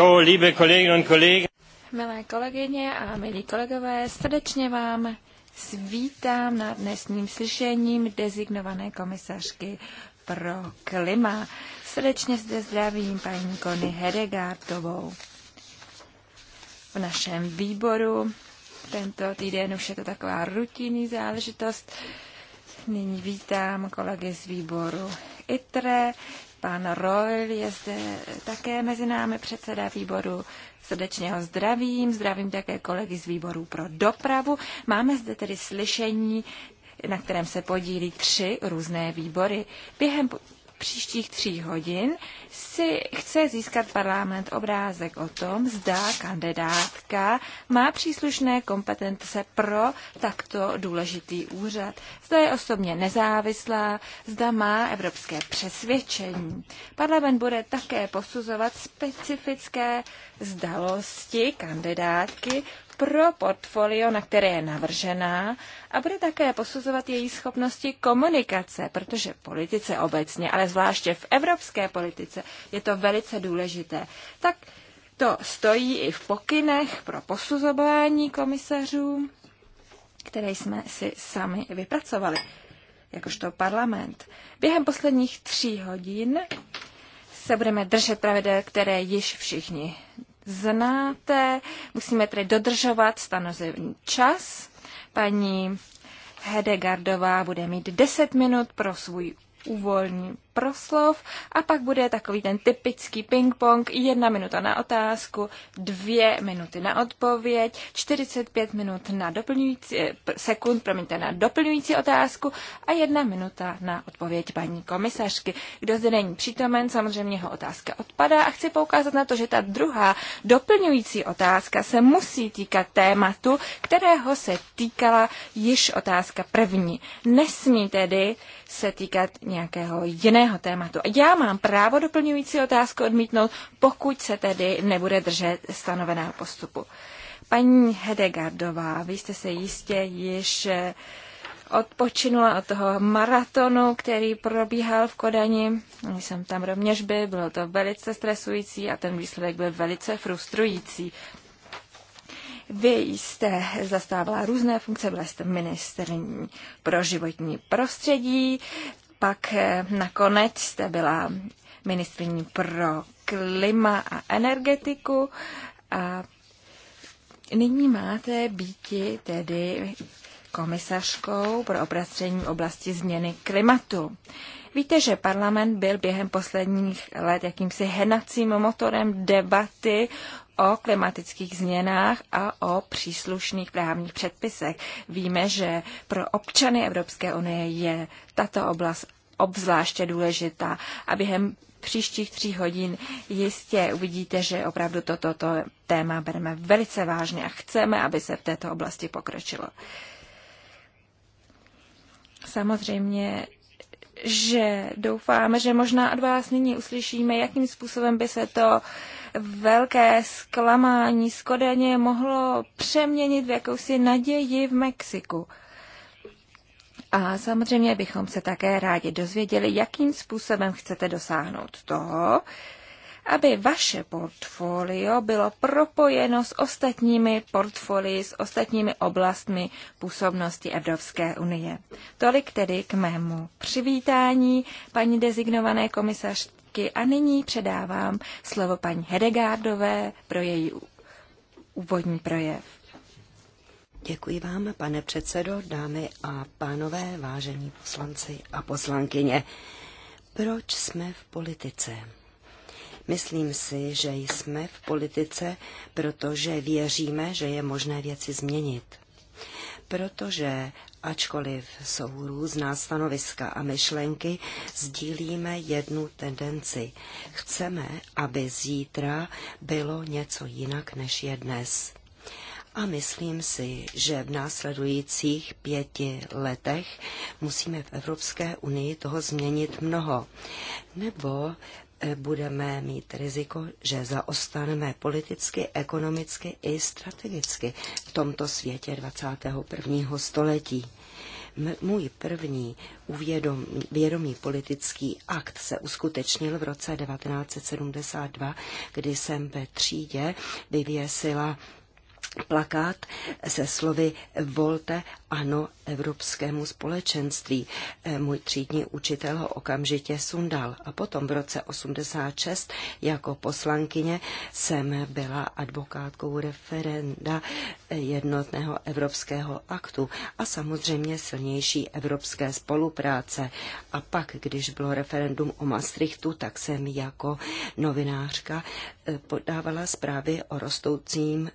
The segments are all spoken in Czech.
So, liebe Kolleginnen und Kollegen. Milé kolegyně a milí kolegové, srdečně vám svítám na dnesním slyšením dezignované komisařky pro klima. Srdečně zde zdravím paní Kony Hedegártovou. V našem výboru tento týden už je to taková rutinní záležitost. Nyní vítám kolegy z výboru ITRE, Pan Roel je zde také mezi námi předseda výboru. Srdečně ho zdravím, zdravím také kolegy z výboru pro dopravu. Máme zde tedy slyšení na kterém se podílí tři různé výbory. Během příštích tří hodin si chce získat parlament obrázek o tom, zda kandidátka má příslušné kompetence pro takto důležitý úřad. Zda je osobně nezávislá, zda má evropské přesvědčení. Parlament bude také posuzovat specifické zdalosti kandidátky pro portfolio, na které je navržená a bude také posuzovat její schopnosti komunikace, protože politice obecně, ale zvláště v evropské politice je to velice důležité. Tak to stojí i v pokynech pro posuzování komisařů, které jsme si sami vypracovali, jakožto parlament. Během posledních tří hodin se budeme držet pravidel, které již všichni znáte. Musíme tedy dodržovat stanovený čas. Paní Hedegardová bude mít 10 minut pro svůj úvolní proslov a pak bude takový ten typický ping-pong, jedna minuta na otázku, dvě minuty na odpověď, 45 minut na doplňující, eh, sekund, promiňte, na doplňující otázku a jedna minuta na odpověď paní komisařky. Kdo zde není přítomen, samozřejmě jeho otázka odpadá a chci poukázat na to, že ta druhá doplňující otázka se musí týkat tématu, kterého se týkala již otázka první. Nesmí tedy se týkat nějakého jiného jiného tématu. Já mám právo doplňující otázku odmítnout, pokud se tedy nebude držet stanoveného postupu. Paní Hedegardová, vy jste se jistě již eh, odpočinula od toho maratonu, který probíhal v Kodani. Jsem tam rovněž byl, bylo to velice stresující a ten výsledek byl velice frustrující. Vy jste zastávala různé funkce, byla jste ministrní pro životní prostředí, pak eh, nakonec jste byla ministrní pro klima a energetiku a nyní máte býti tedy komisařkou pro opracení oblasti změny klimatu. Víte, že parlament byl během posledních let jakýmsi henacím motorem debaty o klimatických změnách a o příslušných právních předpisech. Víme, že pro občany Evropské unie je tato oblast obzvláště důležitá a během příštích tří hodin jistě uvidíte, že opravdu toto to, to téma bereme velice vážně a chceme, aby se v této oblasti pokročilo. Samozřejmě že doufáme, že možná od vás nyní uslyšíme, jakým způsobem by se to velké zklamání z Kodaně mohlo přeměnit v jakousi naději v Mexiku. A samozřejmě bychom se také rádi dozvěděli, jakým způsobem chcete dosáhnout toho, aby vaše portfolio bylo propojeno s ostatními portfolii, s ostatními oblastmi působnosti Evropské unie. Tolik tedy k mému přivítání paní dezignované komisař, prvky. A nyní předávám slovo paní Hedegardové pro její úvodní projev. Děkuji vám, pane předsedo, dámy a pánové, vážení poslanci a poslankyně. Proč jsme v politice? Myslím si, že jsme v politice, protože věříme, že je možné věci změnit protože ačkoliv jsou různá stanoviska a myšlenky, sdílíme jednu tendenci. Chceme, aby zítra bylo něco jinak, než je dnes. A myslím si, že v následujících pěti letech musíme v Evropské unii toho změnit mnoho. Nebo budeme mít riziko, že zaostaneme politicky, ekonomicky i strategicky v tomto světě 21. století. Můj první uvědom, vědomý politický akt se uskutečnil v roce 1972, kdy jsem ve třídě vyvěsila plakát se slovy Volte ano Evropskému společenství. Eh, můj třídní učitel ho okamžitě sundal a potom v roce 86 jako poslankyně jsem byla advokátkou referenda eh, jednotného evropského aktu a samozřejmě silnější evropské spolupráce. A pak, když bylo referendum o Maastrichtu, tak jsem jako novinářka eh, podávala zprávy o rostoucím,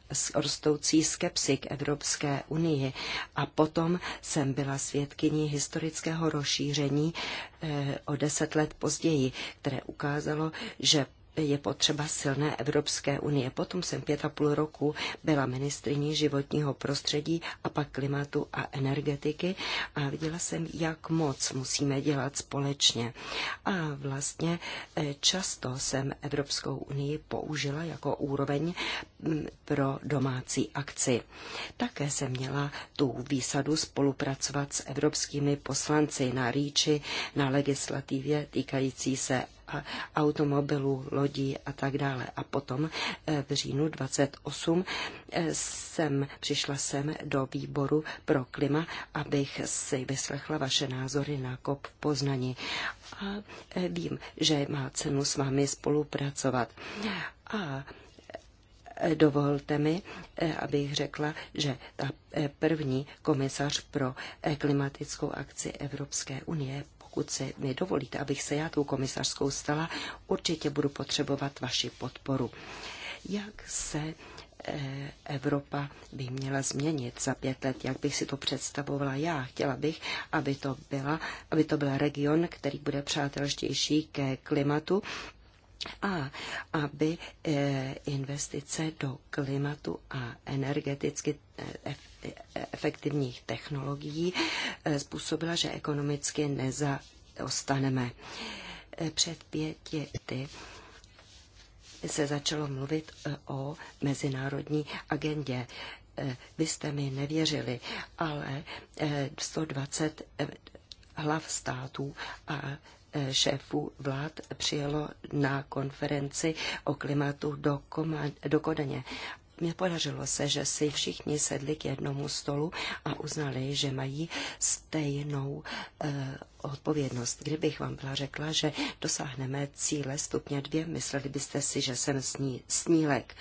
rostoucí skepsy k Evropské unii. A potom jsem byla svědkyní historického rozšíření eh, o deset let později, které ukázalo, že je potřeba silné Evropské unie. Potom jsem pět a půl roku byla ministriní životního prostředí a pak klimatu a energetiky a viděla jsem, jak moc musíme dělat společně. A vlastně e, často jsem Evropskou unii použila jako úroveň pro domácí akci. Také jsem měla tu výsadu spolupracovat s evropskými poslanci na rýči, na legislativě týkající se automobilů, lodí a tak dále. A potom eh, v říjnu 28 eh, jsem přišla sem do výboru pro klima, abych si vyslechla vaše názory na kop v A eh, vím, že má cenu s vámi spolupracovat. A dovolte mi, abych řekla, že ta první komisař pro klimatickou akci Evropské unie pokud se mi dovolíte, abych se já tou komisařskou stala, určitě budu potřebovat vaši podporu. Jak se eh, Evropa by měla změnit za pět let, jak bych si to představovala já. Chtěla bych, aby to, byla, aby to byl region, který bude přátelštější ke klimatu, a aby eh, investice do klimatu a energeticky eh, eh, efektivních technologií způsobila, že ekonomicky nezaostaneme. Před pěti lety se začalo mluvit o mezinárodní agendě. Vy jste mi nevěřili, ale 120 hlav států a šéfů vlád přijelo na konferenci o klimatu do, Koma, do Kodaně. podařilo se, že si všichni sedli k jednomu stolu a uznali, že mají stejnou eh, odpovědnost. Kdybych vám byla řekla, že dosáhneme cíle stupně dvě, mysleli byste si, že jsem sní, snílek.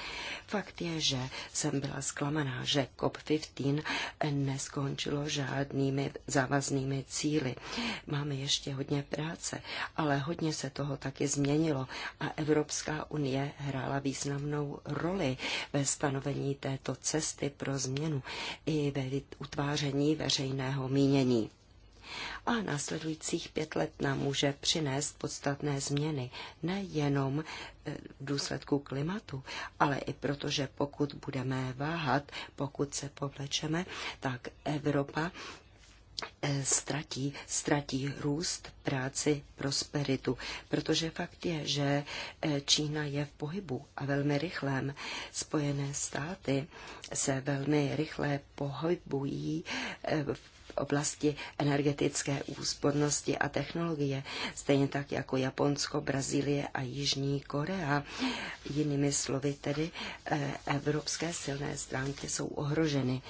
Fakt je, že jsem byla zklamaná, že COP15 neskončilo žádnými závaznými cíly. Máme ještě hodně práce, ale hodně se toho taky změnilo a Evropská unie hrála významnou roli ve stanovení této cesty pro změnu i ve utváření veřejného mínění a následujících pět let nám může přinést podstatné změny, nejenom e, v důsledku klimatu, ale i proto, že pokud budeme váhat, pokud se povlečeme, tak Evropa e, ztratí, ztratí růst, práci, prosperitu. Protože fakt je, že e, Čína je v pohybu a velmi rychlém. Spojené státy se velmi rychle pohybují v oblasti energetické úspornosti a technologie, stejně tak jako Japonsko, Brazílie a Jižní Korea. Jinými slovy tedy eh, evropské silné stránky jsou ohroženy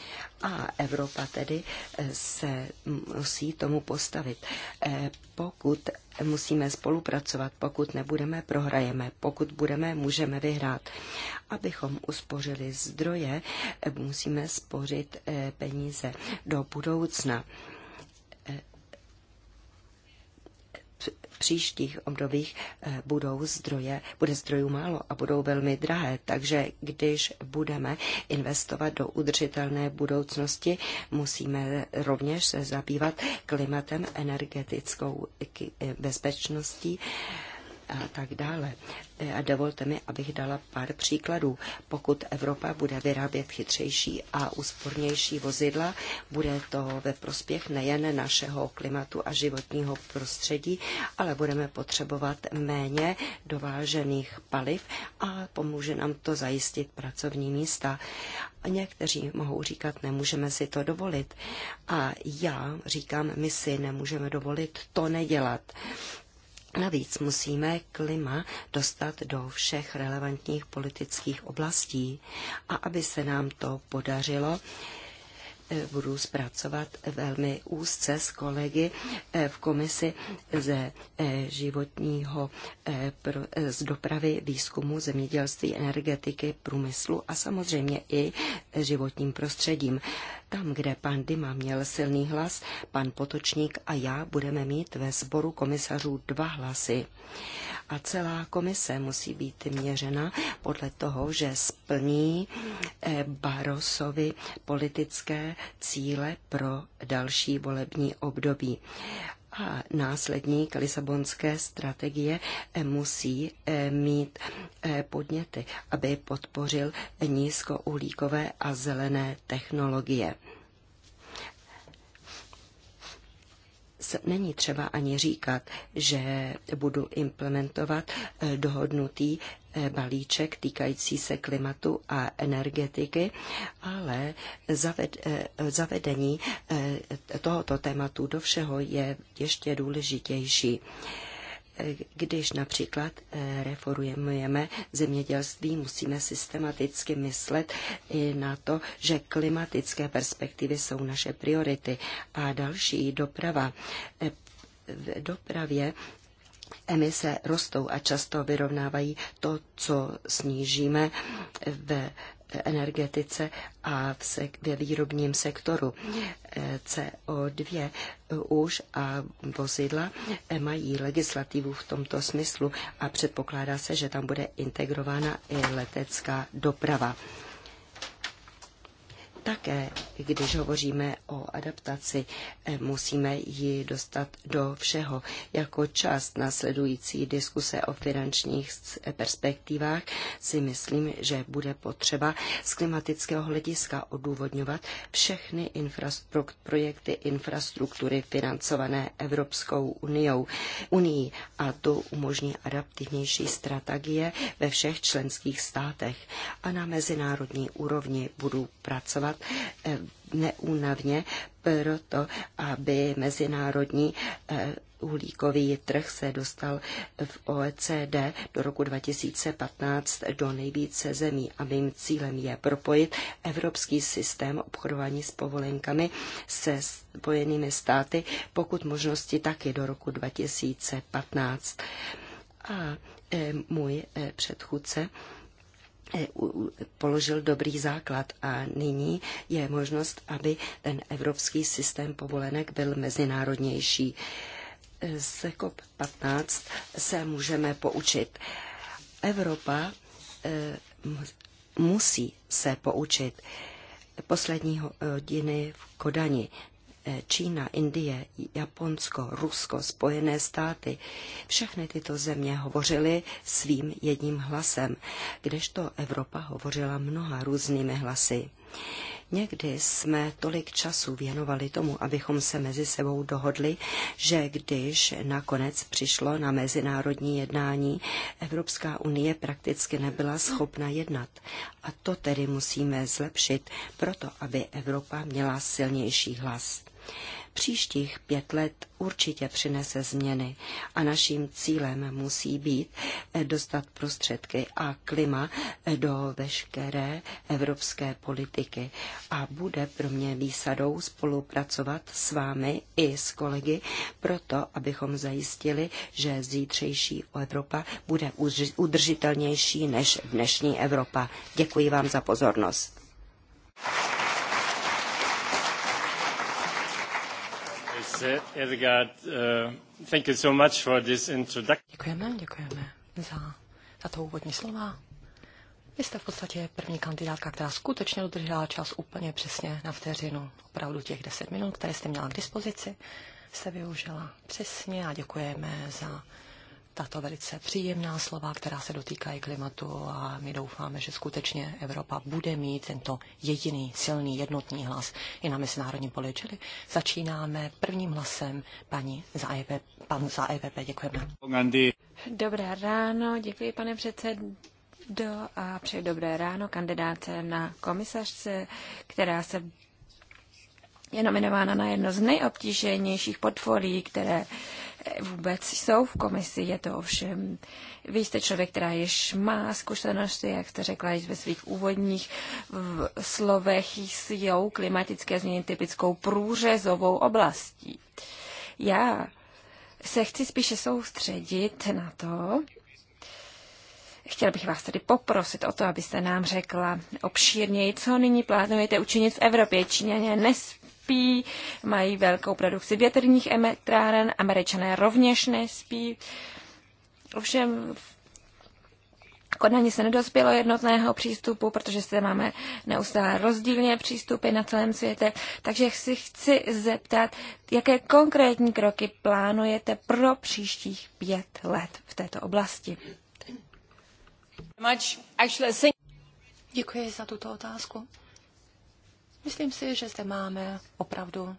a Evropa tedy eh, se musí tomu postavit. Eh, pokud musíme spolupracovat. Pokud nebudeme, prohrajeme. Pokud budeme, můžeme vyhrát. Abychom uspořili zdroje, musíme spořit eh, peníze do budoucna. příštích obdobích eh, budou zdroje, bude zdrojů málo a budou velmi drahé. Takže když budeme investovat do udržitelné budoucnosti, musíme rovněž se zabývat klimatem, energetickou eh, bezpečností, a tak dále. E, a dovolte mi, abych dala pár příkladů. Pokud Evropa bude vyrábět chytřejší a úspornější vozidla, bude to ve prospěch nejen našeho klimatu a životního prostředí, ale budeme potřebovat méně dovážených paliv a pomůže nám to zajistit pracovní místa. A někteří mohou říkat, nemůžeme si to dovolit. A já říkám, my si nemůžeme dovolit to nedělat. Navíc musíme klima dostat do všech relevantních politických oblastí a aby se nám to podařilo, eh, budu zpracovat velmi úzce s kolegy eh, v komisi ze eh, životního z dopravy, výzkumu, zemědělství, energetiky, průmyslu a samozřejmě i životním prostředím. Tam, kde pan Dima měl silný hlas, pan Potočník a já budeme mít ve sboru komisařů dva hlasy. A celá komise musí být měřena podle toho, že splní eh, Barosovi politické cíle pro další volební období a následník Lisabonské strategie eh, musí eh, mít eh, podněty, aby podpořil nízkouhlíkové a zelené technologie. není třeba ani říkat, že budu implementovat eh, dohodnutý eh, balíček týkající se klimatu a energetiky, ale eh, zavedení tohoto tématu do všeho je ještě důležitější když například eh, reformujeme zemědělství, musíme systematicky myslet i na to, že klimatické perspektivy jsou naše priority. A další doprava. Eh, v dopravě emise rostou a často vyrovnávají to, co snížíme ve energetice a v sek- ve výrobním sektoru. CO2 eh, už a vozidla eh, mají legislativu v tomto smyslu a předpokládá se, že tam bude integrována i letecká doprava také, když hovoříme o adaptaci, eh, musíme ji dostat do všeho. Jako část nasledující diskuse o finančních perspektivách si myslím, že bude potřeba z klimatického hlediska odůvodňovat všechny infrastruk- projekty infrastruktury financované Evropskou uniou, unii a to umožní adaptivnější strategie ve všech členských státech. A na mezinárodní úrovni budou pracovat pracovat eh, neúnavně proto, aby mezinárodní eh, uhlíkový trh se dostal v OECD do roku 2015 do nejvíce zemí a mým cílem je propojit evropský systém obchodování s povolenkami se Spojenými státy, pokud možnosti taky do roku 2015. A eh, můj předchůdce Eh, položil dobrý základ a nyní je možnost, aby ten evropský systém povolenek byl mezinárodnější. Z eh, COP15 se můžeme poučit. Evropa eh, musí se poučit poslední hodiny v Kodani Čína, Indie, Japonsko, Rusko, Spojené státy, všechny tyto země hovořily svým jedním hlasem, kdežto Evropa hovořila mnoha různými hlasy. Někdy jsme tolik času věnovali tomu, abychom se mezi sebou dohodli, že když nakonec přišlo na mezinárodní jednání, Evropská unie prakticky nebyla schopna jednat. A to tedy musíme zlepšit, proto aby Evropa měla silnější hlas. Příštích pět let určitě přinese změny a naším cílem musí být eh, dostat prostředky a klima eh, do veškeré evropské politiky. A bude pro mě výsadou spolupracovat s vámi i s kolegy proto, abychom zajistili, že zítřejší Evropa bude udržitelnější než dnešní Evropa. Děkuji vám za pozornost. Eh, thank you so much for this introduction. Děkujeme, děkujeme za, za to úvodní slova. Vy jste v podstatě první kandidátka, která skutečně dodržela čas úplně přesně na vteřinu. Opravdu těch 10 minut, které jste měla k dispozici, jste využila přesně a děkujeme za tato velice příjemná slova, která se dotýkají klimatu a my doufáme, že skutečně Evropa bude mít tento jediný silný jednotný hlas i na mezinárodním poli. Čili začínáme prvním hlasem paní za EVP, pan za EVP. Děkujeme. Dobré ráno, děkuji pane předsedo a přeji dobré ráno kandidáce na komisařce, která se je nominována na jedno z nejobtíženějších portfolií, které vůbec jsou v komisi. Je to ovšem, vy jste člověk, která již má zkušenosti, jak jste řekla již ve svých úvodních v slovech, jsou klimatické změny typickou průřezovou oblastí. Já se chci spíše soustředit na to, Chtěl bych vás tedy poprosit o to, abyste nám řekla obšírněji, co nyní plánujete učinit v Evropě. Číňané nesp- nespí, mají velkou produkci větrních elektráren, američané rovněž nespí. Ovšem Konání se nedospělo jednotného přístupu, protože se máme neustále rozdílně přístupy na celém světě. Takže si chci zeptat, jaké konkrétní kroky plánujete pro příštích pět let v této oblasti? Děkuji za tuto otázku. Myslím si, že zde máme opravdu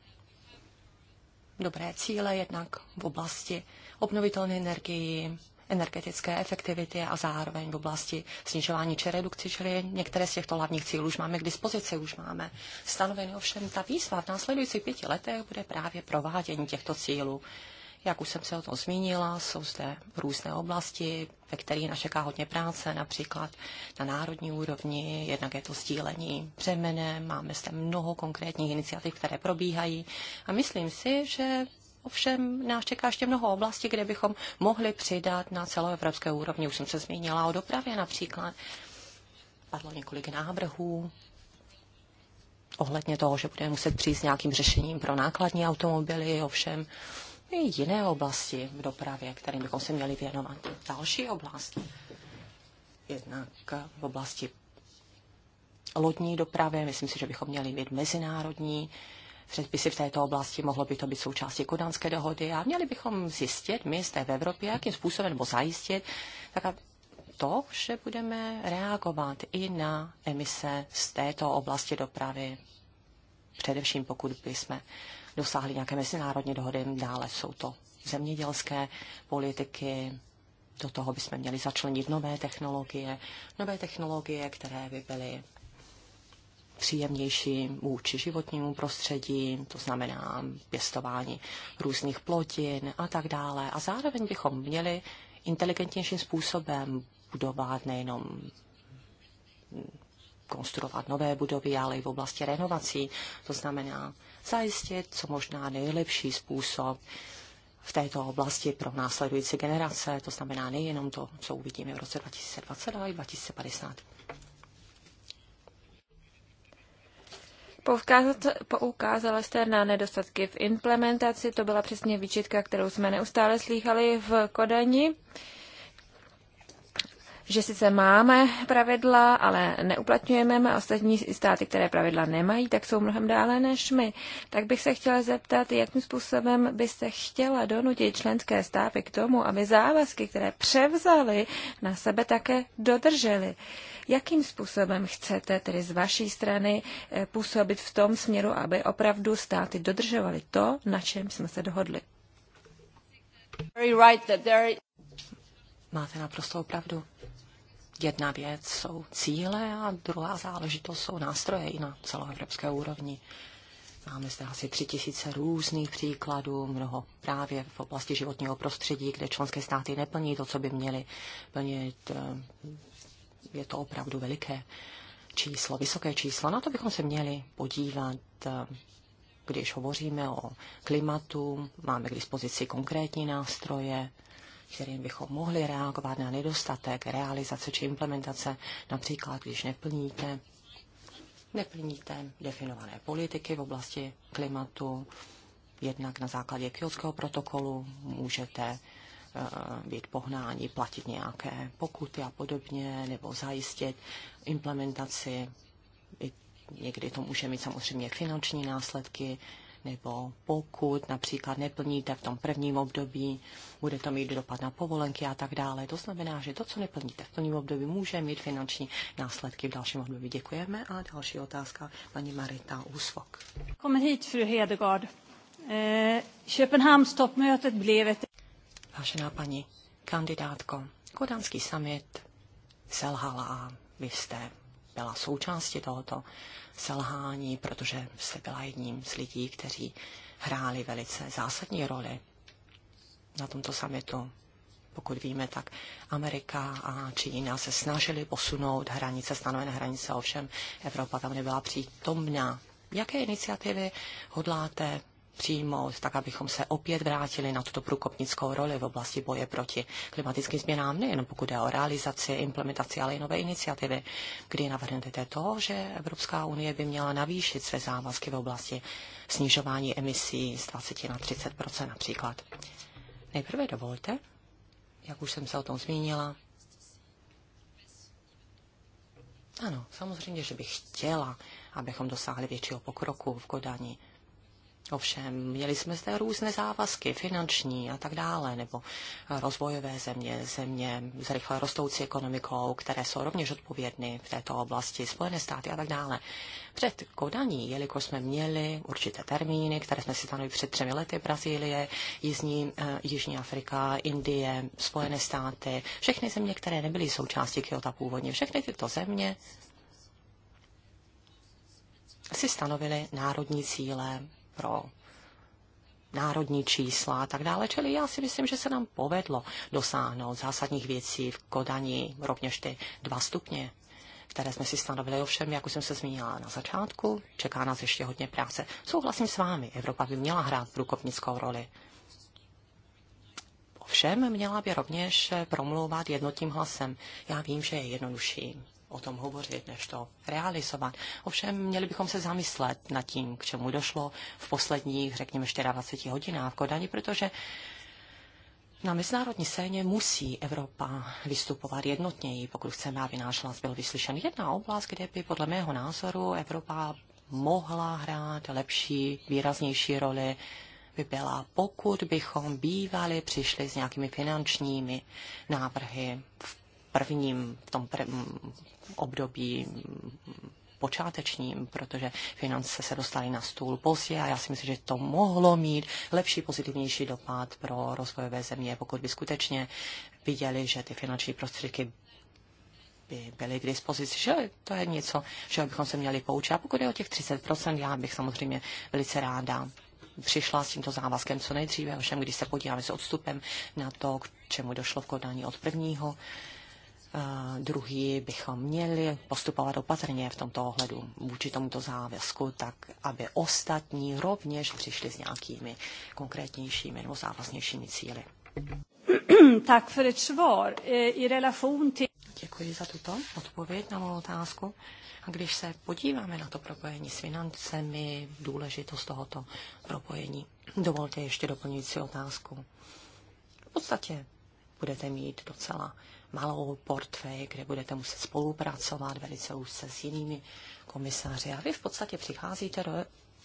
dobré cíle, jednak v oblasti obnovitelné energii, energetické efektivity a zároveň v oblasti snižování či redukci, čili některé z těchto hlavních cílů už máme k dispozici, už máme stanoveny. Ovšem ta výzva v následujících pěti letech bude právě provádění těchto cílů. Jak už jsem se o tom zmínila, jsou zde různé oblasti, ve kterých nás čeká hodně práce, například na národní úrovni, jednak je to sdílení břemene, máme zde mnoho konkrétních iniciativ, které probíhají a myslím si, že Ovšem nás čeká ještě mnoho oblastí, kde bychom mohli přidat na celoevropské úrovni. Už jsem se zmínila o dopravě například. Padlo několik návrhů ohledně toho, že budeme muset přijít s nějakým řešením pro nákladní automobily. Ovšem i jiné oblasti v dopravě, kterým bychom se měli věnovat. Další oblast, jednak v oblasti lodní dopravy, myslím si, že bychom měli mít mezinárodní předpisy v této oblasti, mohlo by to být součástí kodanské dohody a měli bychom zjistit my zde v Evropě, jakým způsobem, nebo zajistit, tak to, že budeme reagovat i na emise z této oblasti dopravy, především pokud by jsme dosáhli nějaké mezinárodní dohody. Dále jsou to zemědělské politiky, do toho bychom měli začlenit nové technologie, nové technologie, které by byly příjemnější vůči životnímu prostředí, to znamená pěstování různých plodin a tak dále. A zároveň bychom měli inteligentnějším způsobem budovat nejenom konstruovat nové budovy, ale i v oblasti renovací. To znamená zajistit co možná nejlepší způsob v této oblasti pro následující generace, to znamená nejenom to, co uvidíme v roce 2020, ale i 2050. Poukázala jste na nedostatky v implementaci, to byla přesně výčitka, kterou jsme neustále slýchali v Kodani že sice máme pravidla, ale neuplatňujeme a ostatní státy, které pravidla nemají, tak jsou mnohem dále než my. Tak bych se chtěla zeptat, jakým způsobem byste chtěla donutit členské státy k tomu, aby závazky, které převzali na sebe, také dodrželi. Jakým způsobem chcete tedy z vaší strany eh, působit v tom směru, aby opravdu státy dodržovaly to, na čem jsme se dohodli? Máte naprosto pravdu. Jedna věc jsou cíle a druhá záležitost jsou nástroje i na celoevropské úrovni. Máme zde asi tři tisíce různých příkladů, mnoho právě v oblasti životního prostředí, kde členské státy neplní to, co by měly plnit. Je to opravdu veliké číslo, vysoké číslo. Na to bychom se měli podívat, když hovoříme o klimatu. Máme k dispozici konkrétní nástroje, kterým bychom mohli reagovat na nedostatek realizace či implementace, například když neplníte, neplníte definované politiky v oblasti klimatu, jednak na základě Kyotského protokolu můžete eh, být pohnání, platit nějaké pokuty a podobně, nebo zajistit implementaci. I někdy to může mít samozřejmě finanční následky, nebo pokud například neplníte v tom prvním období, bude to mít dopad na povolenky a tak dále. To znamená, že to, co neplníte v prvním období, může mít finanční následky v dalším období. Děkujeme. A další otázka paní Marita Úsvok. Kommer hit, fru Hedegaard. Eh, Köpenhamnstoppmötet blev ett... Vážená paní kandidátko, Kodanský summit selhala a vy jste byla součástí tohoto selhání, protože jste byla jedním z lidí, kteří hráli velice zásadní roli na tomto samitu. Pokud víme, tak Amerika a Čína se snažili posunout hranice, stanovené hranice, ovšem Evropa tam nebyla přítomná. Jaké iniciativy hodláte přijmout, tak abychom se opět vrátili na tuto průkopnickou roli v oblasti boje proti klimatickým změnám, nejen pokud jde o realizaci, implementaci, ale i nové iniciativy, kdy navrhnete to, že Evropská unie by měla navýšit své závazky v oblasti snižování emisí z 20 na 30 například. Nejprve dovolte, jak už jsem se o tom zmínila, ano, samozřejmě, že bych chtěla, abychom dosáhli většího pokroku v Kodani Ovšem, měli jsme zde různé závazky, finanční a tak dále, nebo rozvojové země, země s rychle rostoucí ekonomikou, které jsou rovněž odpovědny v této oblasti, Spojené státy a tak dále. Před Kodaní, jelikož jsme měli určité termíny, které jsme si stanovili před třemi lety, Brazílie, Jižní, eh, Jižní Afrika, Indie, Spojené státy, všechny země, které nebyly součástí Kyoto původně, všechny tyto země si stanovili národní cíle pro národní čísla a tak dále. Čili já si myslím, že se nám povedlo dosáhnout zásadních věcí v Kodani, rovněž ty dva stupně které jsme si stanovili. Ovšem, jak už jsem se zmínila na začátku, čeká nás ještě hodně práce. Souhlasím s vámi, Evropa by měla hrát průkopnickou roli. Ovšem, měla by rovněž promlouvat jednotným hlasem. Já vím, že je jednodušší o tom hovořit, než to realizovat. Ovšem měli bychom se zamyslet nad tím, k čemu došlo v posledních, řekněme, 24 hodinách v Kodani, protože na mezinárodní scéně musí Evropa vystupovat jednotněji, pokud chceme, aby náš hlas byl vyslyšen. Jedna oblast, kde by podle mého názoru Evropa mohla hrát lepší, výraznější roli, by byla, pokud bychom bývali přišli s nějakými finančními návrhy v prvním, v tom prv, období počátečním, protože finance se dostaly na stůl pozdě a já si myslím, že to mohlo mít lepší, pozitivnější dopad pro rozvojové země, pokud by skutečně viděli, že ty finanční prostředky by byly k dispozici, že to je něco, že bychom se měli poučit. A pokud je o těch 30%, já bych samozřejmě velice ráda přišla s tímto závazkem co nejdříve, ovšem když se podíváme s odstupem na to, k čemu došlo v kodání od prvního Eh, druhý bychom měli postupovat opatrně v tomto ohledu vůči tomuto závazku, tak aby ostatní rovněž přišli s nějakými konkrétnějšími nebo závaznějšími cíly. Tak för ett svar eh, i relation till... Děkuji za tuto odpověď na mou otázku. A když se podíváme na to propojení s financemi, důležitost tohoto propojení, dovolte ještě doplňující otázku. V podstatě budete mít docela malou portfej, kde budete muset spolupracovat velice úzce s jinými komisáři. A vy v podstatě přicházíte do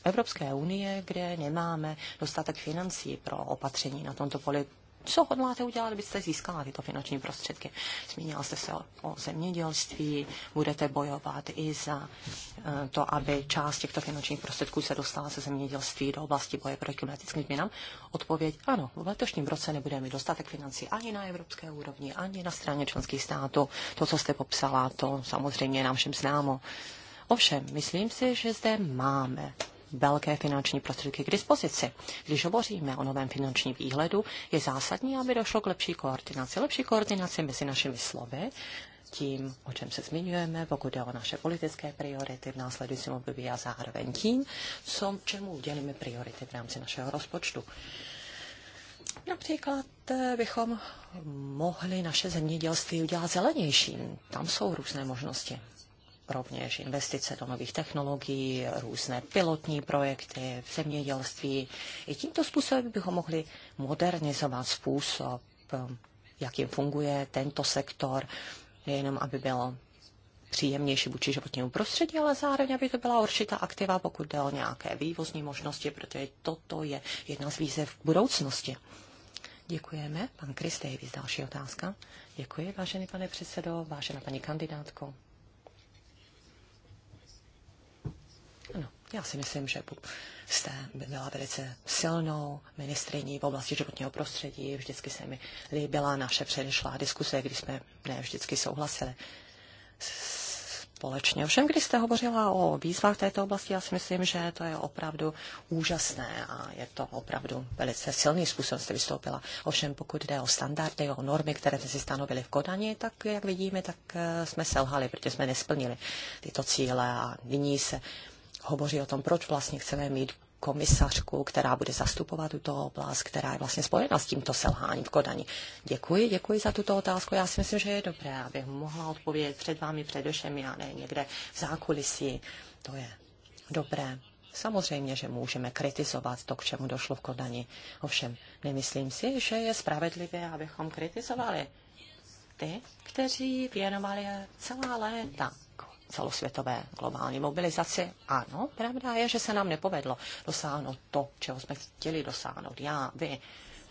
Evropské unie, kde nemáme dostatek financí pro opatření na tomto poli co hodláte udělat, abyste získala tyto finanční prostředky? Zmínila jste se o, o zemědělství, budete bojovat i za e, to, aby část těchto finančních prostředků se dostala ze zemědělství do oblasti boje proti klimatickým změnám. Odpověď ano, v letošním roce nebudeme mít dostatek financí ani na evropské úrovni, ani na straně členských států. To, co jste popsala, to samozřejmě je nám všem známo. Ovšem, myslím si, že zde máme velké finanční prostředky k dispozici. Když hovoříme o novém finančním výhledu, je zásadní, aby došlo k lepší koordinaci. Lepší koordinaci mezi našimi slovy, tím, o čem se zmiňujeme, pokud jde o naše politické priority v následujícím období a zároveň tím, co, čemu udělíme priority v rámci našeho rozpočtu. Například eh, bychom mohli naše zemědělství udělat zelenějším. Tam jsou různé možnosti rovněž investice do nových technologií, různé pilotní projekty v zemědělství. I tímto způsobem bychom mohli modernizovat způsob, jakým funguje tento sektor, jenom aby bylo příjemnější vůči životnímu prostředí, ale zároveň, aby to byla určitá aktiva, pokud jde o nějaké vývozní možnosti, protože toto je jedna z výzev v budoucnosti. Děkujeme. Pan Chris Davis, další otázka. Děkuji, vážený pane předsedo, vážená paní kandidátko. Já si myslím, že jste byla velice silnou ministriní v oblasti životního prostředí. Vždycky se mi líbila naše předešlá diskuse, kdy jsme ne vždycky souhlasili společně. Ovšem, když jste hovořila o výzvách této oblasti, já si myslím, že to je opravdu úžasné a je to opravdu velice silný způsob, jste vystoupila. Ovšem, pokud jde o standardy, o normy, které jsme si stanovili v Kodani, tak jak vidíme, tak eh, jsme selhali, protože jsme nesplnili tyto cíle a nyní se hovoří o tom, proč vlastně chceme mít komisařku, která bude zastupovat tuto oblast, která je vlastně spojena s tímto selháním v Kodani. Děkuji, děkuji za tuto otázku. Já si myslím, že je dobré, abych mohla odpovědět před vámi především, já ne někde v zákulisí. To je dobré. Samozřejmě, že můžeme kritizovat to, k čemu došlo v Kodani. Ovšem, nemyslím si, že je spravedlivé, abychom kritizovali ty, kteří věnovali celá léta celosvětové globální mobilizaci. Ano, pravda je, že se nám nepovedlo dosáhnout to, čeho jsme chtěli dosáhnout. Já, vy,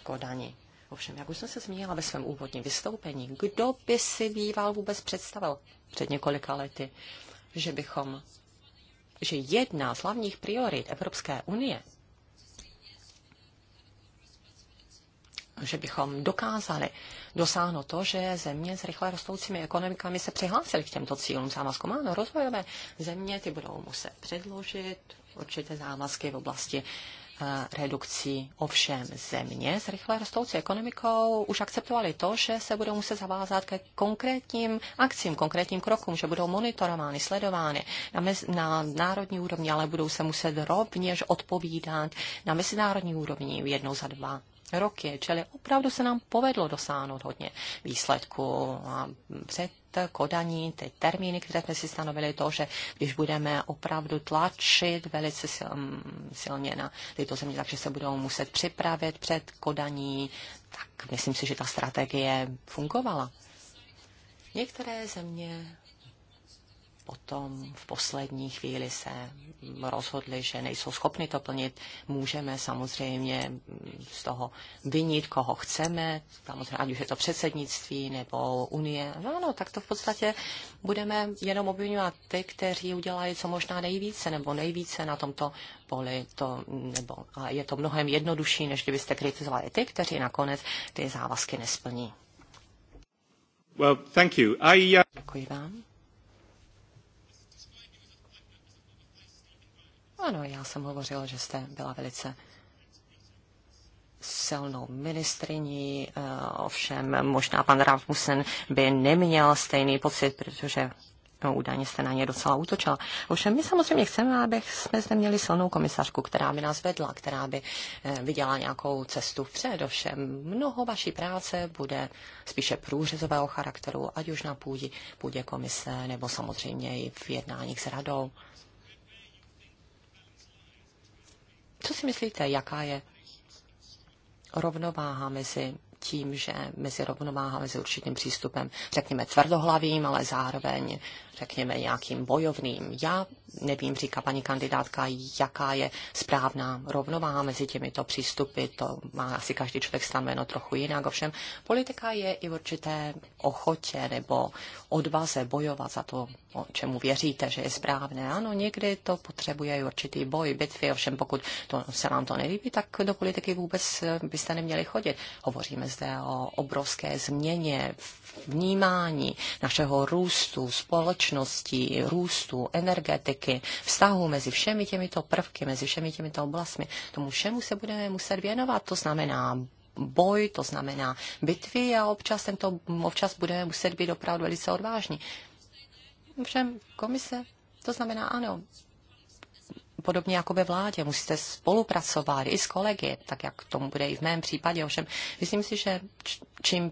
Kodani. Ovšem, jak už jsem se zmínila ve svém úvodním vystoupení, kdo by si býval vůbec představil před několika lety, že bychom, že jedna z hlavních priorit Evropské unie že bychom dokázali dosáhnout to, že země s rychle rostoucími ekonomikami se přihlásily k těmto cílům závazkům. Ano, rozvojové země ty budou muset předložit určité závazky v oblasti eh, redukcí. Ovšem země s rychle rostoucí ekonomikou už akceptovali to, že se budou muset zavázat ke konkrétním akcím, konkrétním krokům, že budou monitorovány, sledovány na, mez, na národní úrovni, ale budou se muset rovněž odpovídat na mezinárodní úrovni jednou za dva roky, čili opravdu se nám povedlo dosáhnout hodně výsledků. A před Kodaní, ty termíny, které jsme si stanovili, to, že když budeme opravdu tlačit velice silně na tyto země, takže se budou muset připravit před Kodaní, tak myslím si, že ta strategie fungovala. Některé země potom v poslední chvíli se rozhodli, že nejsou schopni to plnit. Můžeme samozřejmě z toho vynit, koho chceme, samozřejmě ať už je to předsednictví nebo unie. No ano, tak to v podstatě budeme jenom obvinovat ty, kteří udělají co možná nejvíce nebo nejvíce na tomto poli. To, nebo, a je to mnohem jednodušší, než kdybyste kritizovali ty, kteří nakonec ty závazky nesplní. Well, thank you. I, uh... Děkuji vám. Ano, já jsem hovořil, že jste byla velice silnou ministriní, eh, ovšem možná pan Rafusen by neměl stejný pocit, protože no, údajně jste na ně docela útočila. Ovšem my samozřejmě chceme, aby jsme zde měli silnou komisařku, která by nás vedla, která by eh, viděla nějakou cestu vpřed. Ovšem mnoho vaší práce bude spíše průřezového charakteru, ať už na půdě, půdě komise, nebo samozřejmě i v jednáních s radou. Co si myslíte, jaká je rovnováha mezi tím, že mezi rovnováha mezi určitým přístupem, řekněme, tvrdohlavým, ale zároveň řekněme, nějakým bojovným. Já nevím, říká paní kandidátka, jaká je správná rovnováha mezi těmito přístupy. To má asi každý člověk stanoveno trochu jinak. Ovšem, politika je i v určité ochotě nebo odvaze bojovat za to, o čemu věříte, že je správné. Ano, někdy to potřebuje i určitý boj, bitvy, ovšem pokud to, se vám to nelíbí, tak do politiky vůbec eh, byste neměli chodit. Hovoříme zde o obrovské změně vnímání našeho růstu, společnosti bezpečnosti, růstu, energetiky, vztahu mezi všemi těmito prvky, mezi všemi těmito oblastmi. Tomu všemu se budeme muset věnovat. To znamená boj, to znamená bitvy a občas, tento, občas budeme muset být opravdu velice odvážní. Všem komise, to znamená ano, podobně jako ve vládě, musíte spolupracovat i s kolegy, tak jak tomu bude i v mém případě. Ovšem, myslím si, že čím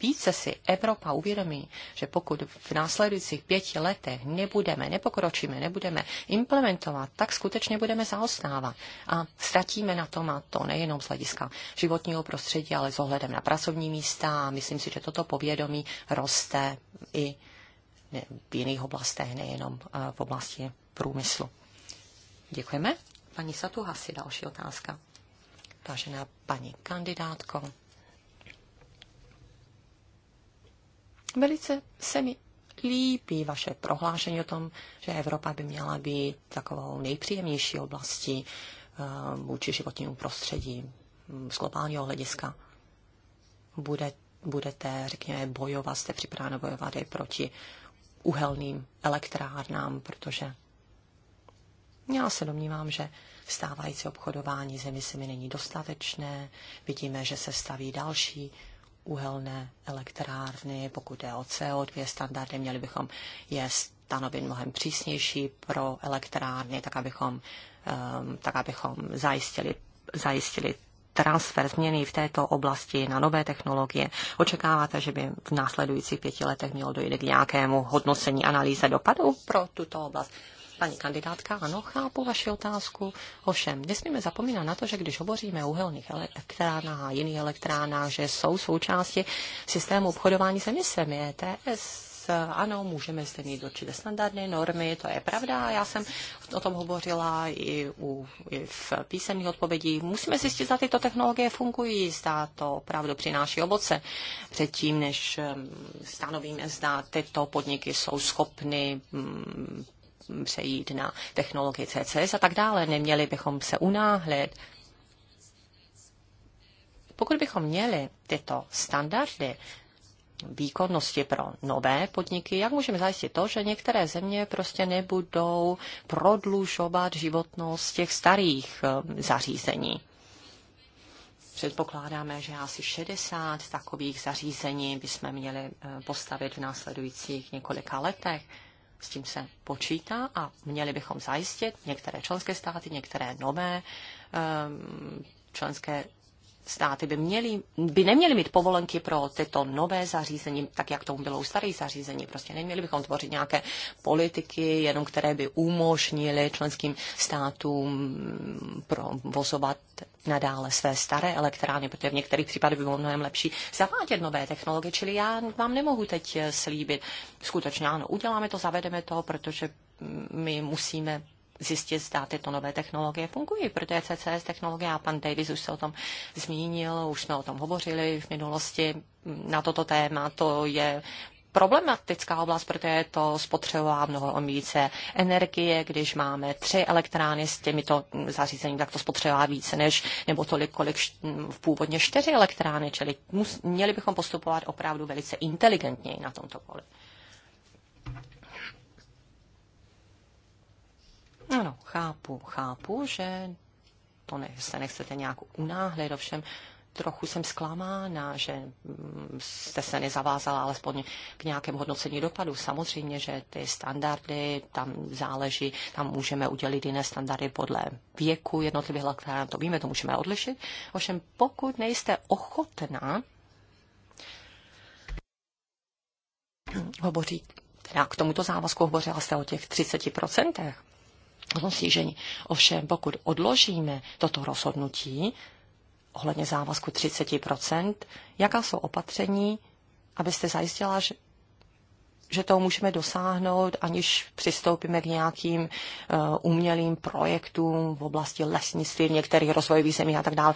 více si Evropa uvědomí, že pokud v následujících pěti letech nebudeme, nepokročíme, nebudeme implementovat, tak skutečně budeme zaostávat a ztratíme na tom a to nejenom z hlediska životního prostředí, ale s ohledem na pracovní místa a myslím si, že toto povědomí roste i v jiných oblastech, nejenom eh, v oblasti průmyslu. Děkujeme. Paní si další otázka. Vážená paní kandidátko, Velice se mi líbí vaše prohlášení o tom, že Evropa by měla být takovou nejpříjemnější oblastí eh, vůči životnímu prostředí mm, z globálního hlediska. Bude, budete, řekněme, bojovat, jste připraveni bojovat i proti uhelným elektrárnám, protože já se domnívám, že stávající obchodování se mi není dostatečné. Vidíme, že se staví další uhelné elektrárny, pokud je o CO2 standardy, měli bychom je stanovit mnohem přísnější pro elektrárny, tak abychom, ehm, tak abychom zajistili, zajistili transfer změny v této oblasti na nové technologie. Očekáváte, že by v následujících pěti letech mělo dojít k nějakému hodnocení analýze dopadu pro tuto oblast? paní kandidátka, ano, chápu vaši otázku. Ovšem, nesmíme zapomínat na to, že když hovoříme o uhelných elektrárnách a jiných elektrárnách, že jsou součásti systému obchodování s emisemi ETS, ano, můžeme zde mít určité standardní normy, to je pravda. Já jsem o tom hovořila i, u, i v písemných odpovědí. Musíme zjistit, zda tyto technologie fungují, zda to opravdu přináší ovoce. Předtím, než um, stanovíme, zda tyto podniky jsou schopny mm, přejít na technologii CCS a tak dále. Neměli bychom se unáhlet. Pokud bychom měli tyto standardy výkonnosti pro nové podniky, jak můžeme zajistit to, že některé země prostě nebudou prodlužovat životnost těch starých eh, zařízení. Předpokládáme, že asi 60 takových zařízení bychom měli eh, postavit v následujících několika letech s tím se počítá a měli bychom zajistit některé členské státy, některé nové ehm, členské státy by, měly, by neměly mít povolenky pro tyto nové zařízení, tak jak tomu bylo u starých zařízení. Prostě neměli bychom tvořit nějaké politiky, jenom které by umožnily členským státům provozovat nadále své staré elektrárny, protože v některých případech by bylo mnohem lepší zavádět nové technologie. Čili já vám nemohu teď slíbit, skutečně ano, uděláme to, zavedeme to, protože my musíme zjistit, zda tyto nové technologie fungují, protože CCS technologie, a pan Davis už se o tom zmínil, už jsme o tom hovořili v minulosti na toto téma, to je problematická oblast, protože to spotřebová mnoho více energie. Když máme tři elektrárny s těmito zařízením, tak to spotřebová více než nebo tolik, kolik v původně čtyři elektrárny, čili měli bychom postupovat opravdu velice inteligentněji na tomto poli. Ano, chápu, chápu, že to ne, se nechcete nějak unáhlit, ovšem trochu jsem zklamána, že mm, jste se nezavázala alespoň k nějakému hodnocení dopadu. Samozřejmě, že ty standardy, tam záleží, tam můžeme udělit jiné standardy podle věku jednotlivých laktárů, to víme, to můžeme odlišit. Ovšem, pokud nejste ochotná hovořit, já k tomuto závazku hovořila jste o těch potom stížení. Ovšem, pokud odložíme toto rozhodnutí ohledně závazku 30%, jaká jsou opatření, abyste zajistila, že že to můžeme dosáhnout, aniž přistoupíme k nějakým uh, umělým projektům v oblasti lesnictví, v některých rozvojových zemí a tak dále.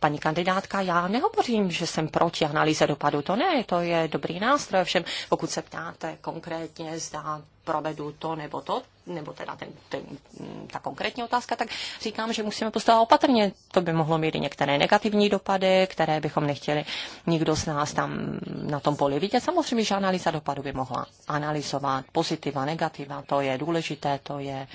Paní kandidátka, já nehovořím, že jsem proti analýze dopadu, to ne, to je dobrý nástroj, všem pokud se ptáte konkrétně, zda provedu to nebo to, nebo teda ten, ten, mm, ta konkrétní otázka, tak říkám, že musíme postavit opatrně. To by mohlo mít i některé negativní dopady, které bychom nechtěli nikdo z nás tam na tom poli vidět. Samozřejmě, že analýza dopadu by mohla analyzovat pozitiva, negativa, to je důležité, to je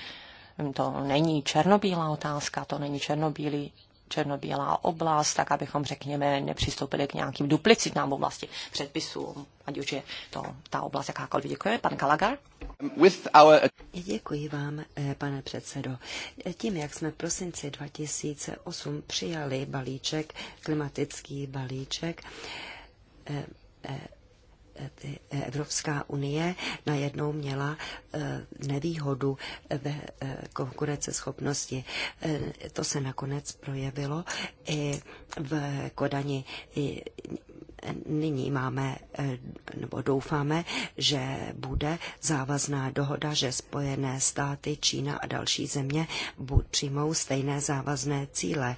to není černobílá otázka, to není černobílý černobílá oblast, tak abychom, řekněme, nepřistoupili k nějakým duplicitnám oblasti předpisů, ať už je to ta oblast jakákoliv. Děkuji. Pan Kalagar? Our... Děkuji vám, eh, pane předsedo. Tím, jak jsme v prosinci 2008 přijali balíček, klimatický balíček, eh, eh, Evropská unie najednou měla eh, nevýhodu ve eh, konkurenceschopnosti. Eh, to se nakonec projevilo i v Kodani nyní máme, eh, nebo doufáme, že bude závazná dohoda, že Spojené státy, Čína a další země bud přijmou stejné závazné cíle.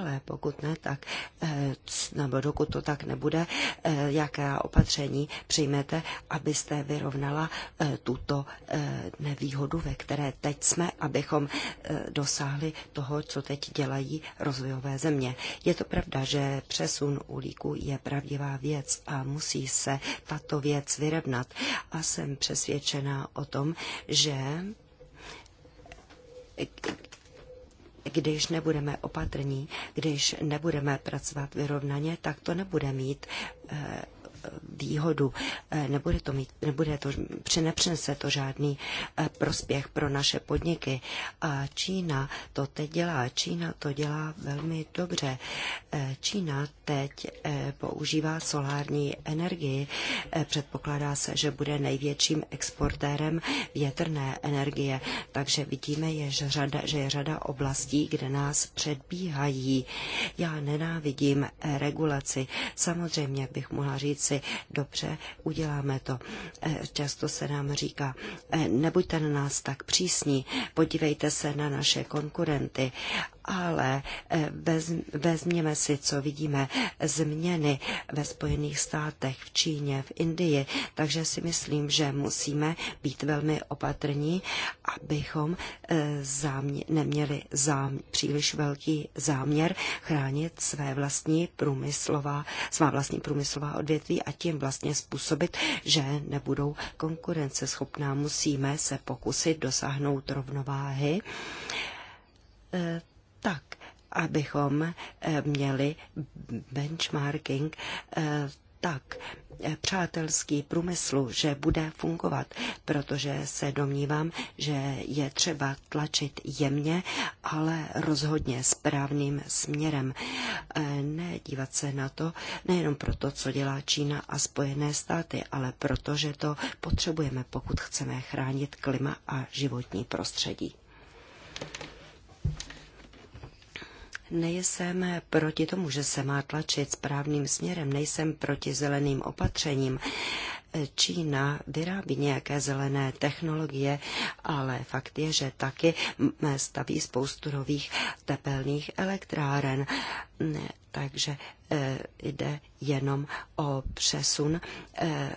Ale pokud ne, tak, eh, nebo dokud to tak nebude, eh, jaká opatření přijmete, abyste vyrovnala tuto nevýhodu, ve které teď jsme, abychom dosáhli toho, co teď dělají rozvojové země. Je to pravda, že přesun uhlíku je pravděpodobně citlivá věc a musí se tato věc vyrovnat. A jsem přesvědčená o tom, že když nebudeme opatrní, když nebudeme pracovat vyrovnaně, tak to nebude mít eh, výhodu, eh, nebude to, mít, nebude to nepřinese to žádný eh, prospěch pro naše podniky. A Čína to teď dělá. Čína to dělá velmi dobře. Eh, Čína teď používá solární energii. Předpokládá se, že bude největším exportérem větrné energie. Takže vidíme, je, že, řada, že je řada oblastí, kde nás předbíhají. Já nenávidím regulaci. Samozřejmě bych mohla říci, dobře, uděláme to. Eh, často se nám říká, eh, nebuďte na nás tak přísní, podívejte se na naše konkurenty ale eh, vez, vezměme si, co vidíme, změny ve Spojených státech, v Číně, v Indii, takže si myslím, že musíme být velmi opatrní, abychom eh, zámě, neměli zám, příliš velký záměr chránit své vlastní průmyslová, svá vlastní průmyslová odvětví a tím vlastně způsobit, že nebudou konkurenceschopná. Musíme se pokusit dosáhnout rovnováhy eh, tak, abychom eh, měli benchmarking eh, tak eh, přátelský průmyslu, že bude fungovat, protože se domnívám, že je třeba tlačit jemně, ale rozhodně správným směrem. Ne dívat se na to nejenom proto, co dělá Čína a Spojené státy, ale protože to potřebujeme, pokud chceme chránit klima a životní prostředí. Nejsem proti tomu, že se má tlačit správným směrem, nejsem proti zeleným opatřením. Čína vyrábí nějaké zelené technologie, ale fakt je, že taky staví spoustu nových tepelných elektráren. Ne, takže eh, jde jenom o přesun eh,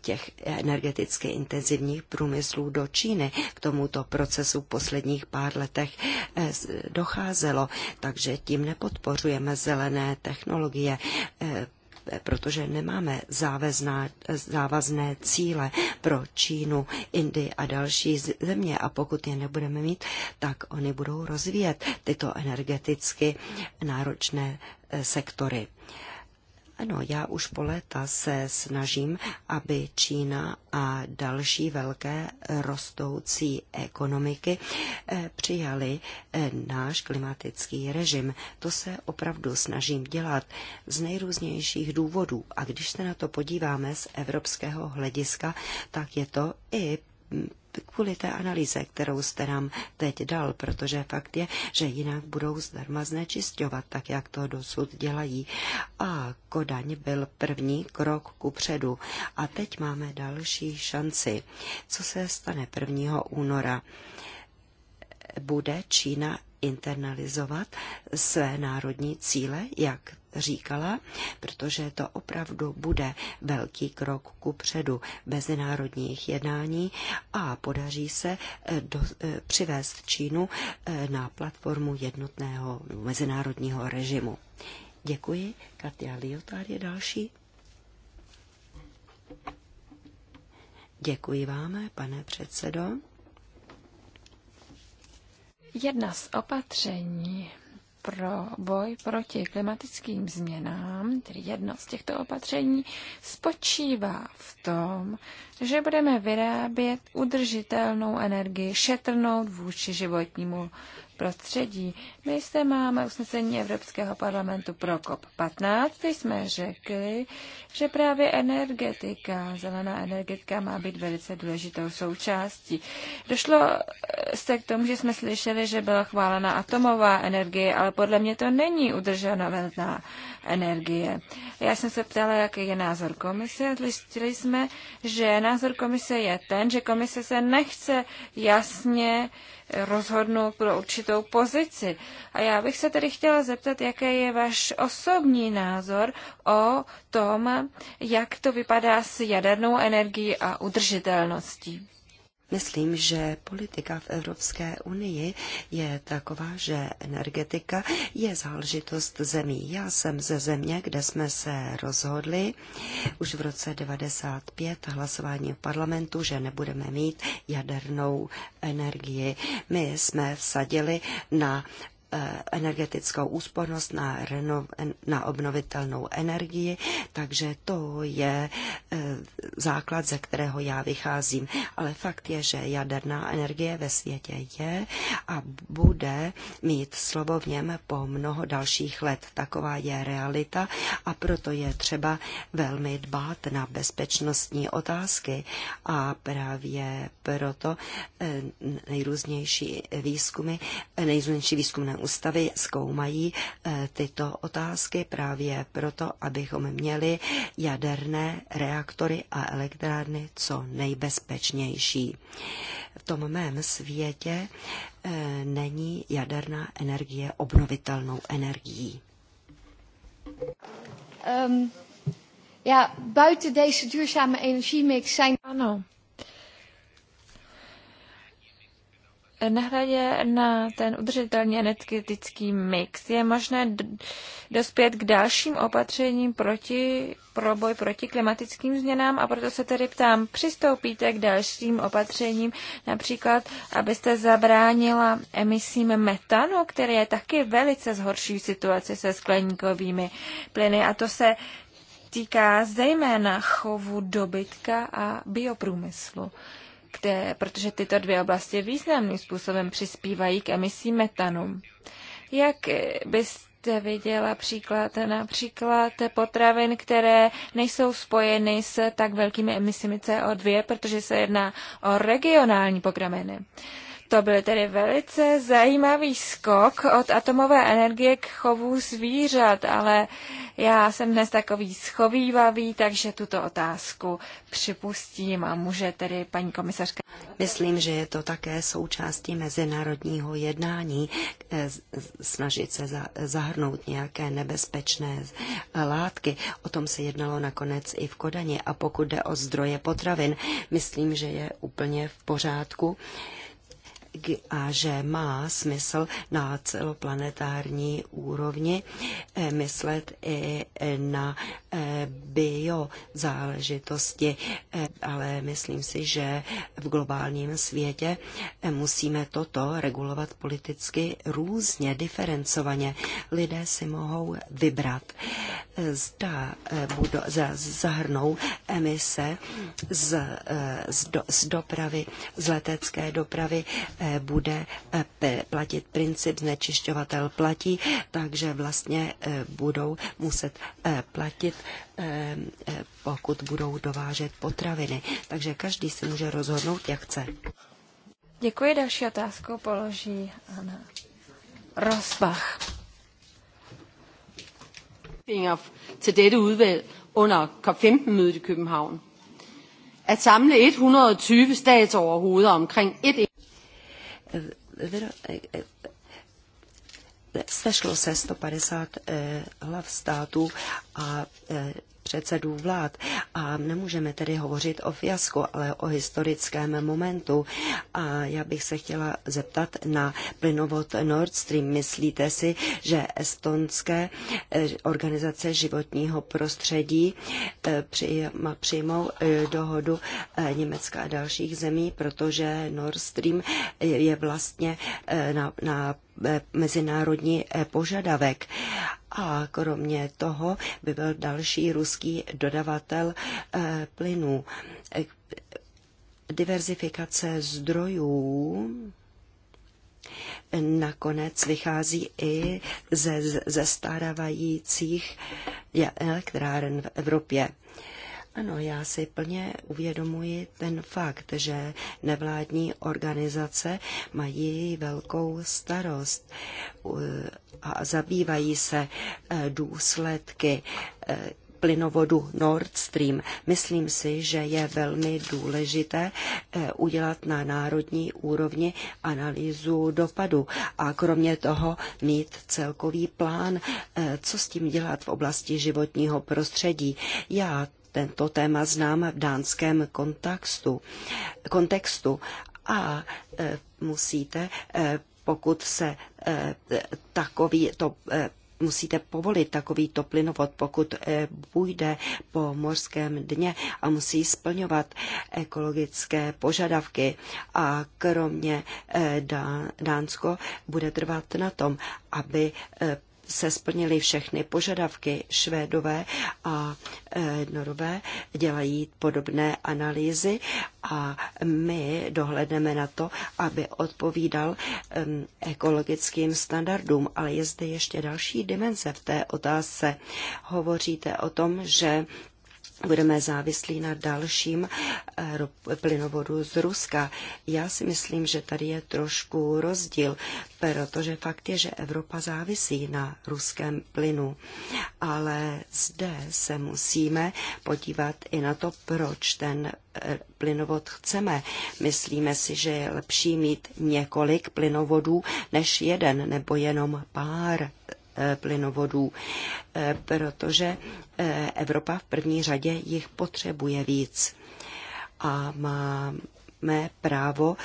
těch energeticky intenzivních průmyslů do Číny. K tomuto procesu v posledních pár letech eh, docházelo, takže tím nepodpořujeme zelené technologie eh, protože nemáme závazná, závazné cíle pro Čínu, Indii a další země. A pokud je nebudeme mít, tak oni budou rozvíjet tyto energeticky náročné eh, sektory. Ano, já už po léta se snažím, aby Čína a další velké rostoucí ekonomiky eh, přijali eh, náš klimatický režim. To se opravdu snažím dělat z nejrůznějších důvodů. A když se na to podíváme z evropského hlediska, tak je to i mm, kvůli té analýze, kterou jste nám teď dal, protože fakt je, že jinak budou zdarma znečišťovat, tak jak to dosud dělají. A Kodaň byl první krok ku předu. A teď máme další šanci. Co se stane 1. února? Bude Čína internalizovat své národní cíle, jak říkala, protože to opravdu bude velký krok ku předu mezinárodních jednání a podaří se eh, do, eh, přivést Čínu eh, na platformu jednotného mezinárodního režimu. Děkuji. Katia Liotár je další. Děkuji vám, pane předsedo. Jedna z opatření, pro boj proti klimatickým změnám, tedy jedno z těchto opatření, spočívá v tom, že budeme vyrábět udržitelnou energii šetrnou vůči životnímu prostředí. My zde máme usnesení Evropského parlamentu pro COP15, kde jsme řekli, že právě energetika, zelená energetika má být velice důležitou součástí. Došlo eh, se k tomu, že jsme slyšeli, že byla chválena atomová energie, ale podle mě to není udržitelná energie. Já jsem se ptala, jaký je názor komise. Zjistili jsme, že názor komise je ten, že komise se nechce jasně rozhodnout pro určitou pozici. A já bych se tedy chtěla zeptat, jaký je váš osobní názor o tom, jak to vypadá s jadernou energií a udržitelností. Myslím, že politika v Evropské unii je taková, že energetika je záležitost zemí. Já jsem ze země, kde jsme se rozhodli už v roce 95 hlasování v parlamentu, že nebudeme mít jadernou energii. My jsme vsadili na Eh, energetickou úspornost, na, renov, na obnovitelnou energii, takže to je eh, základ, ze kterého já vycházím. Ale fakt je, že jaderná energie ve světě je a bude mít slovo v něm po mnoho dalších let. Taková je realita a proto je třeba velmi dbát na bezpečnostní otázky a právě proto eh, nejrůznější výzkumy, nejrůznější výzkumy ústavy zkoumají eh, tyto otázky právě proto, abychom měli jaderné reaktory a elektrárny co nejbezpečnější. V tom mém světě eh, není jaderná energie obnovitelnou energií. Um, ja, buiten deze duurzame energiemix zijn... Ano, Nehledě na ten udržitelný energetický mix je možné dospět k dalším opatřením proti, pro boj proti klimatickým změnám a proto se tedy ptám, přistoupíte k dalším opatřením, například, abyste zabránila emisím metanu, které je taky velice zhorší situaci se skleníkovými plyny a to se týká zejména chovu dobytka a bioprůmyslu kde, protože tyto dvě oblasti významným způsobem přispívají k emisí metanu. Jak byste viděla příklad například potravin, které nejsou spojeny s tak velkými emisemi CO2, protože se jedná o regionální programy. To byl tedy velice zajímavý skok od atomové energie k chovu zvířat, ale já jsem dnes takový schovývavý, takže tuto otázku připustím a může tedy paní komisařka. Myslím, že je to také součástí mezinárodního jednání eh, snažit se zahrnout nějaké nebezpečné látky. O tom se jednalo nakonec i v Kodani. A pokud jde o zdroje potravin, myslím, že je úplně v pořádku, a že má smysl na celoplanetární úrovni eh, myslet i eh, na eh, bio záležitosti, ale myslím si, že v globálním světě musíme toto regulovat politicky různě, diferencovaně. Lidé si mohou vybrat. Zda budou, zahrnou emise z, z, do, z dopravy, z letecké dopravy, E bude e, platit princip znečišťovatel platí, takže vlastně e, budou muset platit, pokud budou dovážet potraviny. Takže každý si může rozhodnout, jak chce. Děkuji. Další otázku položí Anna Rosbach. til dette udvalg under COP15-mødet i København. At samle 120 statsoverhoveder omkring et sešlo se 150 eh, hlav států a eh, předsedů vlád. A nemůžeme tedy hovořit o fiasku, ale o historickém momentu. A já bych se chtěla zeptat na plynovod Nord Stream. Myslíte si, že estonské eh, organizace životního prostředí eh, přijmou eh, dohodu Německa a dalších zemí, protože Nord Stream je vlastně na, na E, mezinárodní e, požadavek. A kromě toho by byl další ruský dodavatel e, plynů. Diverzifikace zdrojů nakonec vychází i ze, ze elektráren v Evropě. Ano, já si plně uvědomuji ten fakt, že nevládní organizace mají velkou starost a zabývají se e, důsledky e, plynovodu Nord Stream. Myslím si, že je velmi důležité e, udělat na národní úrovni analýzu dopadu a kromě toho mít celkový plán, co s tím dělat v oblasti životního prostředí. Já tento téma znám v dánském kontextu, kontextu a e, musíte, e, pokud se e, takový to musíte povolit takový to plynovod, pokud půjde po mořském dně a musí splňovat ekologické požadavky. A kromě Dánsko bude trvat na tom, aby se splnily všechny požadavky. Švédové a e, Norové dělají podobné analýzy a my dohledneme na to, aby odpovídal ekologickým standardům. Ale je zde ještě další dimenze v té otázce. Hovoříte o tom, že budeme závislí na dalším eh, plynovodu z Ruska. Já si myslím, že tady je trošku rozdíl, protože fakt je, že Evropa závisí na ruském plynu. Ale zde se musíme podívat i na to, proč ten eh, plynovod chceme. Myslíme si, že je lepší mít několik plynovodů než jeden nebo jenom pár eh, Eh, plynovodů, eh, protože eh, Evropa v první řadě jich potřebuje víc. A má mé právo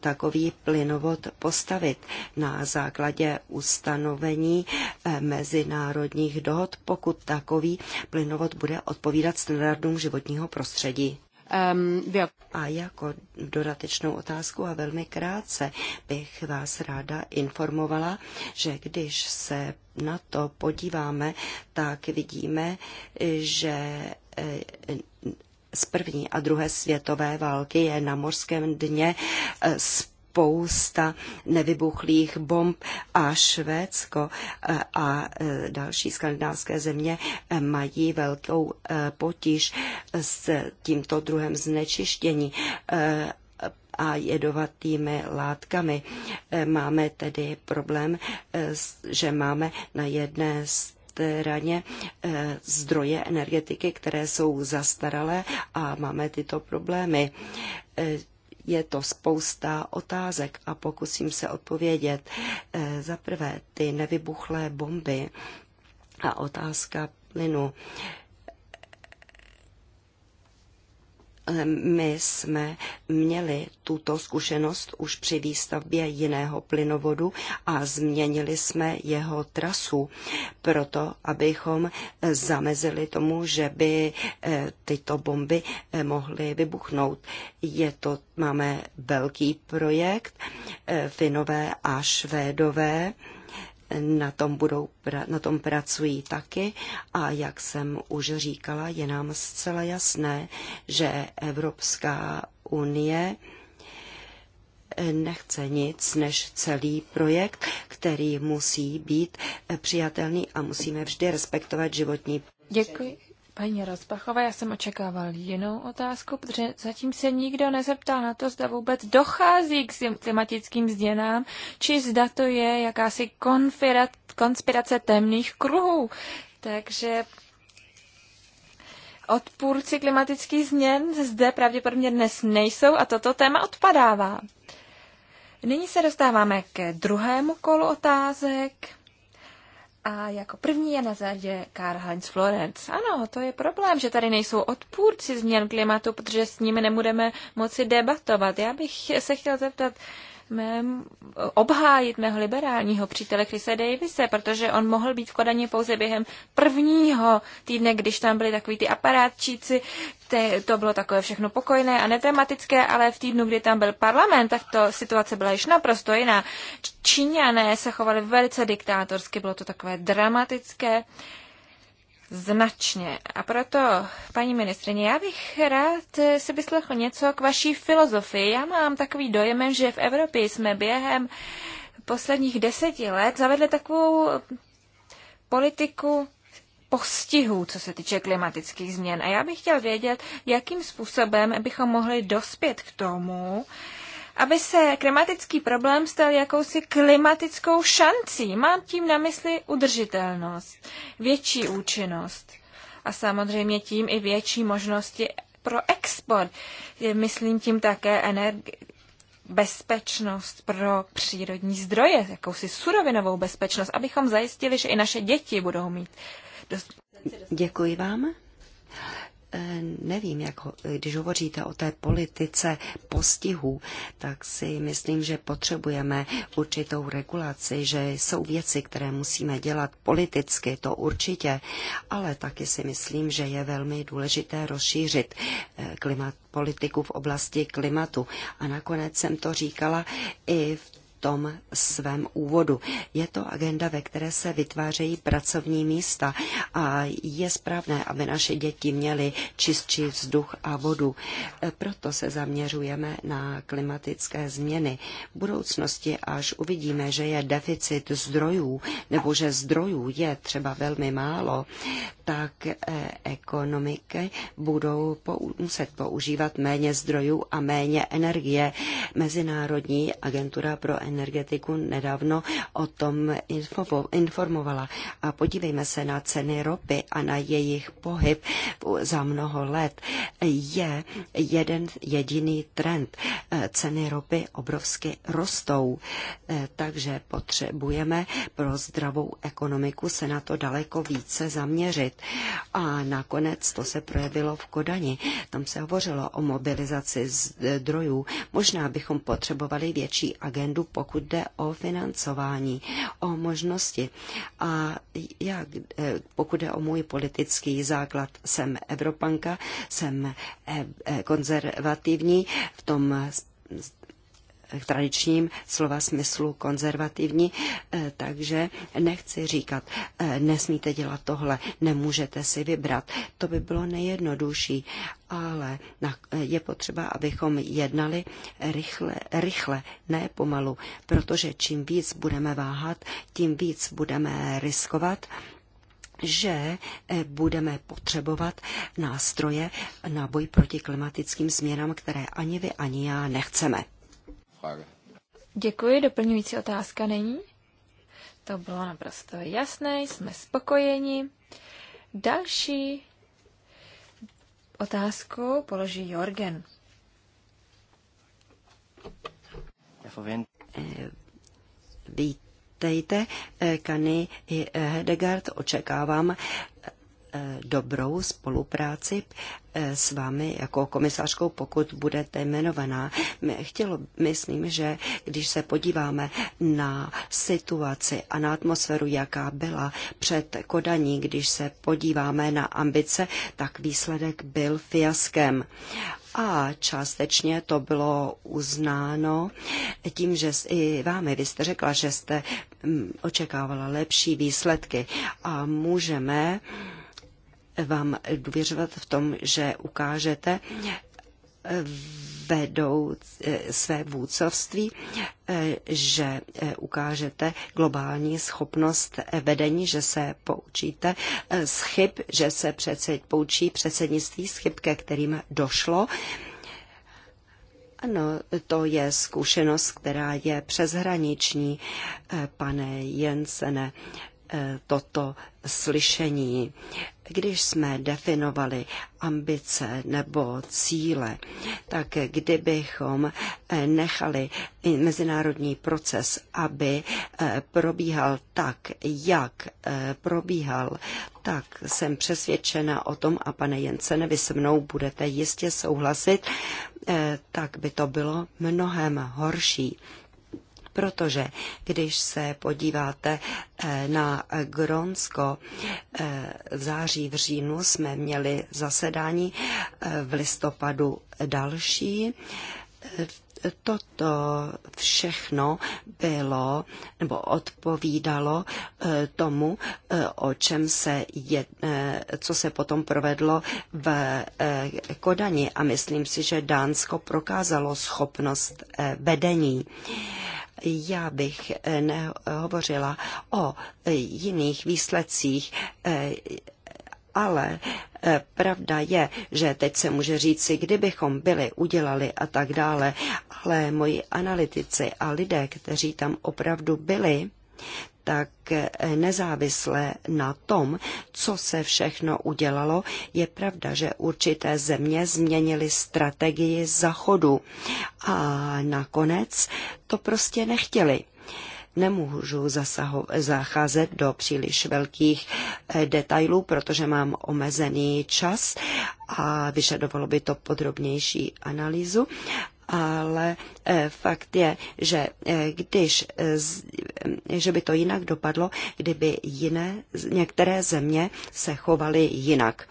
takový plynovod postavit na základě ustanovení mezinárodních dohod, pokud takový plynovod bude odpovídat standardům životního prostředí. Um, a jako dodatečnou otázku a velmi krátce bych vás ráda informovala, že když se na to podíváme, tak vidíme, že eh, z první a druhé světové války je na mořském dně eh, spousta nevybuchlých bomb a Švédsko eh, a eh, další skandinávské země eh, mají velkou potíž s tímto druhem znečištění a jedovatými látkami. Máme tedy problém, že máme na jedné straně zdroje energetiky, které jsou zastaralé a máme tyto problémy je to spousta otázek a pokusím se odpovědět. Eh, za prvé, ty nevybuchlé bomby a otázka plynu. my jsme měli tuto zkušenost už při výstavbě jiného plynovodu a změnili jsme jeho trasu proto, abychom zamezili tomu, že by eh, tyto bomby eh, mohly vybuchnout. Je to, máme velký projekt, eh, Finové a Švédové na tom, budou, na tom pracují taky a jak jsem už říkala, je nám zcela jasné, že Evropská unie nechce nic než celý projekt, který musí být přijatelný a musíme vždy respektovat životní Děkuji. Paní Rozbachové, já jsem očekával jinou otázku, protože zatím se nikdo nezeptal na to, zda vůbec dochází k klimatickým změnám, či zda to je jakási konspirace temných kruhů. Takže odpůrci klimatických změn zde pravděpodobně dnes nejsou a toto téma odpadává. Nyní se dostáváme ke druhému kolu otázek. A jako první je na zádě Karl-Heinz Florenz. Ano, to je problém, že tady nejsou odpůrci změn klimatu, protože s nimi nebudeme moci debatovat. Já bych se chtěl zeptat, mém, obhájit mého liberálního přítele Chrisa Davise, protože on mohl být v Kodaně pouze během prvního týdne, když tam byli takový ty aparátčíci, te, to bylo takové všechno pokojné a netematické, ale v týdnu, kdy tam byl parlament, tak to situace byla již naprosto jiná. Číňané se chovali velice diktátorsky, bylo to takové dramatické značně. A proto, paní ministrině, já bych rád si vyslechl něco k vaší filozofii. Já mám takový dojem, že v Evropě jsme během posledních deseti let zavedli takovou politiku postihů, co se týče klimatických změn. A já bych chtěl vědět, jakým způsobem bychom mohli dospět k tomu, aby se klimatický problém stal jakousi klimatickou šancí. Mám tím na mysli udržitelnost, větší účinnost a samozřejmě tím i větší možnosti pro export. Myslím tím také energi- bezpečnost pro přírodní zdroje, jakousi surovinovou bezpečnost, abychom zajistili, že i naše děti budou mít. Dost... Děkuji vám. Eh, nevím, jak, když hovoříte o té politice postihů, tak si myslím, že potřebujeme určitou regulaci, že jsou věci, které musíme dělat politicky, to určitě, ale taky si myslím, že je velmi důležité rozšířit eh, klimat, politiku v oblasti klimatu. A nakonec jsem to říkala i v tom svém úvodu. Je to agenda, ve které se vytvářejí pracovní místa a je správné, aby naše děti měly čistší vzduch a vodu. E, proto se zaměřujeme na klimatické změny. V budoucnosti, až uvidíme, že je deficit zdrojů nebo že zdrojů je třeba velmi málo, tak e, ekonomiky budou muset používat méně zdrojů a méně energie. Mezinárodní agentura pro energetiku nedávno o tom informovala. A podívejme se na ceny ropy a na jejich pohyb za mnoho let. Je jeden jediný trend. Ceny ropy obrovsky rostou, takže potřebujeme pro zdravou ekonomiku se na to daleko více zaměřit. A nakonec to se projevilo v Kodani. Tam se hovořilo o mobilizaci zdrojů. Možná bychom potřebovali větší agendu pokud jde o financování, o možnosti. A já, e, pokud jde o můj politický základ, jsem Evropanka, jsem e, e, konzervativní v tom v tradičním slova smyslu konzervativní, eh, takže nechci říkat, eh, nesmíte dělat tohle, nemůžete si vybrat. To by bylo nejjednodušší, ale eh, je potřeba, abychom jednali rychle, rychle, ne pomalu, protože čím víc budeme váhat, tím víc budeme riskovat že budeme potřebovat nástroje na boj proti klimatickým změnám, které ani vy, ani já nechceme. Frage. Děkuji, doplňující otázka není. To bylo naprosto jasné, jsme spokojeni. Další otázku položí Jorgen. Vítejte, Kany Hedegard, očekávám, Eh, dobrou spolupráci eh, s vámi jako komisářkou, pokud budete jmenovaná. My chtělo, myslím, že když se podíváme na situaci a na atmosféru, jaká byla před Kodaní, když se podíváme na ambice, tak výsledek byl fiaskem. A částečně to bylo uznáno tím, že i vámi, vy jste řekla, že jste mm, očekávala lepší výsledky a můžeme vám důvěřovat v tom, že ukážete vedou eh, své vůdcovství, eh, že eh, ukážete globální schopnost vedení, že se poučíte z chyb, že se předsed, poučí předsednictví z chyb, ke kterým došlo. Ano, to je zkušenost, která je přeshraniční, pane Jensene. Eh, toto slyšení. Když jsme definovali ambice nebo cíle, tak kdybychom eh, nechali mezinárodní proces, aby eh, probíhal tak, jak probíhal, tak jsem přesvědčena o tom, a pane Jensene, vy se mnou budete jistě souhlasit, tak by to bylo mnohem horší protože když se podíváte eh, na Gronsko eh, v září, v říjnu jsme měli zasedání, eh, v listopadu další toto všechno bylo nebo odpovídalo tomu, o čem se je, co se potom provedlo v Kodani a myslím si, že Dánsko prokázalo schopnost vedení já bych eh, nehovořila o eh, jiných výsledcích, eh, ale pravda je, že teď se může říci, kdybychom byli, udělali a tak dále, ale moji analytici a lidé, kteří tam opravdu byli, tak nezávisle na tom, co se všechno udělalo, je pravda, že určité země změnily strategii zachodu a nakonec to prostě nechtěli nemůžu zasaho- zacházet do příliš velkých eh, detailů, protože mám omezený čas a vyžadovalo by to podrobnější analýzu, ale eh, fakt je, že eh, když, eh, že by to jinak dopadlo, kdyby jiné, některé země se chovaly jinak.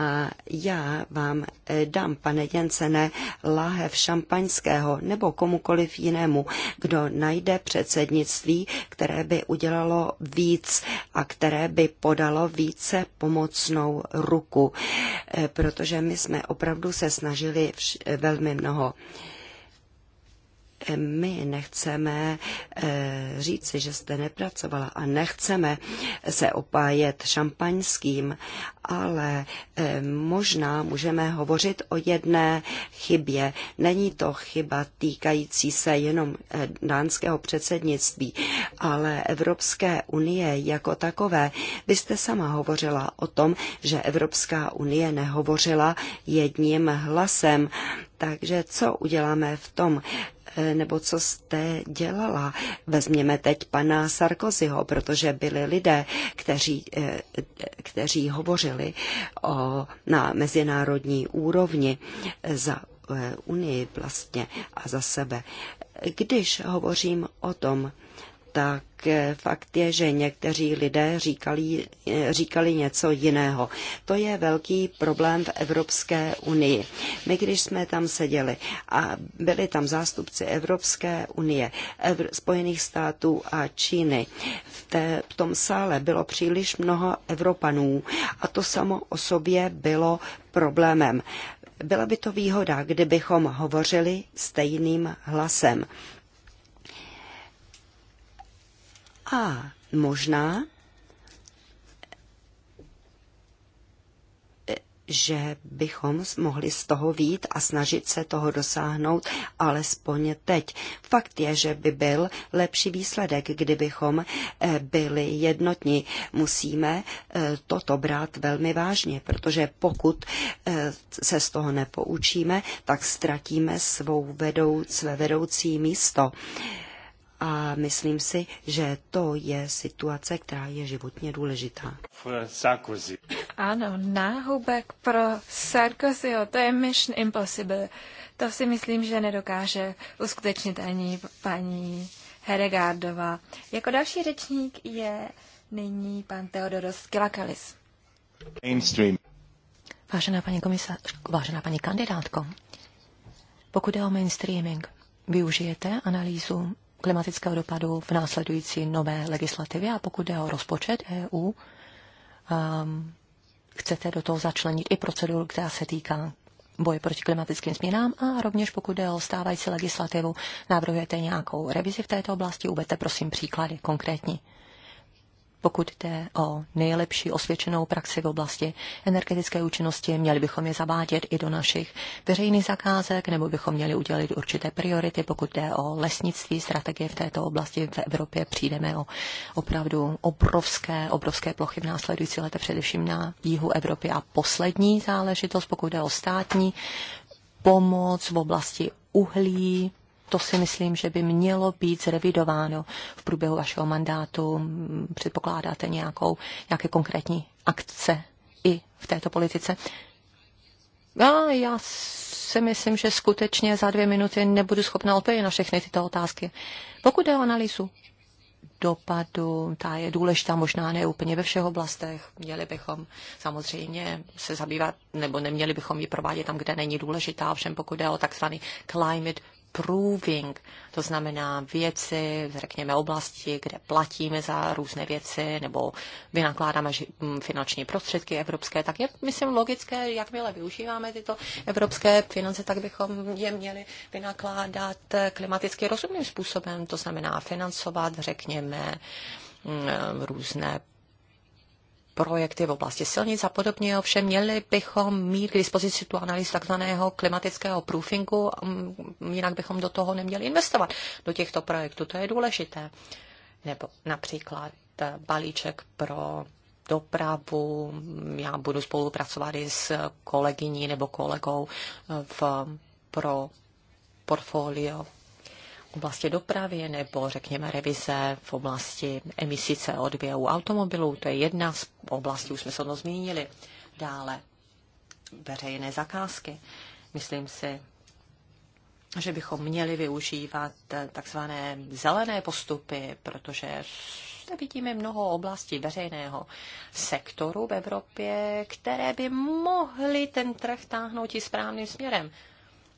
A já vám eh, dám, pane Jensene, láhev šampaňského nebo komukoliv jinému, kdo najde předsednictví, které by udělalo víc a které by podalo více pomocnou ruku, eh, protože my jsme opravdu se snažili velmi mnoho my nechceme eh, říci, že jste nepracovala a nechceme se opájet šampaňským, ale eh, možná můžeme hovořit o jedné chybě. Není to chyba týkající se jenom eh, dánského předsednictví, ale Evropské unie jako takové. Vy jste sama hovořila o tom, že Evropská unie nehovořila jedním hlasem. Takže co uděláme v tom Eh, nebo co jste dělala. Vezměme teď pana Sarkozyho, protože byli lidé, kteří, eh, kteří hovořili o, na mezinárodní úrovni za eh, Unii vlastně a za sebe. Když hovořím o tom, tak fakt je, že někteří lidé říkali, říkali něco jiného. To je velký problém v Evropské unii. My, když jsme tam seděli a byli tam zástupci Evropské unie, Evr- Spojených států a Číny, v, té, v tom sále bylo příliš mnoho Evropanů a to samo o sobě bylo problémem. Byla by to výhoda, kdybychom hovořili stejným hlasem. A možná, že bychom mohli z toho vít a snažit se toho dosáhnout alespoň teď. Fakt je, že by byl lepší výsledek, kdybychom eh, byli jednotní. Musíme eh, toto brát velmi vážně, protože pokud eh, se z toho nepoučíme, tak ztratíme svou vedou, své vedoucí místo. A myslím si, že to je situace, která je životně důležitá. Sarkozy. Ano, náhubek pro Sarkozyho, to je mission impossible. To si myslím, že nedokáže uskutečnit ani paní Heregardová. Jako další řečník je nyní pan Teodoros Kilakalis. Mainstream. Vážená paní, komisa, vážená paní kandidátko, pokud je o mainstreaming, využijete analýzu klimatického dopadu v následující nové legislativě a pokud jde o rozpočet EU, um, chcete do toho začlenit i proceduru, která se týká boje proti klimatickým změnám a rovněž pokud jde o stávající legislativu, navrhujete nějakou revizi v této oblasti, uvedte prosím příklady konkrétní pokud jde o nejlepší osvědčenou praxi v oblasti energetické účinnosti, měli bychom je zavádět i do našich veřejných zakázek, nebo bychom měli udělat určité priority, pokud jde o lesnictví, strategie v této oblasti v Evropě přijdeme o opravdu obrovské, obrovské plochy v následující lete, především na jihu Evropy. A poslední záležitost, pokud jde o státní pomoc v oblasti uhlí, to si myslím, že by mělo být zrevidováno v průběhu vašeho mandátu. Předpokládáte nějakou, nějaké konkrétní akce i v této politice? A já si myslím, že skutečně za dvě minuty nebudu schopna odpovědět na všechny tyto otázky. Pokud jde o analýzu dopadu, ta je důležitá, možná ne úplně ve všech oblastech. Měli bychom samozřejmě se zabývat, nebo neměli bychom ji provádět tam, kde není důležitá, ovšem pokud jde o takzvaný climate proving, to znamená věci, řekněme oblasti, kde platíme za různé věci nebo vynakládáme finanční prostředky evropské, tak je, myslím, logické, jakmile využíváme tyto evropské finance, tak bychom je měli vynakládat klimaticky rozumným způsobem, to znamená financovat, řekněme, různé projekty v oblasti silnic a podobně. Ovšem měli bychom mít k dispozici tu analýzu takzvaného klimatického proofingu, mm, jinak bychom do toho neměli investovat, do těchto projektů. To je důležité. Nebo například eh, balíček pro dopravu. Já budu spolupracovat i s kolegyní nebo kolegou eh, v, pro portfolio v oblasti dopravy nebo řekněme revize v oblasti emisí CO2 u automobilů. To je jedna z oblastí, už jsme se o zmínili. Dále veřejné zakázky. Myslím si, že bychom měli využívat takzvané zelené postupy, protože zde vidíme mnoho oblastí veřejného sektoru v Evropě, které by mohly ten trh táhnout i správným směrem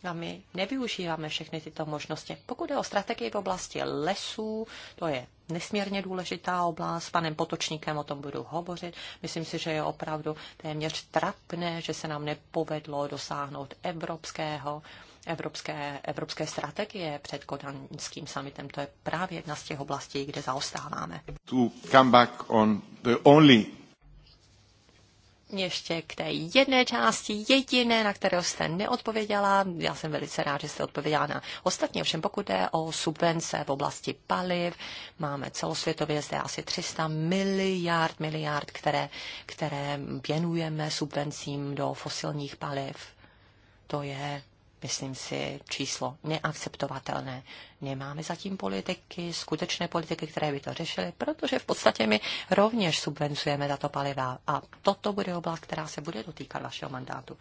a my nevyužíváme všechny tyto možnosti. Pokud je o strategii v oblasti lesů, to je nesmírně důležitá oblast. S panem Potočníkem o tom budu hovořit. Myslím si, že je opravdu téměř trapné, že se nám nepovedlo dosáhnout evropského Evropské, evropské strategie před kodanským summitem. To je právě jedna z těch oblastí, kde zaostáváme. To come back on the only ještě k té jedné části, jediné, na kterou jste neodpověděla. Já jsem velice rád, že jste odpověděla na ostatní. Ovšem pokud jde o subvence v oblasti paliv, máme celosvětově zde asi 300 miliard, miliard, které, které věnujeme subvencím do fosilních paliv. To je myslím si, číslo neakceptovatelné. Nemáme zatím politiky, skutečné politiky, které by to řešily, protože v podstatě my rovněž subvencujeme tato paliva. A toto bude oblast, která se bude dotýkat vašeho mandátu.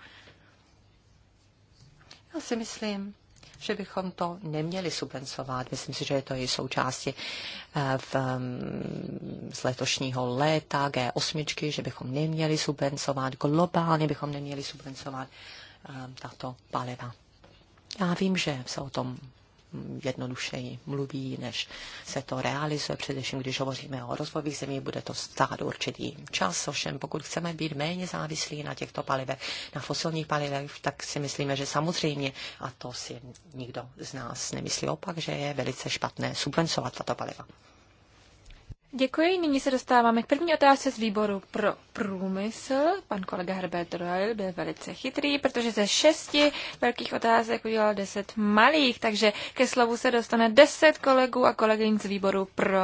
Já si myslím, že bychom to neměli subvencovat. Myslím si, že je to i součástí eh, v, mm, z letošního léta G8, že bychom neměli subvencovat globálně, bychom neměli subvencovat eh, tato paliva. Já vím, že se o tom jednodušeji mluví, než se to realizuje. Především, když hovoříme o rozvojových zemích, bude to stát určitý čas. Ovšem, pokud chceme být méně závislí na těchto palivech, na fosilních palivech, tak si myslíme, že samozřejmě, a to si nikdo z nás nemyslí opak, že je velice špatné subvencovat tato paliva. Děkuji. Nyní se dostáváme k první otázce z výboru pro průmysl. Pan kolega Herbert Royal byl velice chytrý, protože ze šesti velkých otázek udělal deset malých, takže ke slovu se dostane deset kolegů a kolegyň z výboru pro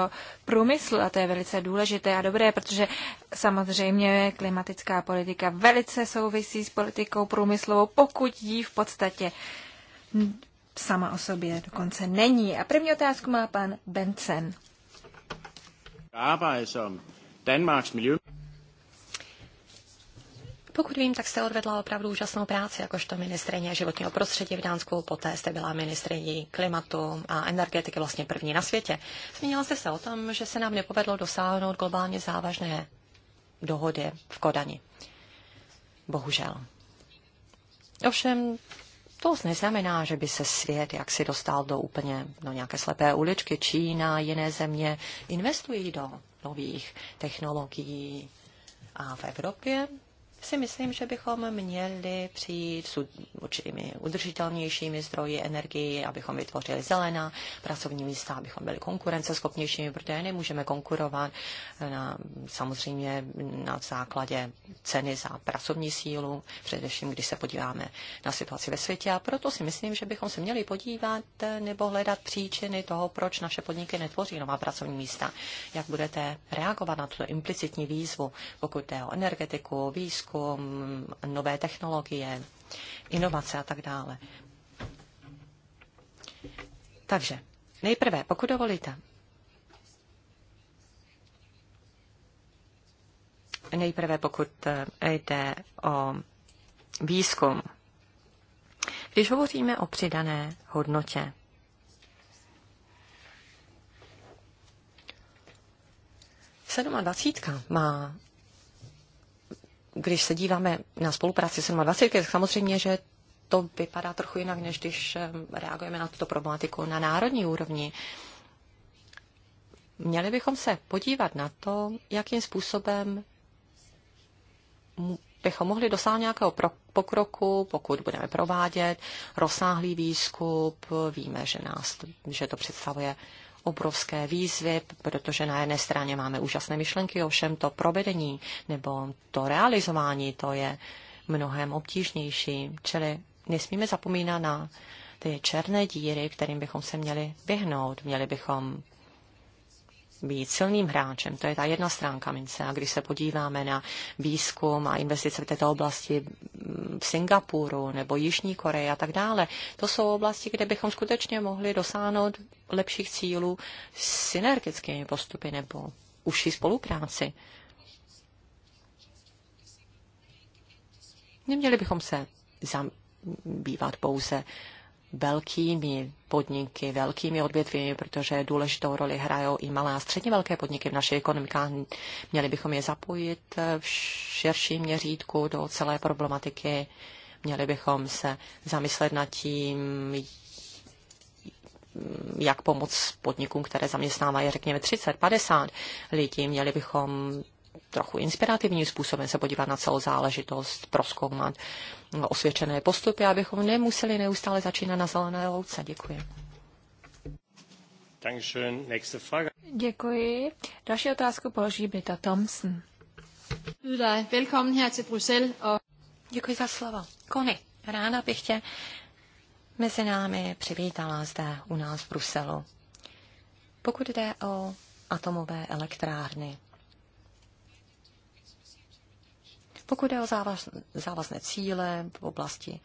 průmysl a to je velice důležité a dobré, protože samozřejmě klimatická politika velice souvisí s politikou průmyslovou, pokud jí v podstatě sama o sobě dokonce není. A první otázku má pan Benson. Arbejde som Danmarks miljø. Pokud vím, tak jste odvedla opravdu úžasnou práci jakožto ministrině životního prostředí v Dánsku, poté jste byla ministrině klimatu a energetiky vlastně první na světě. Zmínila jste se o tom, že se nám nepovedlo dosáhnout globálně závažné dohody v Kodani. Bohužel. Ovšem, to neznamená, že by se svět jaksi dostal do úplně no, nějaké slepé uličky. Čína, jiné země investují do nových technologií a v Evropě si myslím, že bychom měli přijít s určitými udržitelnějšími zdroji energii, abychom vytvořili zelená pracovní místa, abychom byli konkurenceschopnějšími, protože nemůžeme konkurovat na, samozřejmě na základě ceny za pracovní sílu, především když se podíváme na situaci ve světě. A proto si myslím, že bychom se měli podívat nebo hledat příčiny toho, proč naše podniky netvoří nová pracovní místa. Jak budete reagovat na tuto implicitní výzvu, pokud jde o energetiku, výzkum, výzkum, nové technologie, inovace a tak dále. Takže nejprve, pokud dovolíte, nejprve pokud eh, jde o výzkum. Když hovoříme o přidané hodnotě, Sedma dvacítka má když se díváme na spolupráci 27, tak samozřejmě, že to vypadá trochu jinak, než když ehm, reagujeme na tuto problematiku na národní úrovni. Měli bychom se podívat na to, jakým způsobem bychom mohli dosáhnout nějakého pokroku, pokud budeme provádět rozsáhlý výzkup. Víme, že, nás, že to představuje obrovské výzvy, protože na jedné straně máme úžasné myšlenky, ovšem to provedení nebo to realizování, to je mnohem obtížnější. Čili nesmíme zapomínat na ty černé díry, kterým bychom se měli vyhnout. Měli bychom být silným hráčem. To je ta jedna stránka mince. A když se podíváme na výzkum a investice v této oblasti v Singapuru nebo Jižní Koreji a tak dále, to jsou oblasti, kde bychom skutečně mohli dosáhnout lepších cílů synergickými postupy nebo užší spolupráci. Neměli bychom se zabývat pouze velkými podniky, velkými odvětvími, protože důležitou roli hrajou i malé a středně velké podniky v našich ekonomikách. Měli bychom je zapojit v širším měřítku do celé problematiky. Měli bychom se zamyslet nad tím, jak pomoct podnikům, které zaměstnávají, řekněme, 30, 50 lidí. Měli bychom trochu inspirativním způsobem se podívat na celou záležitost, proskoumat osvědčené postupy, abychom nemuseli neustále začínat na zelené louce. Děkuji. Děkuji. Další otázku položí Brita Thompson. Děkuji za slovo. Kony, ráda bych tě mezi námi přivítala zde u nás v Bruselu. Pokud jde o atomové elektrárny, Pokud je o závaz, závazné cíle v oblasti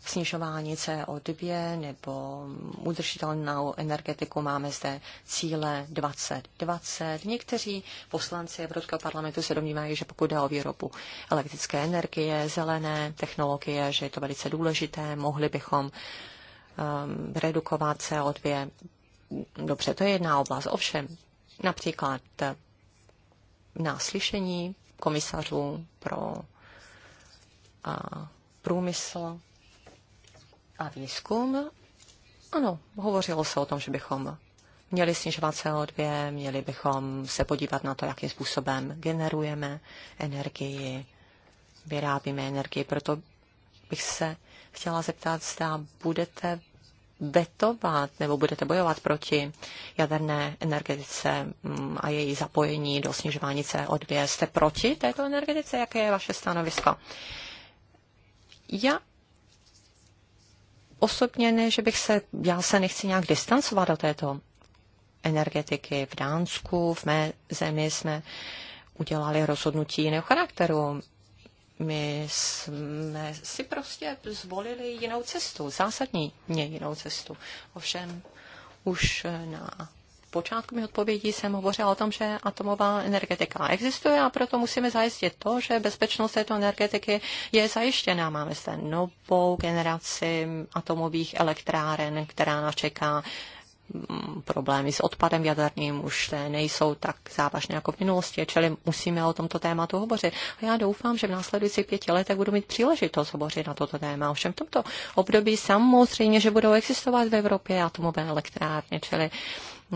snižování CO2 nebo udržitelnou energetiku. Máme zde cíle 2020. Někteří poslanci Evropského parlamentu se domnívají, že pokud jde o výrobu elektrické energie, zelené technologie, že je to velice důležité, mohli bychom um, redukovat CO2. Dobře, to je jedna oblast. Ovšem, například na slyšení komisařů pro a, průmysl a výzkum. Ano, hovořilo se o tom, že bychom měli snižovat CO2, měli bychom se podívat na to, jakým způsobem generujeme energii, vyrábíme energii. Proto bych se chtěla zeptat, zda budete vetovat nebo budete bojovat proti jaderné energetice mm, a její zapojení do snižování CO2. Jste proti této energetice? Jaké je vaše stanovisko? Já osobně ne, že bych se, já se nechci nějak distancovat do této energetiky. V Dánsku, v mé zemi jsme udělali rozhodnutí jiného charakteru my jsme si prostě zvolili jinou cestu, zásadně jinou cestu. Ovšem už na počátku mi odpovědí jsem hovořila o tom, že atomová energetika existuje a proto musíme zajistit to, že bezpečnost této energetiky je zajištěná. Máme zde novou generaci atomových elektráren, která nás čeká Mm, problémy s odpadem jaderným už nejsou tak závažné jako v minulosti, čili musíme o tomto tématu hovořit. A já doufám, že v následujících pěti letech budu mít příležitost hovořit na toto téma. Ovšem v tomto období samozřejmě, že budou existovat v Evropě atomové elektrárny, čili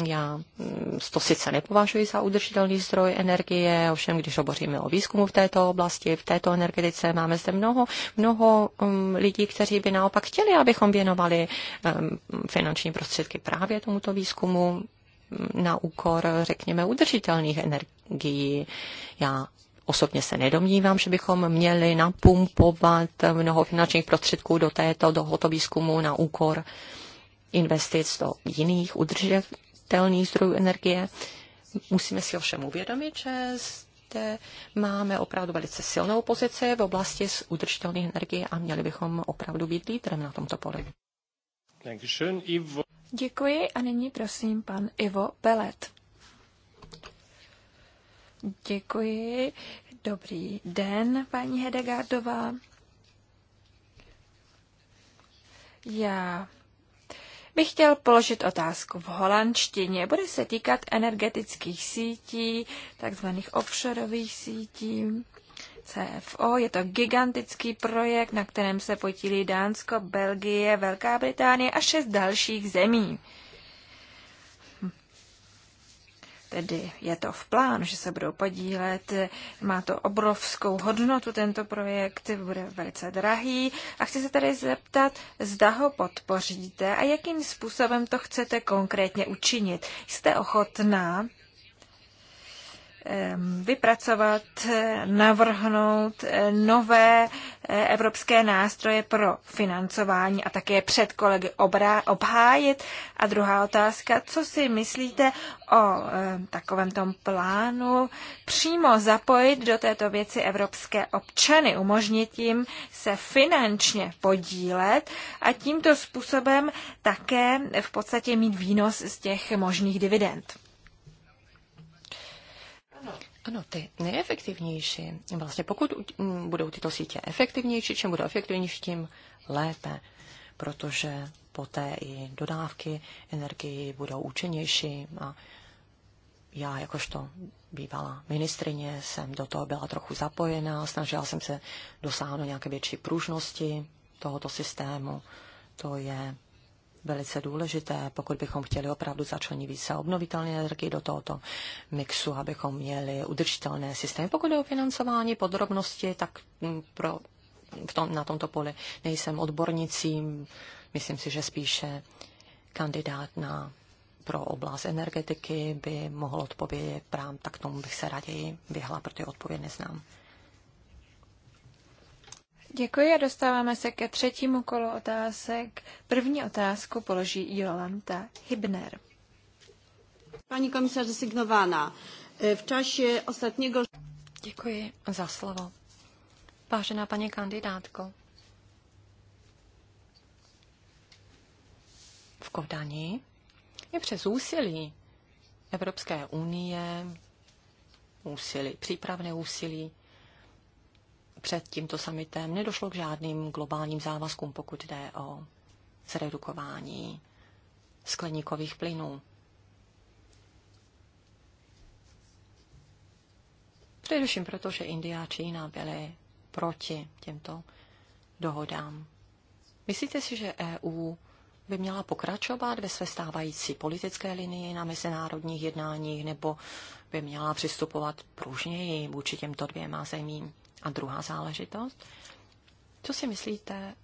já mm, to sice nepovažuji za udržitelný zdroj energie, ovšem když hovoříme o výzkumu v této oblasti, v této energetice, máme zde mnoho, mnoho um, lidí, kteří by naopak chtěli, abychom věnovali um, finanční prostředky právě tomuto výzkumu na úkor, řekněme, udržitelných energií. Já Osobně se nedomnívám, že bychom měli napumpovat mnoho finančních prostředků do této, do výzkumu na úkor investic do jiných udržet, obnovitelných zdrojů energie. Musíme si ovšem uvědomit, že zde máme opravdu velice silnou pozici v oblasti z udržitelných energie a měli bychom opravdu být lídrem na tomto poli. Děkuji a nyní prosím pan Ivo Belet. Děkuji. Dobrý den, paní Hedegardová. Já bych chtěl položit otázku v holandštině. Bude se týkat energetických sítí, takzvaných offshoreových sítí. CFO. Je to gigantický projekt, na kterém se potílí Dánsko, Belgie, Velká Británie a šest dalších zemí. tedy je to v plánu, že se budou podílet. Má to obrovskou hodnotu, tento projekt bude velice drahý. A chci se tady zeptat, zda ho podpoříte a jakým způsobem to chcete konkrétně učinit. Jste ochotná vypracovat, navrhnout eh, nové eh, evropské nástroje pro financování a také před kolegy obrá, obhájit. A druhá otázka, co si myslíte o takovém tom plánu přímo zapojit do této věci evropské občany, umožnit jim se finančně podílet a tímto způsobem také v podstatě mít výnos z těch možných dividend. Ano, ty nejefektivnější, vlastně pokud budou tyto sítě efektivnější, čím budou efektivnější, tím lépe, protože poté i dodávky energii budou účinnější a já jakožto bývalá ministrině jsem do toho byla trochu zapojená, snažila jsem se dosáhnout nějaké větší pružnosti tohoto systému. To je velice důležité, pokud bychom chtěli opravdu začlenit více obnovitelné energie do tohoto mixu, abychom měli udržitelné systémy. Pokud je o financování podrobnosti, tak mm, pro, v tom, na tomto poli nejsem odbornicím, myslím si, že spíše kandidát na pro oblast energetiky by mohl odpovědět právě tak tomu bych se raději vyhla, protože odpověď neznám. Děkuji a dostáváme se ke třetímu kolu otázek. První otázku položí Jolanta Hibner. Paní komisař Signovana, e, v čase ostatního... Děkuji za slovo. Vážená paní kandidátko, v Kodani je přes úsilí Evropské unie, úsilí, přípravné úsilí před tímto summitem nedošlo k žádným globálním závazkům, pokud jde o zredukování skleníkových plynů. Především proto, že India a Čína byly proti těmto dohodám. Myslíte si, že EU by měla pokračovat ve své stávající politické linii na mezinárodních jednáních nebo by měla přistupovat pružněji vůči těmto dvěma zemím? A druhá záležitost, co si myslíte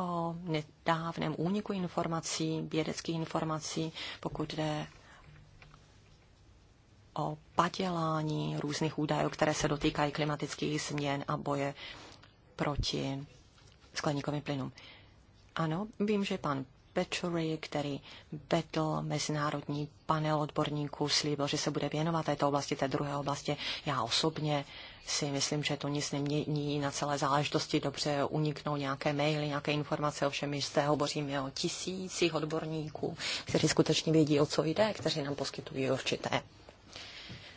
o nedávném úniku informací, vědeckých informací, pokud jde o padělání různých údajů, které se dotýkají klimatických změn a boje proti skleníkovým plynům. Ano, vím, že pan Petrury, který vedl mezinárodní panel odborníků, slíbil, že se bude věnovat této oblasti, té druhé oblasti. Já osobně si myslím, že to nic nemění na celé záležitosti. Dobře uniknou nějaké maily, nějaké informace, ovšem my zde hovoříme o tisících odborníků, kteří skutečně vědí, o co jde, kteří nám poskytují určité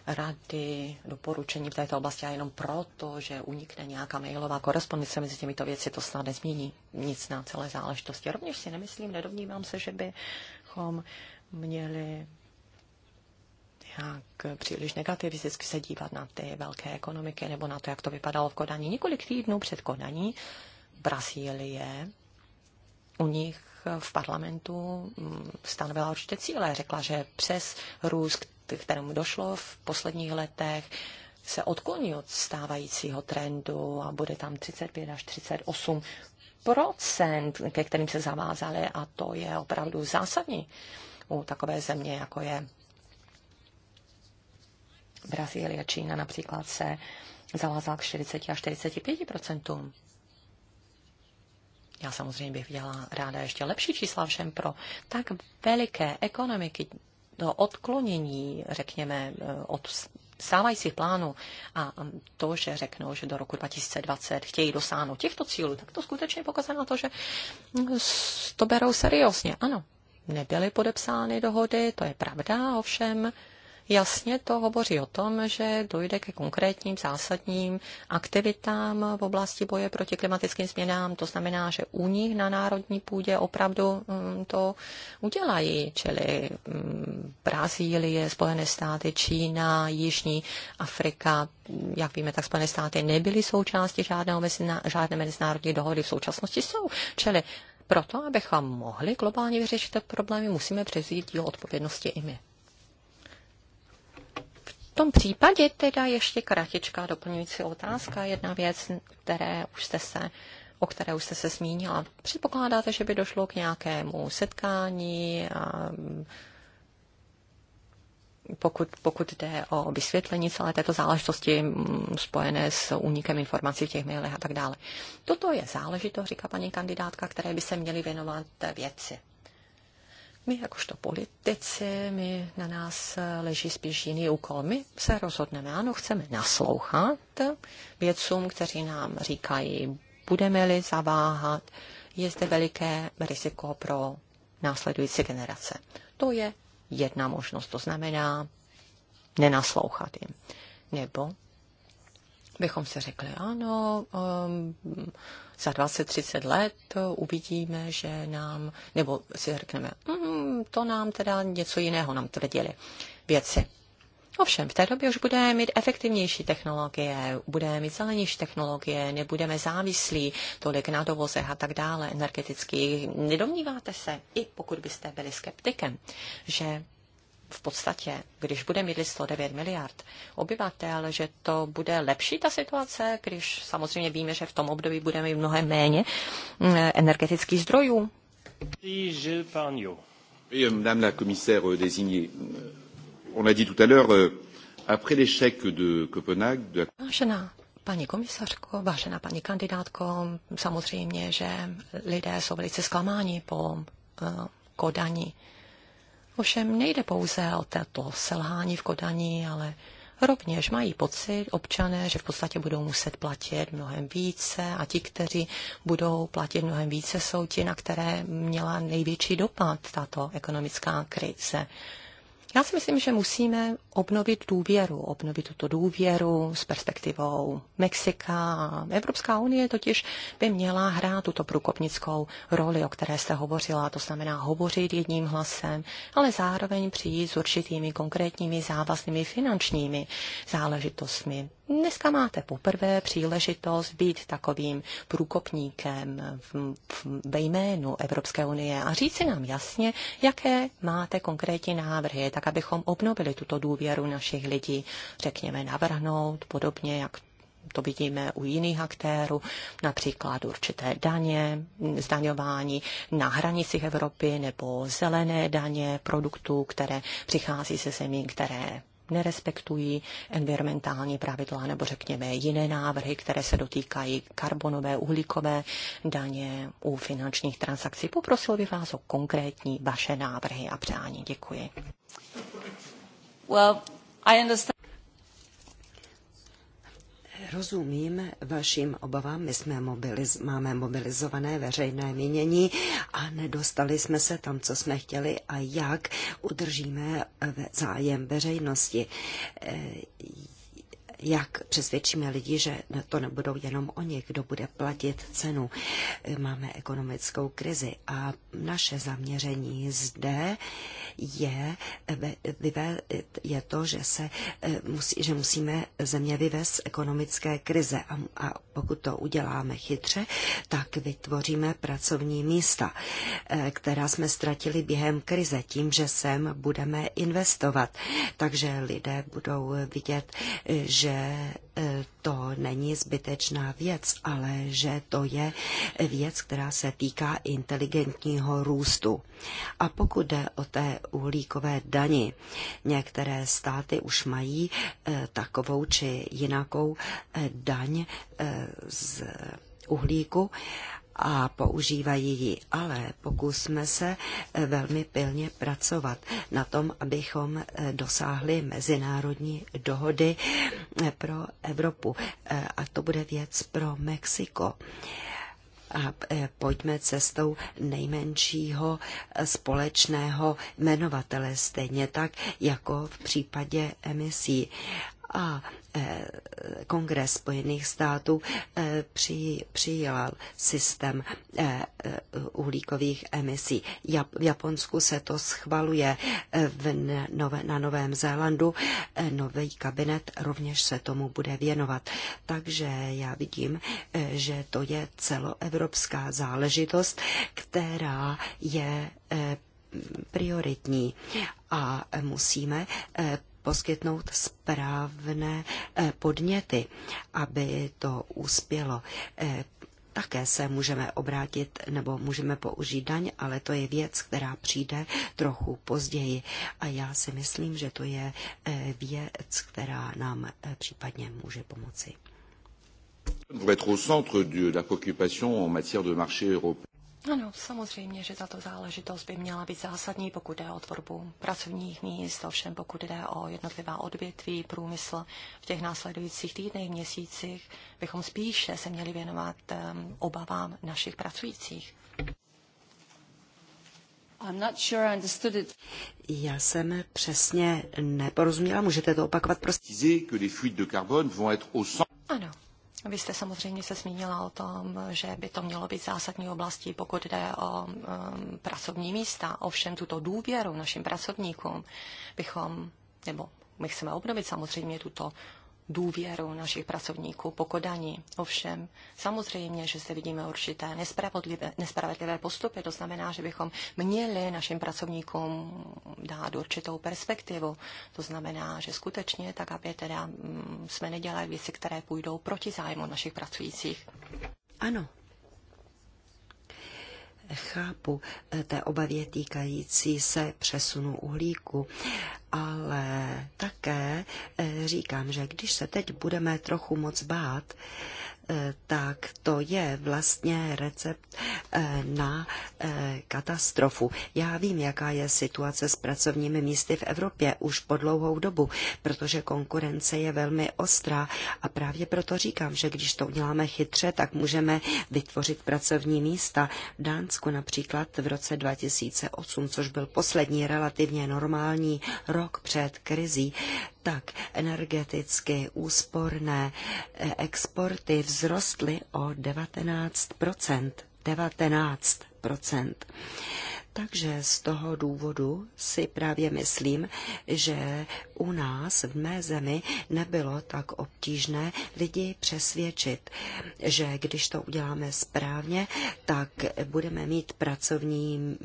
rady, doporučení v této oblasti a jenom proto, že unikne nějaká mailová korespondence mezi těmito věci, to snad nezmění nic na celé záležitosti. Rovněž si nemyslím, nedovnímám se, že bychom měli nějak příliš negativisticky se dívat na ty velké ekonomiky nebo na to, jak to vypadalo v Kodaní. Několik týdnů před Kodaní Brazílie u nich v parlamentu mm, stanovila určitě cíle. Řekla, že přes růst, kterému došlo v posledních letech, se odkloní od stávajícího trendu a bude tam 35 až 38 procent, ke kterým se zavázali a to je opravdu zásadní u takové země, jako je Brazílie, Čína například se zavázala k 40 a 45 procentům. Já samozřejmě bych viděla ráda ještě lepší čísla všem pro tak veliké ekonomiky, do odklonění, řekněme, eh, od stávajících plánů a mm, to, že řeknou, že do roku 2020 chtějí dosáhnout těchto cílů, tak to skutečně pokazuje na to, že mm, to berou seriózně. Ano, nebyly podepsány dohody, to je pravda, ovšem jasně to hovoří o tom, že dojde ke konkrétním zásadním aktivitám v oblasti boje proti klimatickým změnám. To znamená, že u nich na národní půdě opravdu mm, to udělají, čili mm, Brazílie, Spojené státy, Čína, Jižní Afrika, jak víme, tak Spojené státy nebyly součástí žádného, žádné mezinárodní dohody, v současnosti jsou. Čili proto, abychom mohli globálně vyřešit problémy, musíme převzít díl odpovědnosti i my. V tom případě teda ještě kratičká doplňující otázka. Jedna věc, které už jste se o které už jste se zmínila. Předpokládáte, že by došlo k nějakému setkání, a mm, pokud, pokud jde o vysvětlení celé této záležitosti mm, spojené s únikem informací v těch mailech a tak dále. Toto je záležitost, říká paní kandidátka, které by se měly věnovat věci my jakožto politici, my na nás leží spíš jiný úkol. My se rozhodneme, ano, chceme naslouchat vědcům, kteří nám říkají, budeme-li zaváhat, je zde veliké riziko pro následující generace. To je jedna možnost, to znamená nenaslouchat jim. Nebo bychom se řekli, ano, um, za 20-30 let uvidíme, že nám, nebo si řekneme, mm, to nám teda něco jiného nám tvrdili věci. Ovšem, v té době už budeme mít efektivnější technologie, budeme mít zelenější technologie, nebudeme závislí tolik na dovozech a tak dále energetických. Nedomníváte se, i pokud byste byli skeptikem, že v podstatě, když bude mít 109 miliard obyvatel, že to bude lepší ta situace, když samozřejmě víme, že v tom období budeme mít mnohem méně mm, energetických zdrojů. Euh, Madame la commissaire euh, désignée, euh, on l'a dit tout à l'heure, après l'échec de Copenhague, de... Vážená paní komisařko, vážená paní kandidátko, samozřejmě, že lidé jsou velice zklamáni po uh, kodaní. Uh, Ovšem nejde pouze o této selhání v Kodaní, ale rovněž mají pocit občané, že v podstatě budou muset platit mnohem více a ti, kteří budou platit mnohem více, jsou ti, na které měla největší dopad tato ekonomická krize. Já si myslím, že musíme obnovit důvěru, obnovit tuto důvěru s perspektivou Mexika. Evropská unie totiž by měla hrát tuto průkopnickou roli, o které jste hovořila, to znamená hovořit jedním hlasem, ale zároveň přijít s určitými konkrétními závaznými finančními záležitostmi. Dneska máte poprvé příležitost být takovým průkopníkem ve jménu Evropské unie a říci nám jasně, jaké máte konkrétní návrhy, tak abychom obnovili tuto důvěru důvěru našich lidí, řekněme, navrhnout, podobně jak to vidíme u jiných aktérů, například určité daně, zdaňování na hranicích Evropy nebo zelené daně produktů, které přichází ze zemí, které nerespektují environmentální pravidla nebo řekněme jiné návrhy, které se dotýkají karbonové, uhlíkové daně u finančních transakcí. Poprosil bych vás o konkrétní vaše návrhy a přání. Děkuji. Rozumím vašim obavám, my jsme mobiliz- máme mobilizované veřejné mínění a nedostali jsme se tam, co jsme chtěli a jak udržíme zájem veřejnosti. Eh, jak přesvědčíme lidi, že to nebudou jenom oni, kdo bude platit cenu. Máme ekonomickou krizi a naše zaměření zde je, je to, že, se, eh, že musíme země vyvést z ekonomické krize a, a pokud to uděláme chytře, tak vytvoříme pracovní místa, eh, která jsme ztratili během krize tím, že sem budeme investovat. Takže lidé budou vidět, eh, že že e, to není zbytečná věc, ale že to je věc, která se týká inteligentního růstu. A pokud jde o té uhlíkové dani, některé státy už mají e, takovou či jinakou e, daň z uhlíku a používají ji, ale pokusme se eh, velmi pilně pracovat na tom, abychom eh, dosáhli mezinárodní dohody eh, pro Evropu. A to bude věc pro Mexiko a pojďme cestou nejmenšího společného jmenovatele, stejně tak jako v případě emisí a e, Kongres Spojených států e, přijal systém e, uhlíkových emisí. V Japonsku se to schvaluje v nové, na Novém Zélandu. Nový kabinet rovněž se tomu bude věnovat. Takže já vidím, že to je celoevropská záležitost, která je prioritní a musíme poskytnout správné eh, podněty, aby to uspělo. Eh, také se můžeme obrátit nebo můžeme použít daň, ale to je věc, která přijde trochu později. A já si myslím, že to je eh, věc, která nám případně může pomoci. Pour être au centre de la préoccupation en matière de marché européen. Ano, samozřejmě, že tato záležitost by měla být zásadní, pokud jde o tvorbu pracovních míst, ovšem pokud jde o jednotlivá odvětví, průmysl v těch následujících týdnech, měsících, bychom spíše se měli věnovat um, obavám našich pracujících. I'm not sure I understood it. Já jsem přesně neporozuměla, můžete to opakovat, prosím. Ano, vy jste samozřejmě se zmínila o tom, že by to mělo být zásadní oblastí, pokud jde o um, pracovní místa. Ovšem tuto důvěru našim pracovníkům bychom, nebo my chceme obnovit samozřejmě tuto důvěru našich pracovníků pokodaní. Ovšem, samozřejmě, že se vidíme určité nespravedlivé, nespravedlivé postupy, to znamená, že bychom měli našim pracovníkům dát určitou perspektivu. To znamená, že skutečně tak, aby teda mm, jsme nedělali věci, které půjdou proti zájmu našich pracujících. Ano, chápu eh, té obavě týkající se přesunu uhlíku, ale také eh, říkám, že když se teď budeme trochu moc bát, Eh, tak to je vlastně recept eh, na eh, katastrofu. Já vím, jaká je situace s pracovními místy v Evropě už po dlouhou dobu, protože konkurence je velmi ostrá a právě proto říkám, že když to uděláme chytře, tak můžeme vytvořit pracovní místa. V Dánsku například v roce 2008, což byl poslední relativně normální rok před krizí, tak energeticky úsporné e, exporty vzrostly o 19 19 takže z toho důvodu si právě myslím, že u nás v mé zemi nebylo tak obtížné lidi přesvědčit, že když to uděláme správně, tak budeme mít pracovní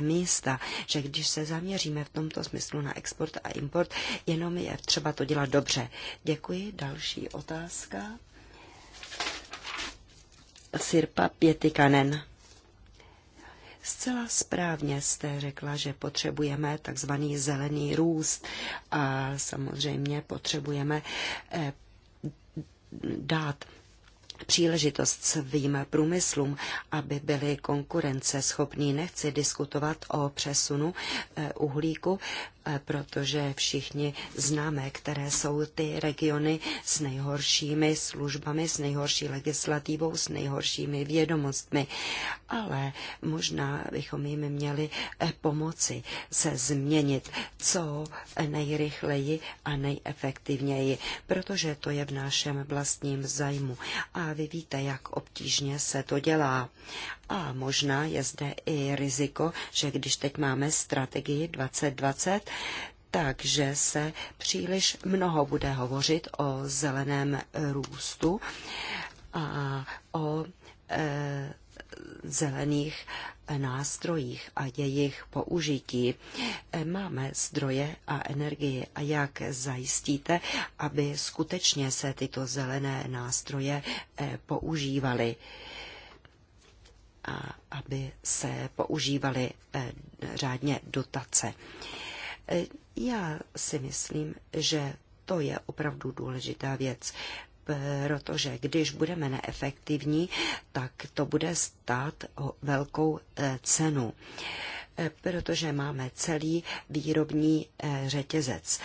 místa, že když se zaměříme v tomto smyslu na export a import, jenom je třeba to dělat dobře. Děkuji. Další otázka. Sirpa Pietikanen. Zcela správně jste řekla, že potřebujeme takzvaný zelený růst a samozřejmě potřebujeme eh, dát příležitost svým průmyslům, aby byly konkurenceschopní. Nechci diskutovat o přesunu eh, uhlíku Eh, protože všichni známe, které jsou ty regiony s nejhoršími službami, s nejhorší legislativou, s nejhoršími vědomostmi. Ale možná bychom jim měli eh, pomoci se změnit co nejrychleji a nejefektivněji, protože to je v našem vlastním zájmu. A vy víte, jak obtížně se to dělá. A možná je zde i riziko, že když teď máme strategii 2020, takže se příliš mnoho bude hovořit o zeleném růstu a o e, zelených nástrojích a jejich použití. E, máme zdroje a energie a jak zajistíte, aby skutečně se tyto zelené nástroje e, používaly a aby se používaly e, řádně dotace. Já si myslím, že to je opravdu důležitá věc protože když budeme neefektivní, tak to bude stát velkou eh, cenu, eh, protože máme celý výrobní eh, řetězec.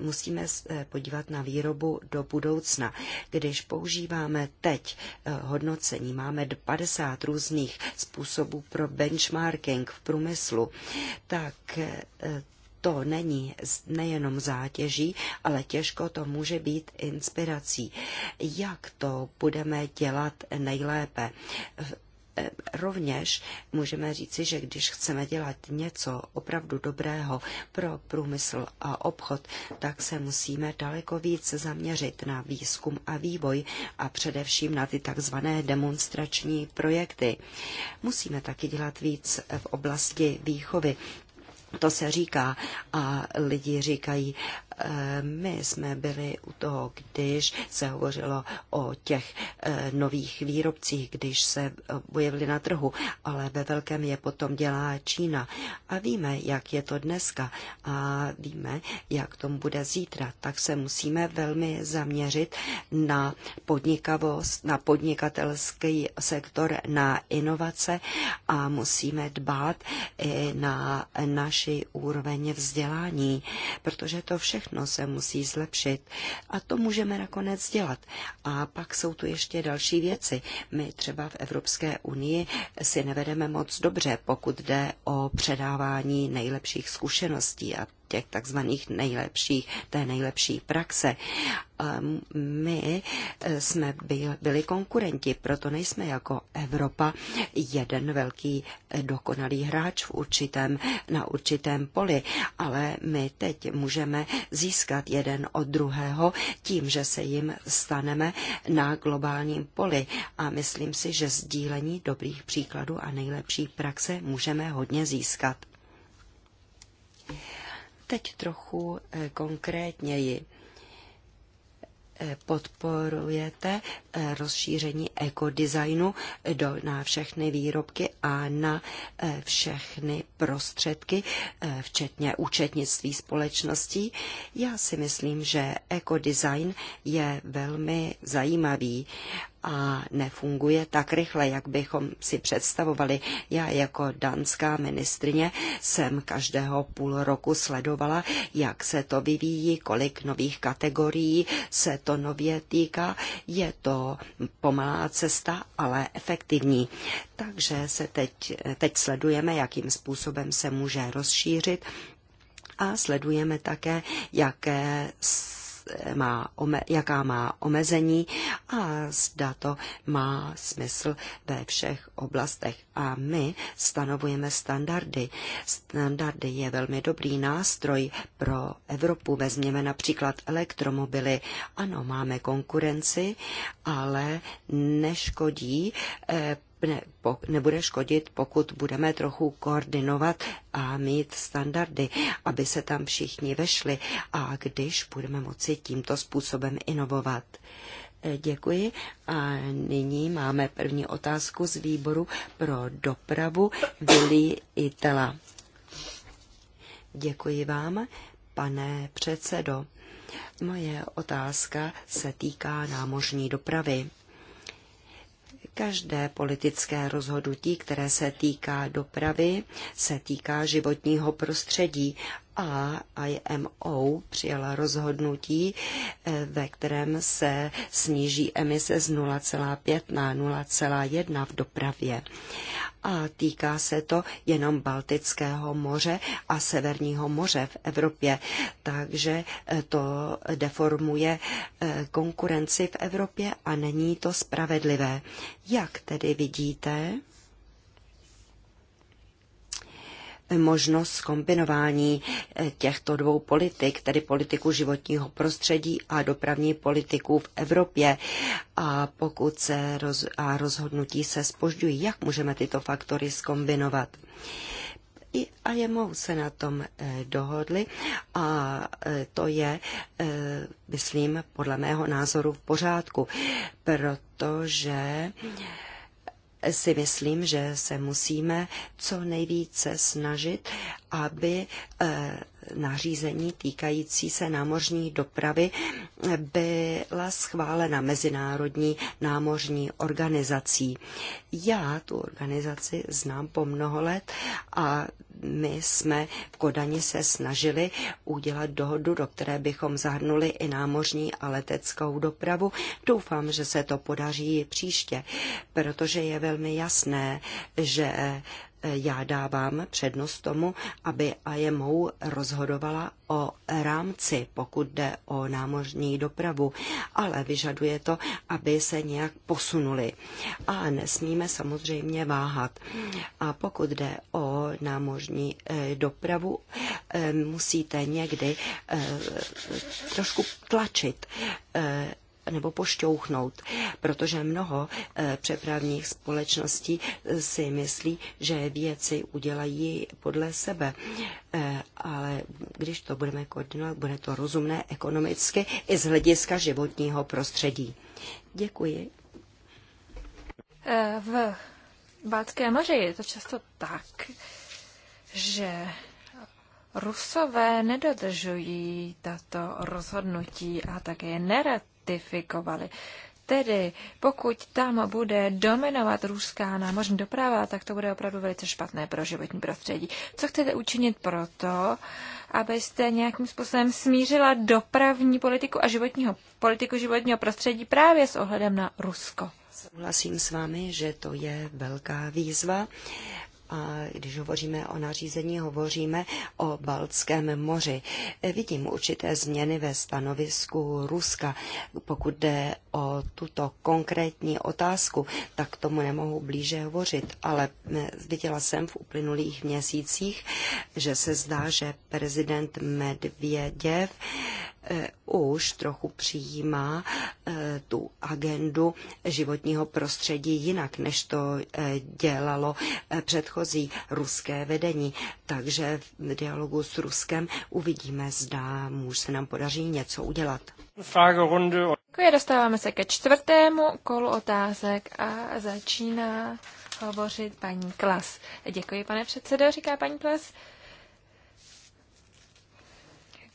Musíme podívat na výrobu do budoucna. Když používáme teď hodnocení, máme 50 různých způsobů pro benchmarking v průmyslu, tak to není nejenom zátěží, ale těžko to může být inspirací. Jak to budeme dělat nejlépe? E, rovněž můžeme říci, že když chceme dělat něco opravdu dobrého pro průmysl a obchod, tak se musíme daleko víc zaměřit na výzkum a vývoj a především na ty takzvané demonstrační projekty. Musíme taky dělat víc v oblasti výchovy, to se říká a lidi říkají, Eh, my jsme byli u toho, když se hovořilo o těch eh, nových výrobcích, když se objevili eh, na trhu, ale ve velkém je potom dělá Čína. A víme, jak je to dneska a víme, jak tomu bude zítra. Tak se musíme velmi zaměřit na podnikavost, na podnikatelský sektor, na inovace a musíme dbát i na naši úroveň vzdělání, protože to všechno všechno se musí zlepšit. A to můžeme nakonec dělat. A pak jsou tu ještě další věci. My třeba v Evropské unii si nevedeme moc dobře, pokud jde o předávání nejlepších zkušeností a těch takzvaných nejlepších, té nejlepší praxe. Ehm, my eh, jsme byli konkurenti, proto nejsme jako Evropa jeden velký eh, dokonalý hráč v určitém, na určitém poli, ale my teď můžeme získat jeden od druhého tím, že se jim staneme na globálním poli. A myslím si, že sdílení dobrých příkladů a nejlepší praxe můžeme hodně získat. Teď trochu eh, konkrétněji eh, podporujete eh, rozšíření ekodesignu do, na všechny výrobky a na všechny prostředky, včetně účetnictví společností. Já si myslím, že ekodesign je velmi zajímavý a nefunguje tak rychle, jak bychom si představovali. Já jako danská ministrině jsem každého půl roku sledovala, jak se to vyvíjí, kolik nových kategorií se to nově týká. Je to pomalá cesta, ale efektivní. Takže se teď, teď sledujeme, jakým způsobem se může rozšířit a sledujeme také, jaké má, jaká má omezení a zda to má smysl ve všech oblastech. A my stanovujeme standardy. Standardy je velmi dobrý nástroj pro Evropu. Vezměme například elektromobily. Ano, máme konkurenci, ale neškodí eh, ne, po, nebude škodit, pokud budeme trochu koordinovat a mít standardy, aby se tam všichni vešli a když budeme moci tímto způsobem inovovat. Eh, děkuji. A nyní máme první otázku z výboru pro dopravu Vili Itela. Děkuji vám, pane předsedo. Moje otázka se týká námořní dopravy. Každé politické rozhodnutí, které se týká dopravy, se týká životního prostředí a IMO přijala rozhodnutí, eh, ve kterém se sníží emise z 0,5 na 0,1 v dopravě. A týká se to jenom Baltického moře a Severního moře v Evropě. Takže eh, to deformuje eh, konkurenci v Evropě a není to spravedlivé. Jak tedy vidíte? možnost kombinování eh, těchto dvou politik, tedy politiku životního prostředí a dopravní politiku v Evropě. A pokud se roz, a rozhodnutí se spožďují, jak můžeme tyto faktory skombinovat? i a jemou se na tom eh, dohodli a eh, to je, myslím, podle mého názoru v pořádku, protože si myslím, že se musíme co nejvíce snažit, aby eh, nařízení týkající se námořní dopravy byla schválena Mezinárodní námořní organizací. Já tu organizaci znám po mnoho let a my jsme v Kodani se snažili udělat dohodu, do které bychom zahrnuli i námořní a leteckou dopravu. Doufám, že se to podaří příště, protože je velmi jasné, že Eh, já dávám přednost tomu, aby IMO rozhodovala o rámci, pokud jde o námořní dopravu, ale vyžaduje to, aby se nějak posunuli. A nesmíme samozřejmě váhat. A pokud jde o námořní eh, dopravu, eh, musíte někdy trošku tlačit nebo pošťouchnout, protože mnoho eh, přepravních společností eh, si myslí, že věci udělají podle sebe. Eh, ale když to budeme koordinovat, bude to rozumné ekonomicky i z hlediska životního prostředí. Děkuji. V Bátské moři je to často tak, že Rusové nedodržují tato rozhodnutí a také nerad ratifikovaly. Tedy pokud tam bude dominovat ruská námořní doprava, tak to bude opravdu velice špatné pro životní prostředí. Co chcete učinit proto, abyste nějakým způsobem smířila dopravní politiku a životního, politiku životního prostředí právě s ohledem na Rusko? Souhlasím s vámi, že to je velká výzva a když hovoříme o nařízení, hovoříme o Baltském moři. Vidím určité změny ve stanovisku Ruska. Pokud jde o tuto konkrétní otázku, tak tomu nemohu blíže hovořit, ale viděla jsem v uplynulých měsících, že se zdá, že prezident Medvěděv E, už trochu přijímá e, tu agendu životního prostředí jinak, než to e, dělalo předchozí ruské vedení. Takže v dialogu s Ruskem uvidíme, zda muž se nám podaří něco udělat. Děkuji, dostáváme se ke čtvrtému kolu otázek a začíná hovořit paní Klas. Děkuji, pane předsedo, říká paní Klas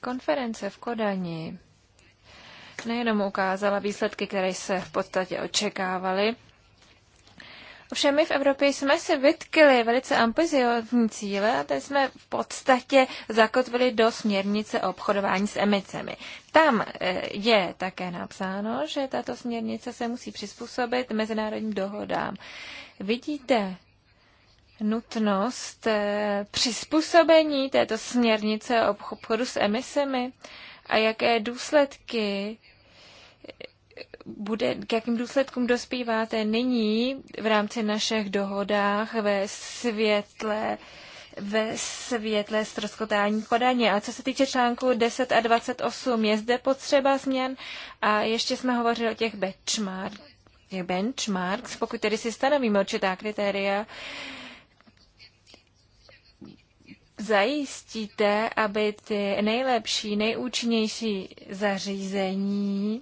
konference v Kodani nejenom ukázala výsledky, které se v podstatě očekávaly, Ovšem my v Evropě jsme si vytkli velice ambiciozní cíle a teď jsme v podstatě zakotvili do směrnice o obchodování s emicemi. Tam eh, je také napsáno, že tato směrnice se musí přizpůsobit mezinárodním dohodám. Vidíte, nutnost eh, přizpůsobení této směrnice o obchodu s emisemi a jaké důsledky eh, bude, k jakým důsledkům dospíváte nyní v rámci našich dohodách ve světle ve světle ztroskotání Kodaně. A co se týče článku 10 a 28, je zde potřeba změn a ještě jsme hovořili o těch benchmarks, těch benchmarks, pokud tedy si stanovíme určitá kritéria, zajistíte, aby ty nejlepší, nejúčinnější zařízení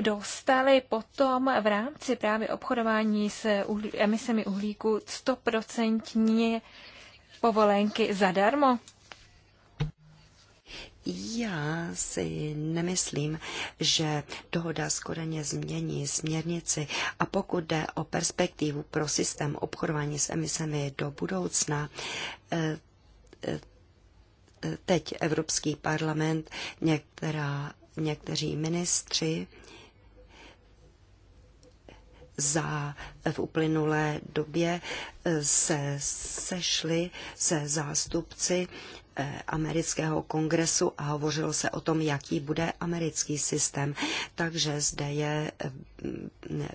dostali potom v rámci právě obchodování s uhlí, emisemi uhlíku 100% povolenky zadarmo? Já si nemyslím, že dohoda skoreně změní směrnici a pokud jde o perspektivu pro systém obchodování s emisemi do budoucna, eh, eh, eh, teď Evropský parlament, některá, někteří ministři za v uplynulé době se sešli se zástupci Eh, amerického kongresu a hovořilo se o tom, jaký bude americký systém. Takže zde je eh,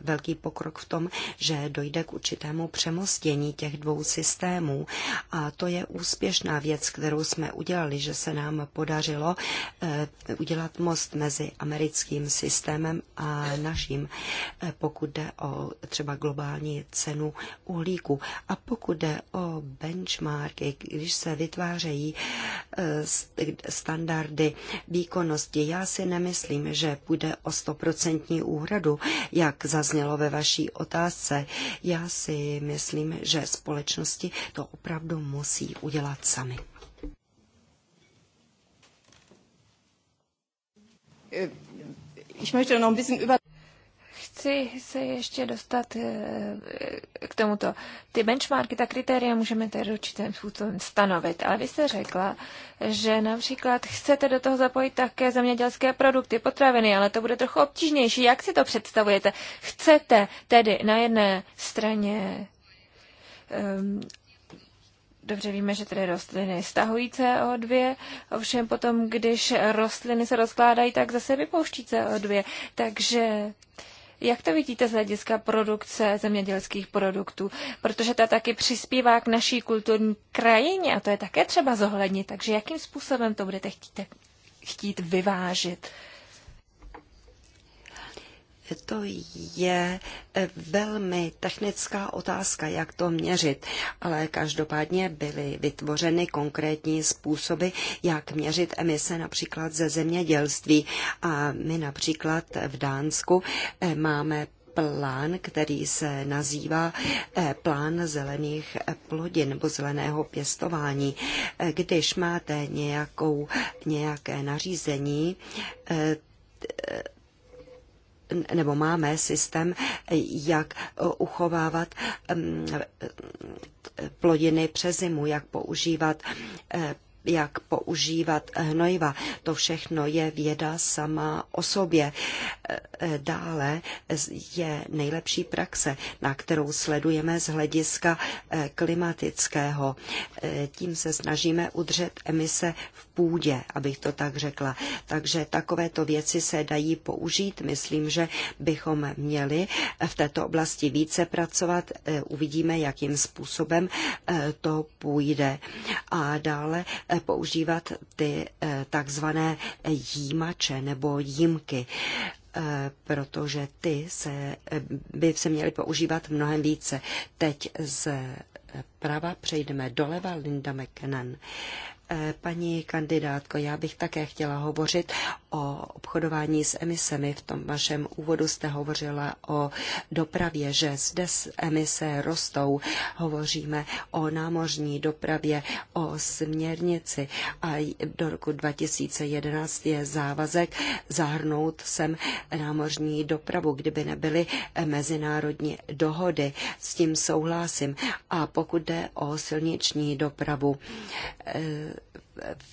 velký pokrok v tom, že dojde k určitému přemostění těch dvou systémů. A to je úspěšná věc, kterou jsme udělali, že se nám podařilo eh, udělat most mezi americkým systémem a naším, pokud jde o třeba globální cenu uhlíku. A pokud jde o benchmarky, když se vytvářejí Eh, eh, standardy výkonnosti. Já si nemyslím, že půjde o stoprocentní úhradu, jak zaznělo ve vaší otázce. Já si myslím, že společnosti to opravdu musí udělat sami. Äh, ich möchte noch ein bisschen über chci se ještě dostat eh, k tomuto. Ty benchmarky, ta kritéria můžeme tedy určitým způsobem stanovit, ale vy jste řekla, že například chcete do toho zapojit také zemědělské produkty, potraviny, ale to bude trochu obtížnější. Jak si to představujete? Chcete tedy na jedné straně um, Dobře víme, že tedy rostliny stahují CO2, ovšem potom, když rostliny se rozkládají, tak zase vypouští CO2. Takže jak to vidíte z hlediska produkce zemědělských produktů? Protože ta taky přispívá k naší kulturní krajině a to je také třeba zohlednit. Takže jakým způsobem to budete chtít, chtít vyvážit? To je eh, velmi technická otázka, jak to měřit, ale každopádně byly vytvořeny konkrétní způsoby, jak měřit emise například ze zemědělství. A my například v Dánsku eh, máme plán, který se nazývá eh, plán zelených plodin nebo zeleného pěstování. Když máte nějakou, nějaké nařízení, nebo máme systém, jak uchovávat mm, plodiny přes zimu, jak používat eh, jak používat hnojiva. To všechno je věda sama o sobě. E, dále je nejlepší praxe, na kterou sledujeme z hlediska e, klimatického. E, tím se snažíme udržet emise v půdě, abych to tak řekla. Takže takovéto věci se dají použít. Myslím, že bychom měli v této oblasti více pracovat. Uvidíme, jakým způsobem to půjde. A dále používat ty eh, takzvané jímače nebo jímky, eh, protože ty se, eh, by se měly používat mnohem více. Teď z prava přejdeme doleva Linda McKinnon. Eh, paní kandidátko, já bych také chtěla hovořit o obchodování s emisemi. V tom vašem úvodu jste hovořila o dopravě, že zde emise rostou. Hovoříme o námořní dopravě, o směrnici a do roku 2011 je závazek zahrnout sem námořní dopravu, kdyby nebyly mezinárodní dohody. S tím souhlasím. A pokud jde o silniční dopravu, eh,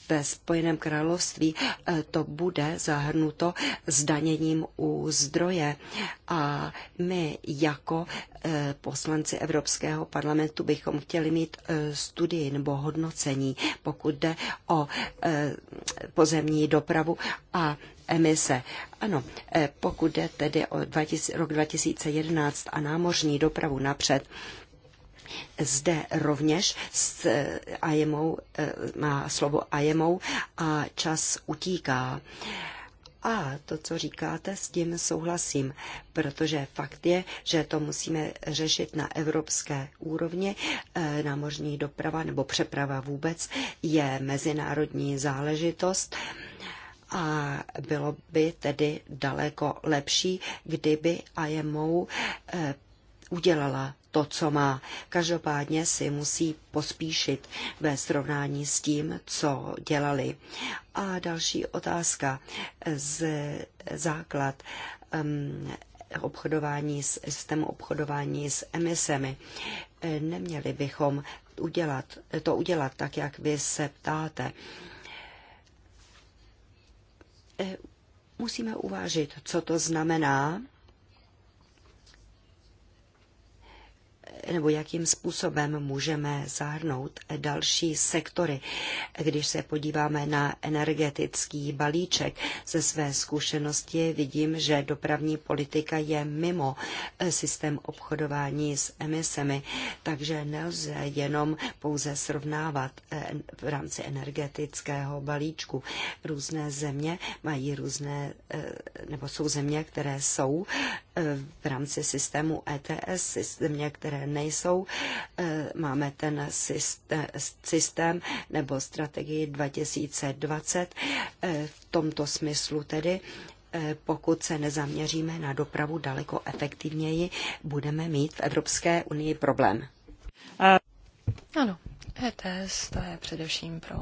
ve Spojeném království eh, to bude zahrnuto zdaněním u zdroje. A my jako eh, poslanci Evropského parlamentu bychom chtěli mít eh, studii nebo hodnocení, pokud jde o pozemní dopravu a emise. Ano, pokud jde tedy o 20, rok 2011 a námořní dopravu napřed, zde rovněž s IMO, eh, eh, má slovo IMO a čas utíká. A to, co říkáte, s tím souhlasím, protože fakt je, že to musíme řešit na evropské úrovni. Eh, námořní doprava nebo přeprava vůbec je mezinárodní záležitost a bylo by tedy daleko lepší, kdyby IMO udělala to, co má. Každopádně si musí pospíšit ve srovnání s tím, co dělali. A další otázka z základ um, obchodování s, systému obchodování s emisemi. Neměli bychom udělat, to udělat tak, jak vy se ptáte. E, musíme uvážit, co to znamená nebo jakým způsobem můžeme zahrnout další sektory. Když se podíváme na energetický balíček, ze své zkušenosti vidím, že dopravní politika je mimo eh, systém obchodování s emisemi, takže nelze jenom pouze srovnávat eh, v rámci energetického balíčku. Různé země mají různé, eh, nebo jsou země, které jsou v rámci systému ETS, země, které nejsou. Eh, máme ten systém nebo strategii 2020. Eh, v tomto smyslu tedy eh, pokud se nezaměříme na dopravu daleko efektivněji, budeme mít v Evropské unii problém. Ano, ETS to je především pro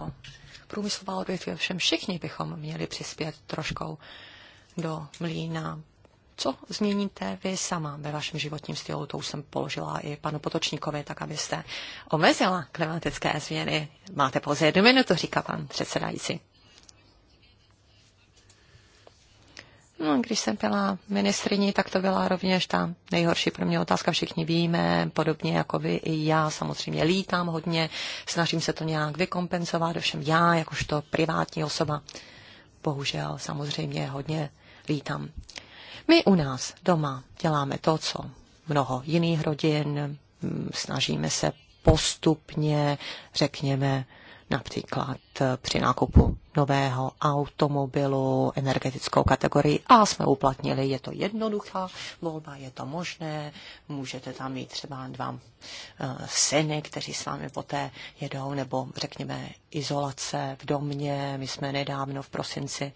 průmyslová odvětví, ovšem všichni bychom měli přispět troškou do mlína co změníte vy sama ve vašem životním stylu? To už jsem položila i panu Potočníkovi, tak abyste omezila klimatické změny. Máte pouze jednu minutu, říká pan předsedající. No, když jsem byla ministriní, tak to byla rovněž ta nejhorší pro mě otázka. Všichni víme, podobně jako vy i já samozřejmě lítám hodně, snažím se to nějak vykompenzovat, ovšem já, jakožto privátní osoba, bohužel samozřejmě hodně lítám. My u nás doma děláme to, co mnoho jiných rodin, snažíme se postupně, řekněme, například při nákupu nového automobilu, energetickou kategorii A jsme uplatnili. Je to jednoduchá volba, je to možné, můžete tam mít třeba dva uh, syny, kteří s vámi poté jedou, nebo řekněme izolace v domě. My jsme nedávno v prosinci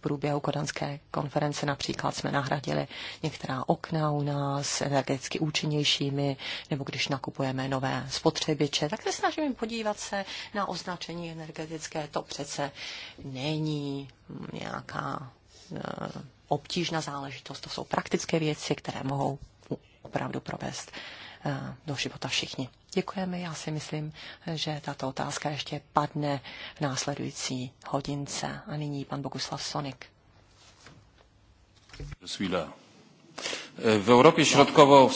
průběhu kodanské konference například jsme nahradili některá okna u nás energeticky účinnějšími, nebo když nakupujeme nové spotřebiče, tak se snažíme podívat se na označení energetické. To přece není nějaká e, obtížná záležitost, to jsou praktické věci, které mohou opravdu provést Eh, do života všichni. Děkujeme, já si myslím, že tato otázka ještě padne v následující hodince. A nyní pan Boguslav Sonik. V Europě środkowo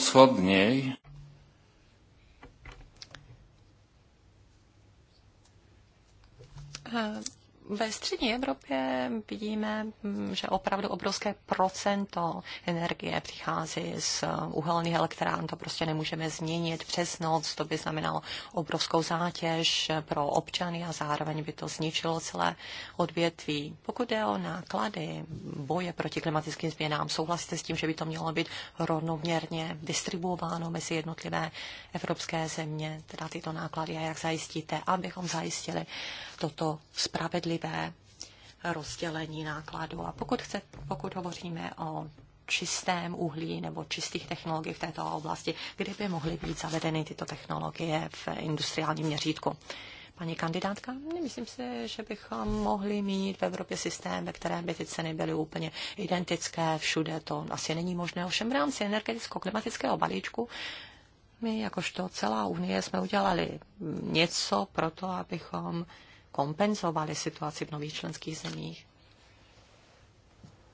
Uh. Eh, ve střední Evropě vidíme, že opravdu obrovské procento energie přichází z uhelných elektrán. To prostě nemůžeme změnit přes noc. To by znamenalo obrovskou zátěž pro občany a zároveň by to zničilo celé odvětví. Pokud jde o náklady boje proti klimatickým změnám, souhlasíte s tím, že by to mělo být rovnoměrně distribuováno mezi jednotlivé evropské země, teda tyto náklady a jak zajistíte, abychom zajistili toto spravedlivé spravedlivé rozdělení nákladu A pokud, chce, pokud hovoříme o čistém uhlí nebo čistých technologií v této oblasti, kde by mohly být zavedeny tyto technologie v industriálním měřítku. Paní kandidátka, nemyslím si, že bychom mohli mít v Evropě systém, ve kterém by ty ceny byly úplně identické, všude to asi není možné. Ovšem v rámci energeticko-klimatického balíčku my jakožto celá Unie jsme udělali něco pro to, abychom kompenzovali situaci v nových členských zemích.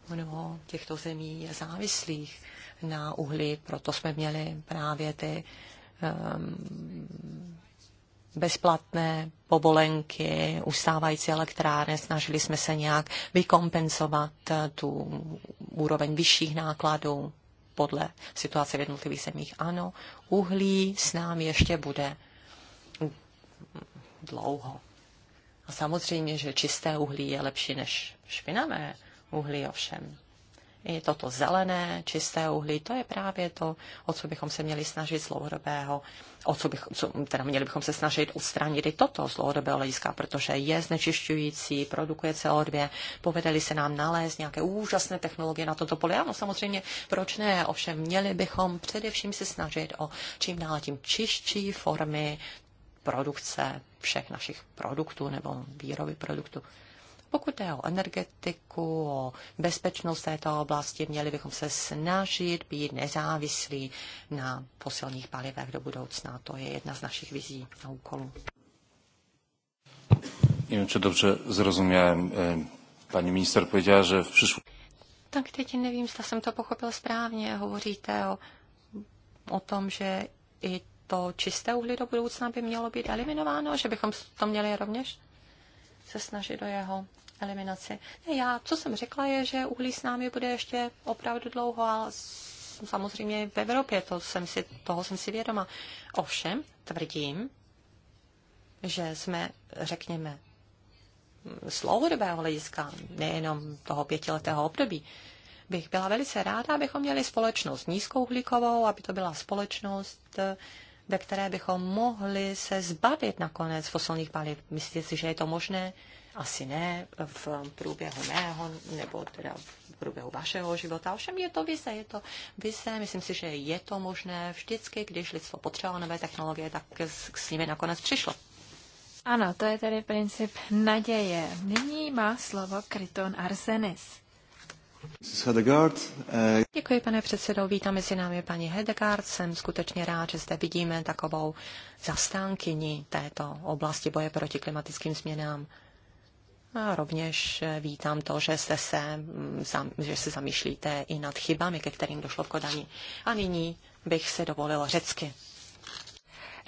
Mnoho těchto zemí je závislých na uhlí, proto jsme měli právě ty um, bezplatné povolenky, ustávající elektrárny, snažili jsme se nějak vykompenzovat eh, tu úroveň vyšších nákladů podle situace v jednotlivých zemích. Ano, uhlí s námi ještě bude dlouho. A samozřejmě, že čisté uhlí je lepší než špinavé uhlí ovšem. I toto zelené, čisté uhlí, to je právě to, o co bychom se měli snažit z dlouhodobého, o co bych, co, teda měli bychom se snažit odstranit i toto z dlouhodobého hlediska, protože je znečišťující, produkuje CO2, povedeli se nám nalézt nějaké úžasné technologie na toto pole. Ano, samozřejmě, proč ne? Ovšem, měli bychom především se snažit o čím dál tím čistší formy produkce všech našich produktů nebo výroby produktů. Pokud jde o energetiku, o bezpečnost této oblasti, měli bychom se snažit být nezávislí na fosilních palivech do budoucna. To je jedna z našich vizí a úkolů. Nevím, či dobře zrozuměl. E, Paní minister pověděla, že v příští... Tak teď nevím, zda jsem to pochopil správně. Hovoříte o, o tom, že i to čisté uhlí do budoucna by mělo být eliminováno, že bychom to měli rovněž se snažit do jeho eliminaci. Ne, já, co jsem řekla, je, že uhlí s námi bude ještě opravdu dlouho a samozřejmě v Evropě, to jsem si, toho jsem si vědoma. Ovšem, tvrdím, že jsme, řekněme, z dlouhodobého hlediska, nejenom toho pětiletého období, bych byla velice ráda, abychom měli společnost nízkouhlíkovou, aby to byla společnost, eh, ve které bychom mohli se zbavit nakonec fosilních paliv. Myslíte si, že je to možné? Asi ne v průběhu mého nebo teda v průběhu vašeho života. Ovšem je to vize, je to vize. Myslím si, že je to možné vždycky, když lidstvo potřebovalo nové technologie, tak s, s nimi nakonec přišlo. Ano, to je tedy princip naděje. Nyní má slovo Kryton Arsenis. Eh, Děkuji, pane předsedo. Vítám mezi námi paní Hedegaard. Jsem skutečně rád, že zde vidíme takovou zastánkyni této oblasti boje proti klimatickým změnám. A rovněž eh, vítám to, že, jste se, mm, že se zamýšlíte i nad chybami, ke kterým došlo v Kodani. A nyní bych se dovolila řecky.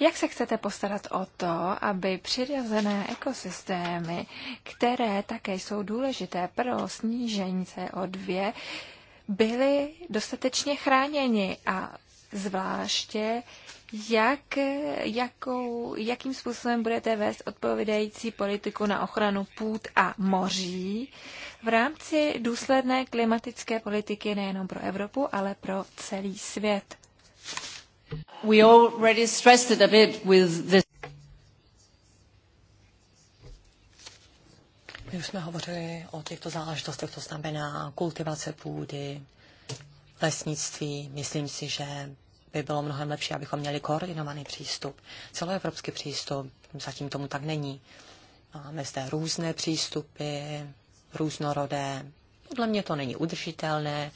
Jak se chcete postarat o to, aby přirozené ekosystémy, které také jsou důležité pro snížení CO2, byly dostatečně chráněni a zvláště jak, jakou, jakým způsobem budete vést odpovídající politiku na ochranu půd a moří v rámci důsledné klimatické politiky nejenom pro Evropu, ale pro celý svět. We already stressed it a bit with this. My už jsme hovořili o těchto záležitostech, to znamená kultivace půdy, lesnictví. Myslím si, že by bylo mnohem lepší, abychom měli koordinovaný přístup, celoevropský přístup. Zatím tomu tak není. Máme zde různé přístupy, různorodé. Podle mě to není udržitelné.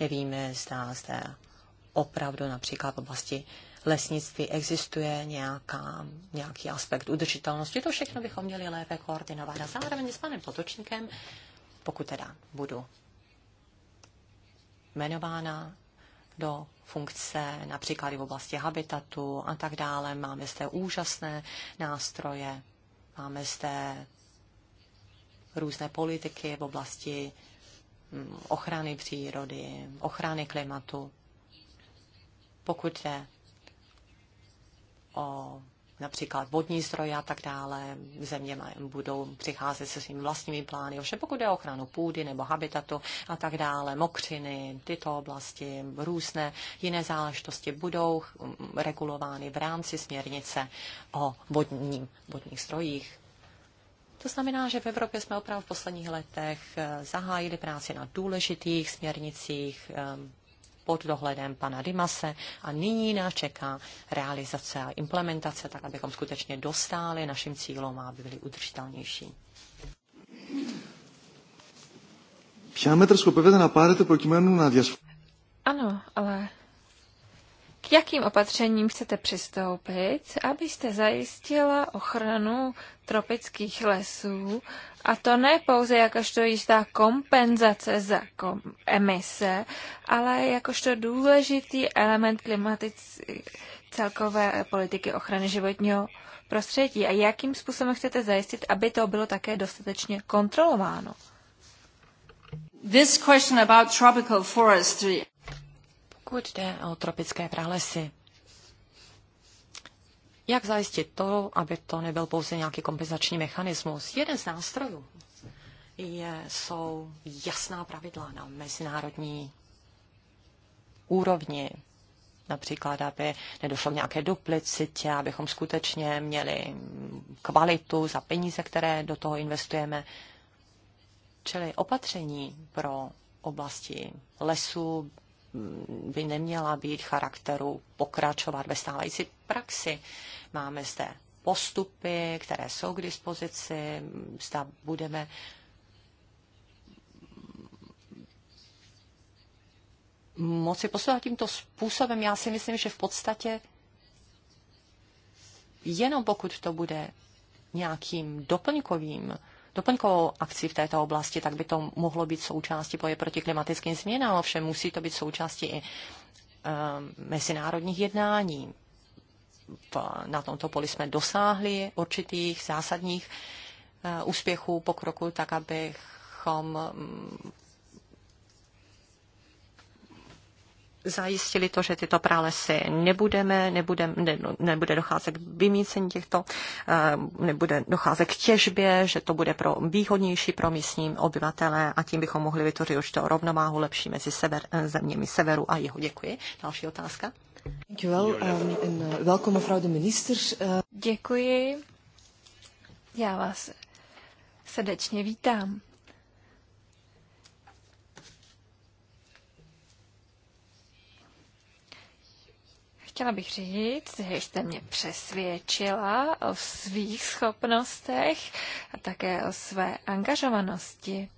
Nevíme, zda zde opravdu například v oblasti lesnictví existuje nějaká, nějaký aspekt udržitelnosti. To všechno bychom měli lépe koordinovat. A zároveň s panem Potočníkem, pokud teda budu jmenována do funkce, například i v oblasti habitatu a tak dále. Máme zde úžasné nástroje, máme zde různé politiky v oblasti mm, ochrany přírody, ochrany klimatu pokud jde o například vodní zdroje a tak dále, země budou přicházet se svými vlastními plány. Ovšem pokud je ochranu půdy nebo habitatu a tak dále, mokřiny, tyto oblasti, různé jiné záležitosti budou mm, regulovány v rámci směrnice o vodním, vodních strojích. To znamená, že v Evropě jsme opravdu v posledních letech eh, zahájili práci na důležitých směrnicích, eh, pod dohledem pana Dimase a nyní nás čeká realizace a implementace, tak abychom skutečně dostáli našim cílům a aby byli udržitelnější. Ano, ale jakým opatřením chcete přistoupit, abyste zajistila ochranu tropických lesů, a to ne pouze jakožto jistá kompenzace za kom- emise, ale jakožto důležitý element klimatické celkové politiky ochrany životního prostředí. A jakým způsobem chcete zajistit, aby to bylo také dostatečně kontrolováno? This question about tropical forestry. Pokud jde o tropické pralesy, jak zajistit to, aby to nebyl pouze nějaký kompenzační mechanismus? Jeden z nástrojů je, jsou jasná pravidla na mezinárodní úrovni, například, aby nedošlo k nějaké duplicitě, abychom skutečně měli kvalitu za peníze, které do toho investujeme. Čili opatření pro oblasti lesů by neměla být charakteru pokračovat ve stávající praxi. Máme zde postupy, které jsou k dispozici, zda budeme moci posouvat tímto způsobem. Já si myslím, že v podstatě jenom pokud to bude nějakým doplňkovým doplňkovou akci v této oblasti, tak by to mohlo být součástí boje proti klimatickým změnám, ovšem musí to být součástí i ehm, mezinárodních jednání. Na tomto poli jsme dosáhli určitých zásadních eh, úspěchů, pokroku, tak abychom mm, zajistili to, že tyto pralesy nebudeme, nebudeme ne, no, nebude docházet k vymícení těchto, eh, nebude docházet k těžbě, že to bude pro výhodnější pro místní obyvatele a tím bychom mohli vytvořit určitou rovnováhu lepší mezi sever, eh, zeměmi severu a jihu. Děkuji. Další otázka. Um, uh, uh, Děkuji. Já vás srdečně vítám. Chtěla bych říct, že jste mě přesvědčila o svých schopnostech a také o své angažovanosti.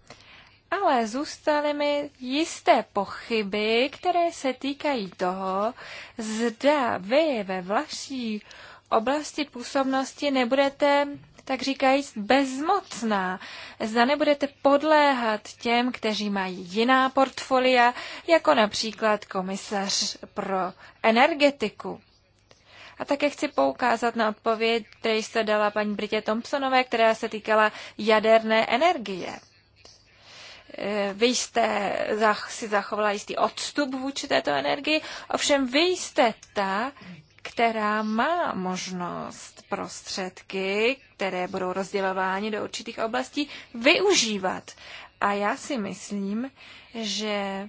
Ale zůstaly mi jisté pochyby, které se týkají toho, zda vy ve vaší oblasti působnosti nebudete tak říkajíc bezmocná. Zda nebudete podléhat těm, kteří mají jiná portfolia, jako například komisař pro energetiku. A také chci poukázat na odpověď, kterou jste dala paní Britě Thompsonové, která se týkala jaderné energie. E, vy jste si zachovala jistý odstup vůči této energii, ovšem vy jste ta, která má možnost prostředky, které budou rozdělovány do určitých oblastí, využívat. A já si myslím, že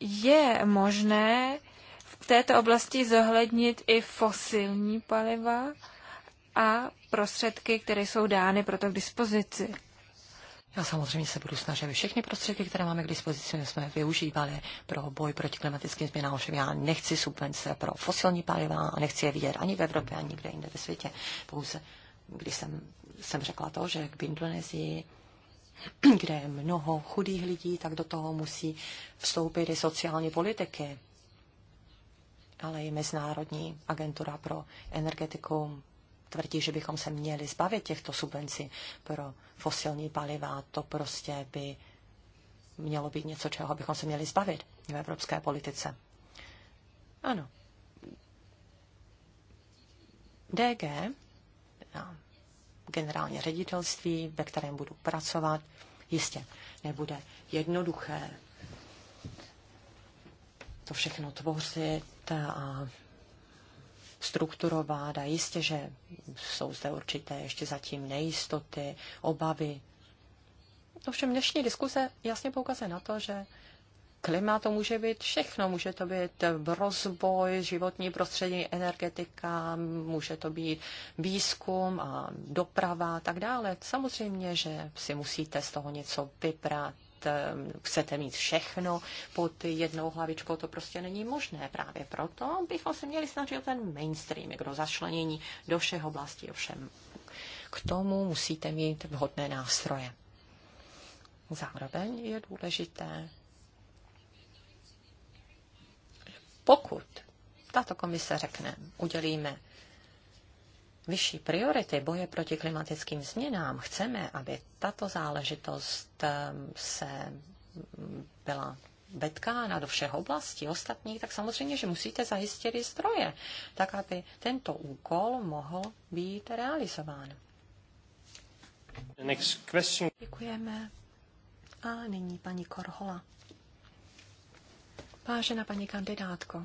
je možné v této oblasti zohlednit i fosilní paliva a prostředky, které jsou dány proto k dispozici. Já samozřejmě se budu snažit, všechny prostředky, které máme k dispozici, jsme využívali pro boj proti klimatickým změnám. Ovšem já nechci subvence pro fosilní paliva a nechci je vidět ani v Evropě, ani kde jinde ve světě. Pouze když jsem, jsem řekla to, že k Indonésii kde je mnoho chudých lidí, tak do toho musí vstoupit i sociální politiky, ale i Mezinárodní agentura pro energetiku, tvrdí, že bychom se měli zbavit těchto subvencí pro fosilní paliva. To prostě by mělo být něco, čeho bychom se měli zbavit v evropské politice. Ano. DG, generální ředitelství, ve kterém budu pracovat, jistě nebude jednoduché to všechno tvořit a strukturovat a jistě, že jsou zde určité ještě zatím nejistoty, obavy. Ovšem dnešní diskuse jasně poukazuje na to, že klima to může být všechno. Může to být rozvoj, životní prostředí, energetika, může to být výzkum a doprava a tak dále. Samozřejmě, že si musíte z toho něco vybrat Eh, chcete mít všechno pod jednou hlavičkou, to prostě není možné. Právě proto bychom se měli snažit o ten mainstream, jako začlenění do všech oblastí ovšem. K tomu musíte mít vhodné nástroje. Zároveň je důležité, pokud tato komise řekne, udělíme vyšší priority boje proti klimatickým změnám, chceme, aby tato záležitost ehm, se byla vetkána do všech oblastí ostatních, tak samozřejmě, že musíte zajistit i zdroje, tak aby tento úkol mohl být realizován. Děkujeme. A nyní paní Korhola. Vážená paní kandidátko,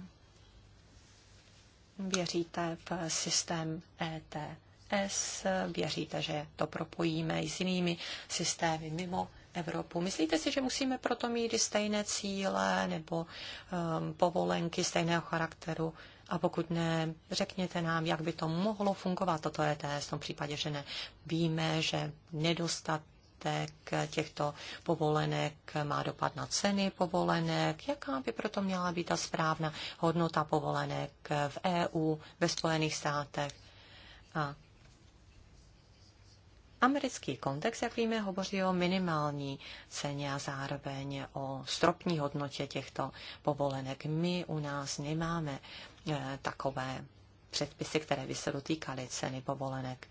Věříte v systém ETS, věříte, že to propojíme i s jinými systémy mimo Evropu. Myslíte si, že musíme proto mít i stejné cíle nebo um, povolenky stejného charakteru? A pokud ne, řekněte nám, jak by to mohlo fungovat, toto ETS, v tom případě, že ne. Víme, že nedostat výpadek těchto povolenek má dopad na ceny povolenek, jaká by proto měla být ta správná hodnota povolenek v EU, ve Spojených státech. A Americký kontext, jak víme, hovoří o minimální ceně a zároveň o stropní hodnotě těchto povolenek. My u nás nemáme eh, takové předpisy, které by se dotýkaly ceny povolenek.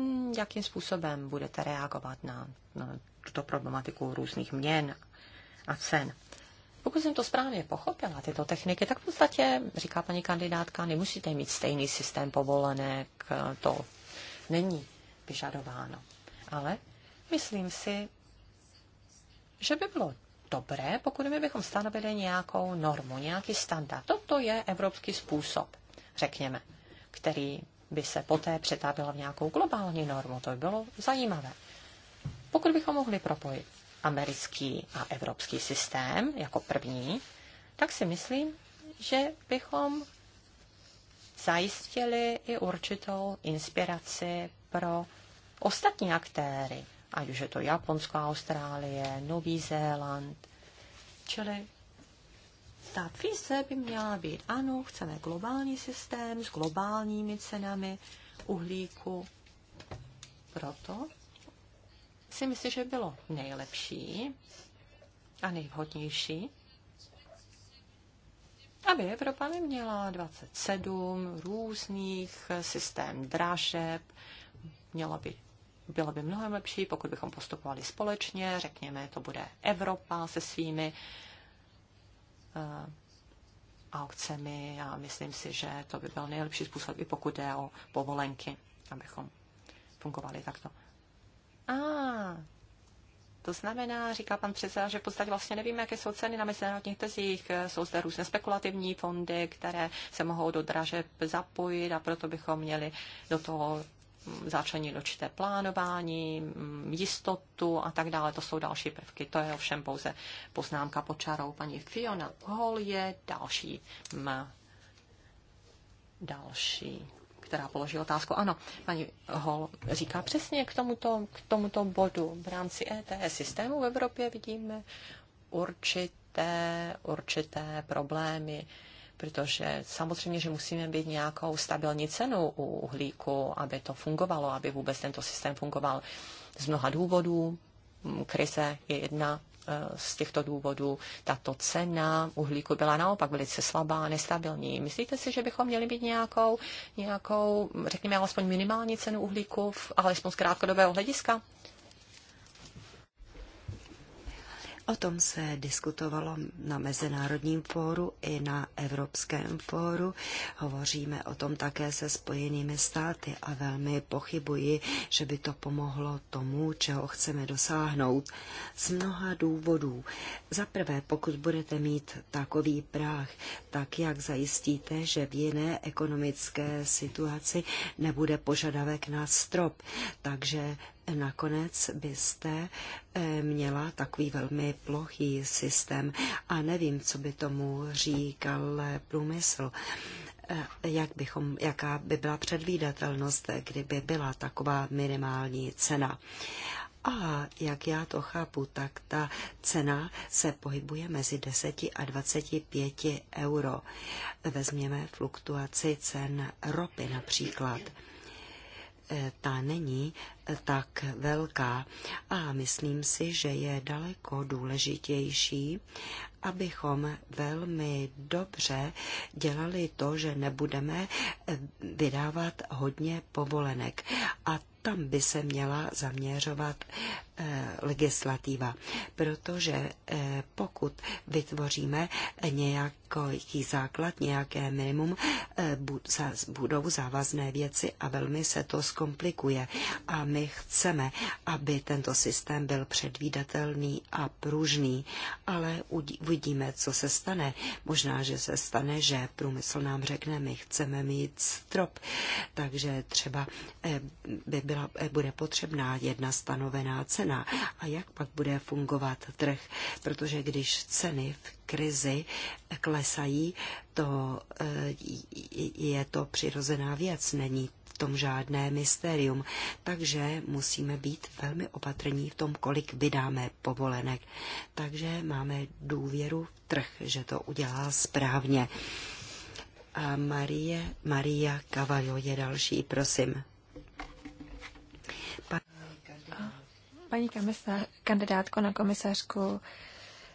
Hmm, jakým způsobem budete reagovat na, na tuto problematiku různých měn a cen. Pokud jsem to správně pochopila, tyto techniky, tak v podstatě, říká paní kandidátka, nemusíte mít stejný systém povolenek, eh, to není vyžadováno. Ale myslím si, že by bylo dobré, pokud my bychom stanovili nějakou normu, nějaký standard. Toto je evropský způsob, řekněme, který by se poté přetápila v nějakou globální normu. To by bylo zajímavé. Pokud bychom mohli propojit americký a evropský systém jako první, tak si myslím, že bychom zajistili i určitou inspiraci pro ostatní aktéry, ať už je to Japonsko, Austrálie, Nový Zéland. Čili ta vize by měla být, ano, chceme globální systém s globálními cenami uhlíku. Proto si myslím, že bylo nejlepší a nejvhodnější, aby Evropa neměla 27 různých systém dražeb, měla by bylo by mnohem lepší, pokud bychom postupovali společně, řekněme, to bude Evropa se svými Eh, aukcemi a myslím si, že to by byl nejlepší způsob, i pokud jde o povolenky, abychom fungovali takto. A to znamená, říká pan předseda, že v podstatě vlastně nevíme, jaké jsou ceny na mezinárodních trzích. Jsou zde různé spekulativní fondy, které se mohou do dražeb zapojit a proto bychom měli do toho začlenit určité plánování, mm, jistotu a tak dále. To jsou další prvky. To je ovšem pouze poznámka pod čarou. Paní Fiona Hall je další, mm, další která položí otázku. Ano, paní Hol říká přesně k tomuto, k tomuto bodu. V rámci ETS systému v Evropě vidíme určité, určité problémy protože samozřejmě, že musíme být nějakou stabilní cenu u uhlíku, aby to fungovalo, aby vůbec tento systém fungoval z mnoha důvodů. Krize je jedna eh, z těchto důvodů tato cena uhlíku byla naopak velice slabá a nestabilní. Myslíte si, že bychom měli být nějakou, nějakou řekněme, alespoň minimální cenu uhlíku, alespoň z krátkodobého hlediska? O tom se diskutovalo na Mezinárodním fóru i na Evropském fóru. Hovoříme o tom také se spojenými státy a velmi pochybuji, že by to pomohlo tomu, čeho chceme dosáhnout. Z mnoha důvodů. Za prvé, pokud budete mít takový práh, tak jak zajistíte, že v jiné ekonomické situaci nebude požadavek na strop. Takže nakonec byste eh, měla takový velmi plochý systém a nevím, co by tomu říkal eh, průmysl eh, jak bychom, jaká by byla předvídatelnost, kdyby byla taková minimální cena. A jak já to chápu, tak ta cena se pohybuje mezi 10 a 25 euro. Vezměme fluktuaci cen ropy například. Eh, ta není eh, tak velká a myslím si, že je daleko důležitější, abychom velmi dobře dělali to, že nebudeme eh, vydávat hodně povolenek. A tam by se měla zaměřovat legislativa, protože pokud vytvoříme nějak nějaký základ, nějaké minimum, eh, budou závazné věci a velmi se to zkomplikuje. A my chceme, aby tento systém byl předvídatelný a pružný, ale uvidíme, co se stane. Možná, že se stane, že průmysl nám řekne, my chceme mít strop, takže třeba eh, by byla, eh, bude potřebná jedna stanovená cena. A jak pak bude fungovat trh? Protože když ceny v krizi klesají, klesají, to e, je to přirozená věc, není v tom žádné mystérium. Takže musíme být velmi opatrní v tom, kolik vydáme povolenek. Takže máme důvěru v trh, že to udělá správně. A Marie, Maria Cavallo je další, prosím. Paní kandidátko na komisařku,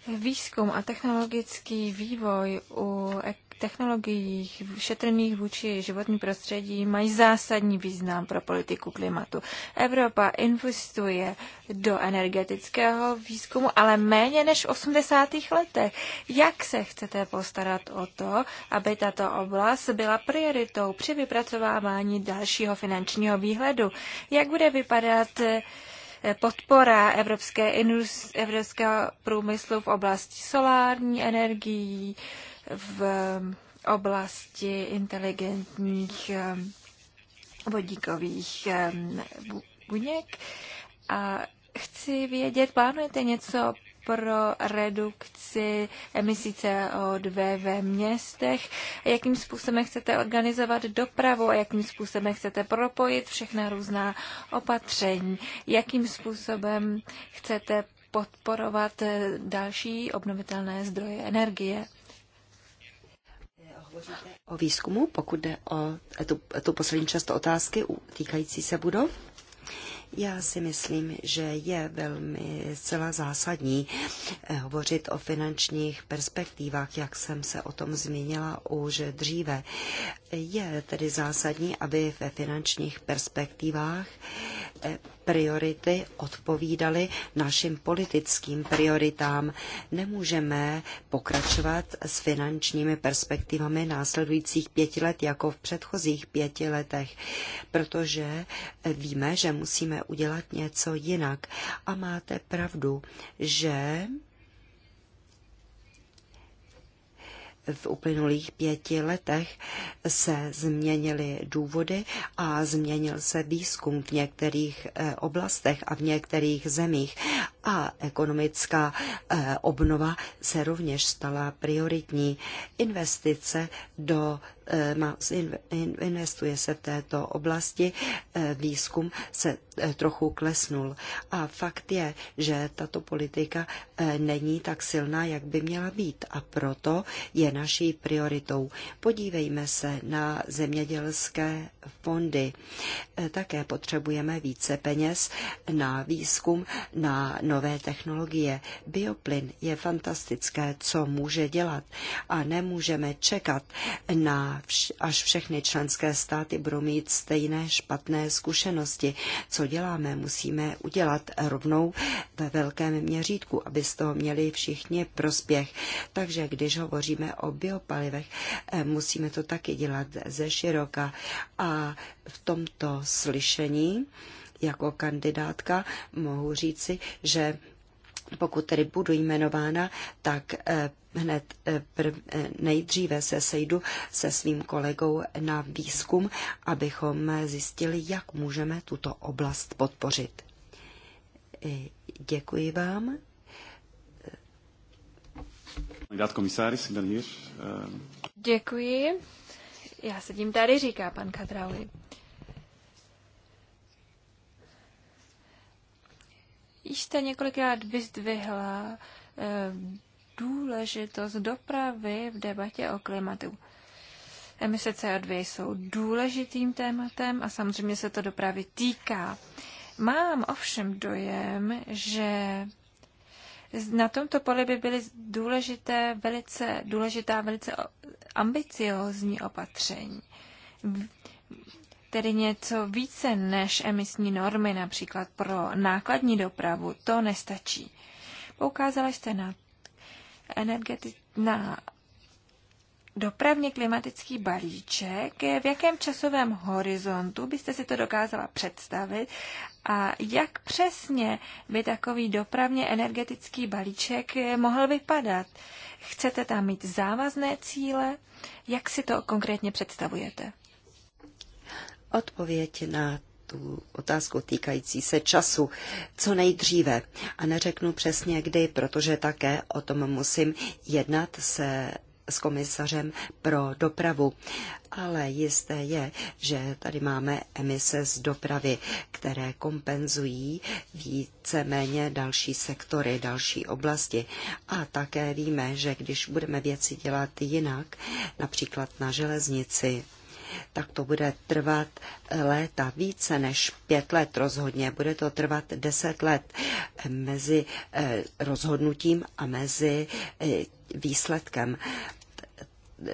Výzkum a technologický vývoj u technologií šetrných vůči životní prostředí mají zásadní význam pro politiku klimatu. Evropa investuje do energetického výzkumu, ale méně než v 80. letech. Jak se chcete postarat o to, aby tato oblast byla prioritou při vypracovávání dalšího finančního výhledu? Jak bude vypadat podpora evropské, evropského průmyslu v oblasti solární energií, v oblasti inteligentních vodíkových buněk. A chci vědět, plánujete něco pro redukci emisí CO2 ve městech, jakým způsobem chcete organizovat dopravu a jakým způsobem chcete propojit všechna různá opatření, jakým způsobem chcete podporovat další obnovitelné zdroje energie o výzkumu, pokud jde o tu, tu poslední část otázky týkající se budov? Já si myslím, že je velmi zcela zásadní eh, hovořit o finančních perspektivách, jak jsem se o tom zmínila už dříve. Je tedy zásadní, aby ve finančních perspektivách eh, priority odpovídaly našim politickým prioritám. Nemůžeme pokračovat s finančními perspektivami následujících pěti let jako v předchozích pěti letech, protože eh, víme, že musíme udělat něco jinak. A máte pravdu, že v uplynulých pěti letech se změnily důvody a změnil se výzkum v některých eh, oblastech a v některých zemích. A ekonomická eh, obnova se rovněž stala prioritní. Investice do Eh, investuje se v této oblasti, eh, výzkum se eh, trochu klesnul. A fakt je, že tato politika není tak silná, jak by měla být a proto je naší prioritou. Podívejme se na zemědělské fondy. Také potřebujeme více peněz na výzkum, na nové technologie. Bioplyn je fantastické, co může dělat a nemůžeme čekat na vš- až všechny členské státy budou mít stejné špatné zkušenosti. Co děláme? Musíme udělat rovnou ve velkém měřítku, aby z toho měli všichni prospěch. Takže když hovoříme o biopalivech, eh, musíme to taky dělat ze široka. A v tomto slyšení jako kandidátka mohu říci, že pokud tedy budu jmenována, tak eh, hned eh, eh, nejdříve se sejdu se svým kolegou na výzkum, abychom zjistili, jak můžeme tuto oblast podpořit. Děkuji vám. Děkuji. Já sedím tady, říká pan Kadrauli. Již jste několikrát vyzdvihla eh, důležitost dopravy v debatě o klimatu. Emise CO2 jsou důležitým tématem a samozřejmě se to dopravy týká. Mám ovšem dojem, že na tomto poli by byly důležité, velice, důležitá, velice ambiciózní opatření tedy něco více než emisní normy, například pro nákladní dopravu, to nestačí. Poukázala jste na, energeti- na dopravně klimatický balíček, v jakém časovém horizontu byste si to dokázala představit a jak přesně by takový dopravně energetický balíček mohl vypadat? Chcete tam mít závazné cíle? Jak si to konkrétně představujete? odpověď na tu otázku týkající se času co nejdříve. A neřeknu přesně kdy, protože také o tom musím jednat se s komisařem pro dopravu. Ale jisté je, že tady máme emise z dopravy, které kompenzují víceméně další sektory, další oblasti. A také víme, že když budeme věci dělat jinak, například na železnici, tak to bude trvat eh, léta, více než pět let rozhodně, bude to trvat deset let mezi eh, rozhodnutím a mezi eh, výsledkem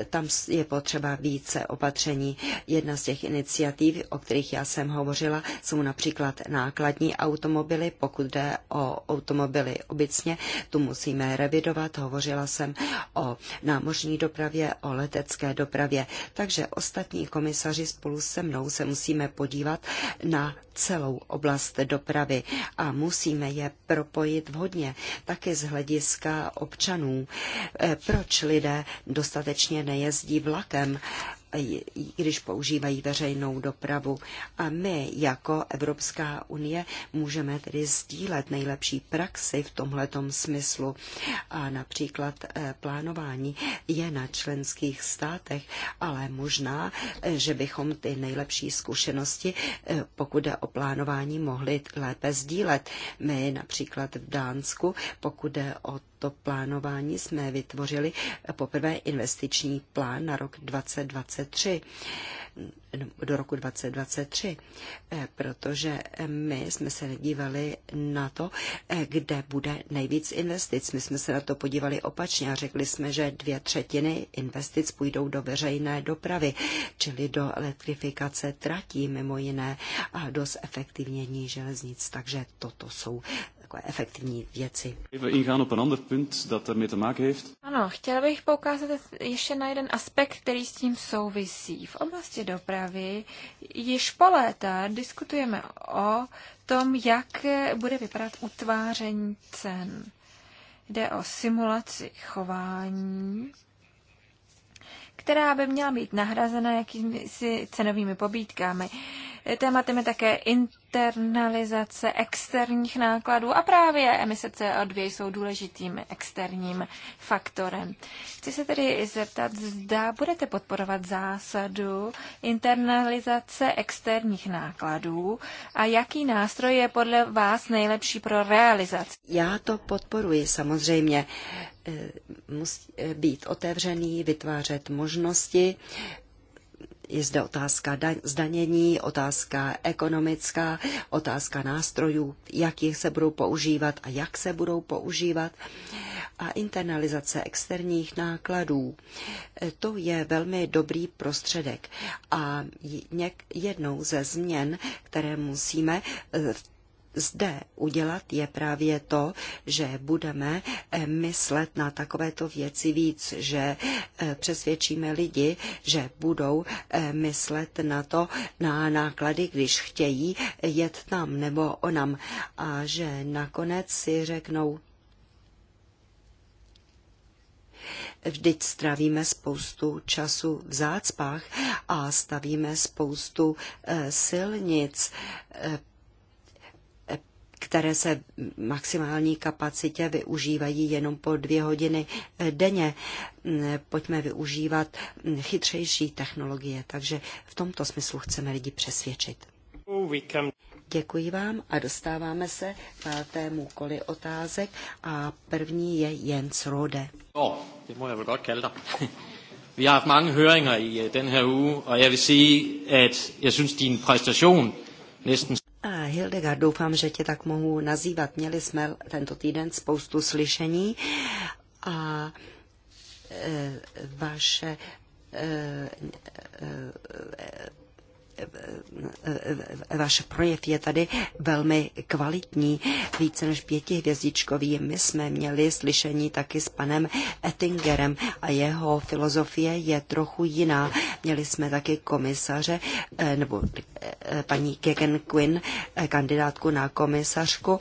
tam je potřeba více opatření. Jedna z těch iniciativ, o kterých já jsem hovořila, jsou například nákladní automobily. Pokud jde o automobily obecně, tu musíme revidovat. Hovořila jsem o námořní dopravě, o letecké dopravě. Takže ostatní komisaři spolu se mnou se musíme podívat na celou oblast dopravy a musíme je propojit vhodně, taky z hlediska občanů. Eh, proč lidé dostatečně skutečně nejezdí vlakem, když používají veřejnou dopravu. A my jako Evropská unie můžeme tedy sdílet nejlepší praxi v tomhletom smyslu. A například eh, plánování je na členských státech, ale možná, eh, že bychom ty nejlepší zkušenosti, eh, pokud jde o plánování, mohli lépe sdílet. My například v Dánsku, pokud jde o tohoto plánování jsme vytvořili poprvé investiční plán na rok 2023 do roku 2023, eh, protože my jsme se nedívali na to, eh, kde bude nejvíc investic. My jsme se na to podívali opačně a řekli jsme, že dvě třetiny investic půjdou do veřejné dopravy, čili do elektrifikace tratí mimo jiné a do zefektivnění železnic. Takže toto jsou takové efektivní věci. Ano, chtěla bych poukázat ještě na jeden aspekt, který s tím souvisí. V oblasti dopravy již po léta diskutujeme o tom, jak bude vypadat utváření cen. Jde o simulaci chování která by měla být nahrazena jakýmisi cenovými pobídkami. Tématem je také internalizace externích nákladů a právě emise CO2 jsou důležitým externím faktorem. Chci se tedy zeptat, zda budete podporovat zásadu internalizace externích nákladů a jaký nástroj je podle vás nejlepší pro realizaci? Já to podporuji samozřejmě eh, musí eh, být otevřený, vytvářet možnosti, je zde otázka zdanění, otázka ekonomická, otázka nástrojů, jak jich se budou používat a jak se budou používat a internalizace externích nákladů. E, to je velmi dobrý prostředek a jednou ze změn, které musíme v e, zde udělat, je právě to, že budeme eh, myslet na takovéto věci víc, že eh, přesvědčíme lidi, že budou eh, myslet na to, na náklady, když chtějí jet tam nebo onam a že nakonec si řeknou, Vždyť stravíme spoustu času v zácpách a stavíme spoustu silnic které se maximální kapacitě využívají jenom po dvě hodiny eh, denně. Mm, pojďme využívat mm, chytřejší technologie, takže v tomto smyslu chceme lidi přesvědčit. Děkuji vám a dostáváme se k eh, pátému koli otázek a první je Jens Rode. Ja, det må jeg vel godt kalde dig. Vi har haft mange høringer i eh, den her uge, og jeg vil sige, at jeg synes, din præstation næsten Hildegard, doufám, že tě tak mohu nazývat. Měli jsme tento týden spoustu slyšení a e, vaše e, e, váš projev je tady velmi kvalitní, více než pětihvězdičkový. My jsme měli slyšení taky s panem Ettingerem a jeho filozofie je trochu jiná. Měli jsme taky komisaře, eh, nebo eh, paní Kegan Quinn, eh, kandidátku na komisařku,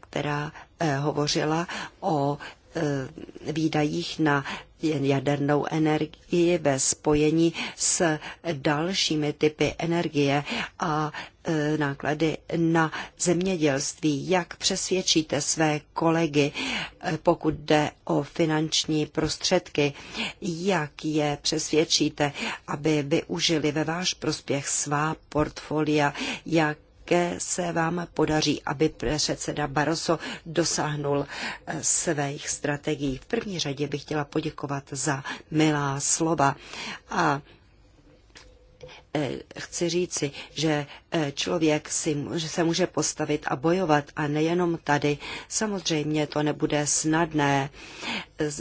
která hovořila o Eh, výdajích na jadernou energii ve spojení s dalšími typy energie a eh, náklady na zemědělství. Jak přesvědčíte své kolegy, eh, pokud jde o finanční prostředky? Jak je přesvědčíte, aby využili ve váš prospěch svá portfolia? Jak jaké se vám podaří, aby předseda Barroso dosáhnul eh, svých strategií. V první řadě bych chtěla poděkovat za milá slova a Eh, chci říci, že eh, člověk si, že se může postavit a bojovat a nejenom tady. Samozřejmě to nebude snadné.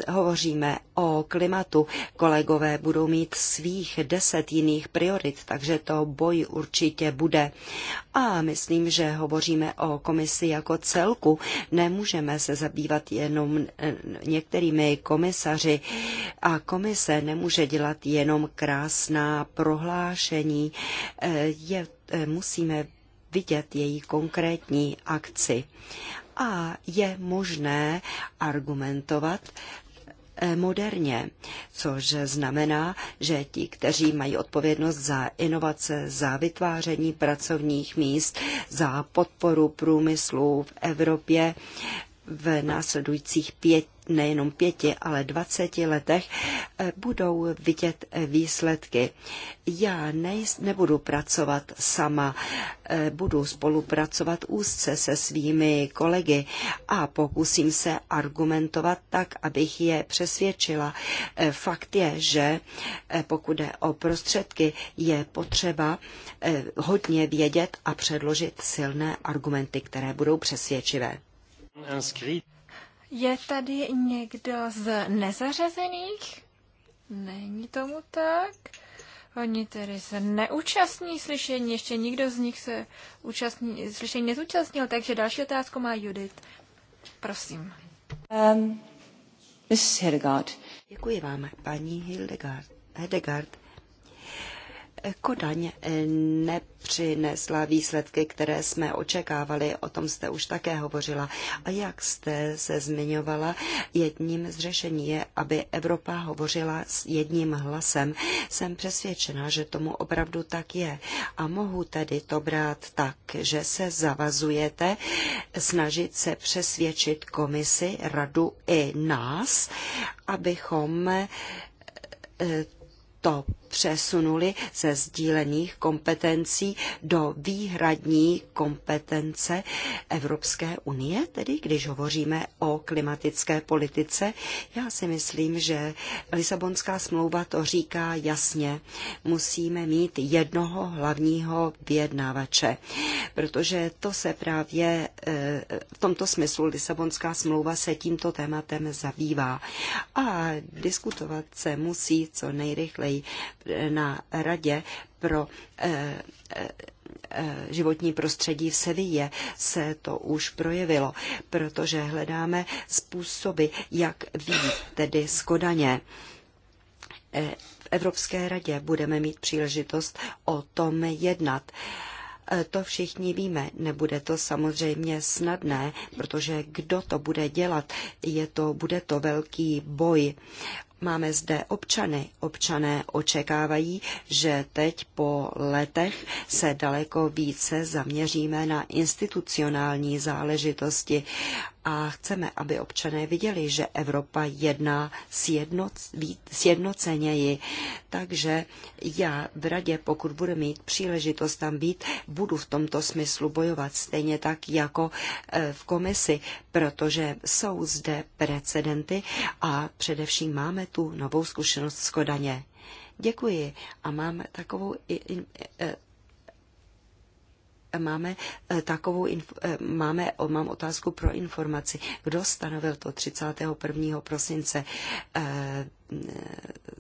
Hovoříme o klimatu. Kolegové budou mít svých deset jiných priorit, takže to boj určitě bude. A myslím, že hovoříme o komisi jako celku. Nemůžeme se zabývat jenom eh, některými komisaři a komise nemůže dělat jenom krásná prohlášení nařízení, eh, je, eh, musíme vidět její konkrétní akci. A je možné argumentovat eh, moderně, což znamená, že ti, kteří mají odpovědnost za inovace, za vytváření pracovních míst, za podporu průmyslu v Evropě, v následujících pět, nejenom pěti, ale dvaceti letech eh, budou vidět eh, výsledky. Já nejs, nebudu pracovat sama, eh, budu spolupracovat úzce se svými kolegy a pokusím se argumentovat tak, abych je přesvědčila. Fakt je, že pokud jde o prostředky, je potřeba hodně vědět a předložit silné argumenty, které budou přesvědčivé. Je tady někdo z nezařazených? Není tomu tak. Oni tedy se neúčastní slyšení, ještě nikdo z nich se účastní, slyšení nezúčastnil, takže další otázku má Judith. Prosím. Um, Mrs. Hildegard. Děkuji vám, paní Hildegard. Hildegard. Kodaň nepřinesla výsledky, které jsme očekávali, o tom jste už také hovořila. A jak jste se zmiňovala, jedním z řešení je, aby Evropa hovořila s jedním hlasem. Jsem přesvědčena, že tomu opravdu tak je. A mohu tedy to brát tak, že se zavazujete snažit se přesvědčit komisi, radu i nás, abychom eh, to přesunuli ze sdílených kompetencí do výhradní kompetence Evropské unie, tedy když hovoříme o klimatické politice. Já si myslím, že Lisabonská smlouva to říká jasně. Musíme mít jednoho hlavního vyjednávače, protože to se právě eh, v tomto smyslu Lisabonská smlouva se tímto tématem zabývá. A diskutovat se musí co nejrychleji na radě pro eh, eh, eh, životní prostředí v Seville se to už projevilo, protože hledáme způsoby, jak vít tedy z Kodaně. V Evropské radě budeme mít příležitost o tom jednat. To všichni víme, nebude to samozřejmě snadné, protože kdo to bude dělat, je to, bude to velký boj Máme zde občany. Občané očekávají, že teď po letech se daleko více zaměříme na institucionální záležitosti a chceme, aby občané viděli, že Evropa jedná sjednoceněji. Takže já v radě, pokud budu mít příležitost tam být, budu v tomto smyslu bojovat stejně tak jako eh, v komisi, protože jsou zde precedenty a především máme tu novou zkušenost z Kodaně. Děkuji a mám takovou i, i, i, e, e, máme e, takovou, máme, mám otázku pro informaci. Kdo stanovil to 31. prosince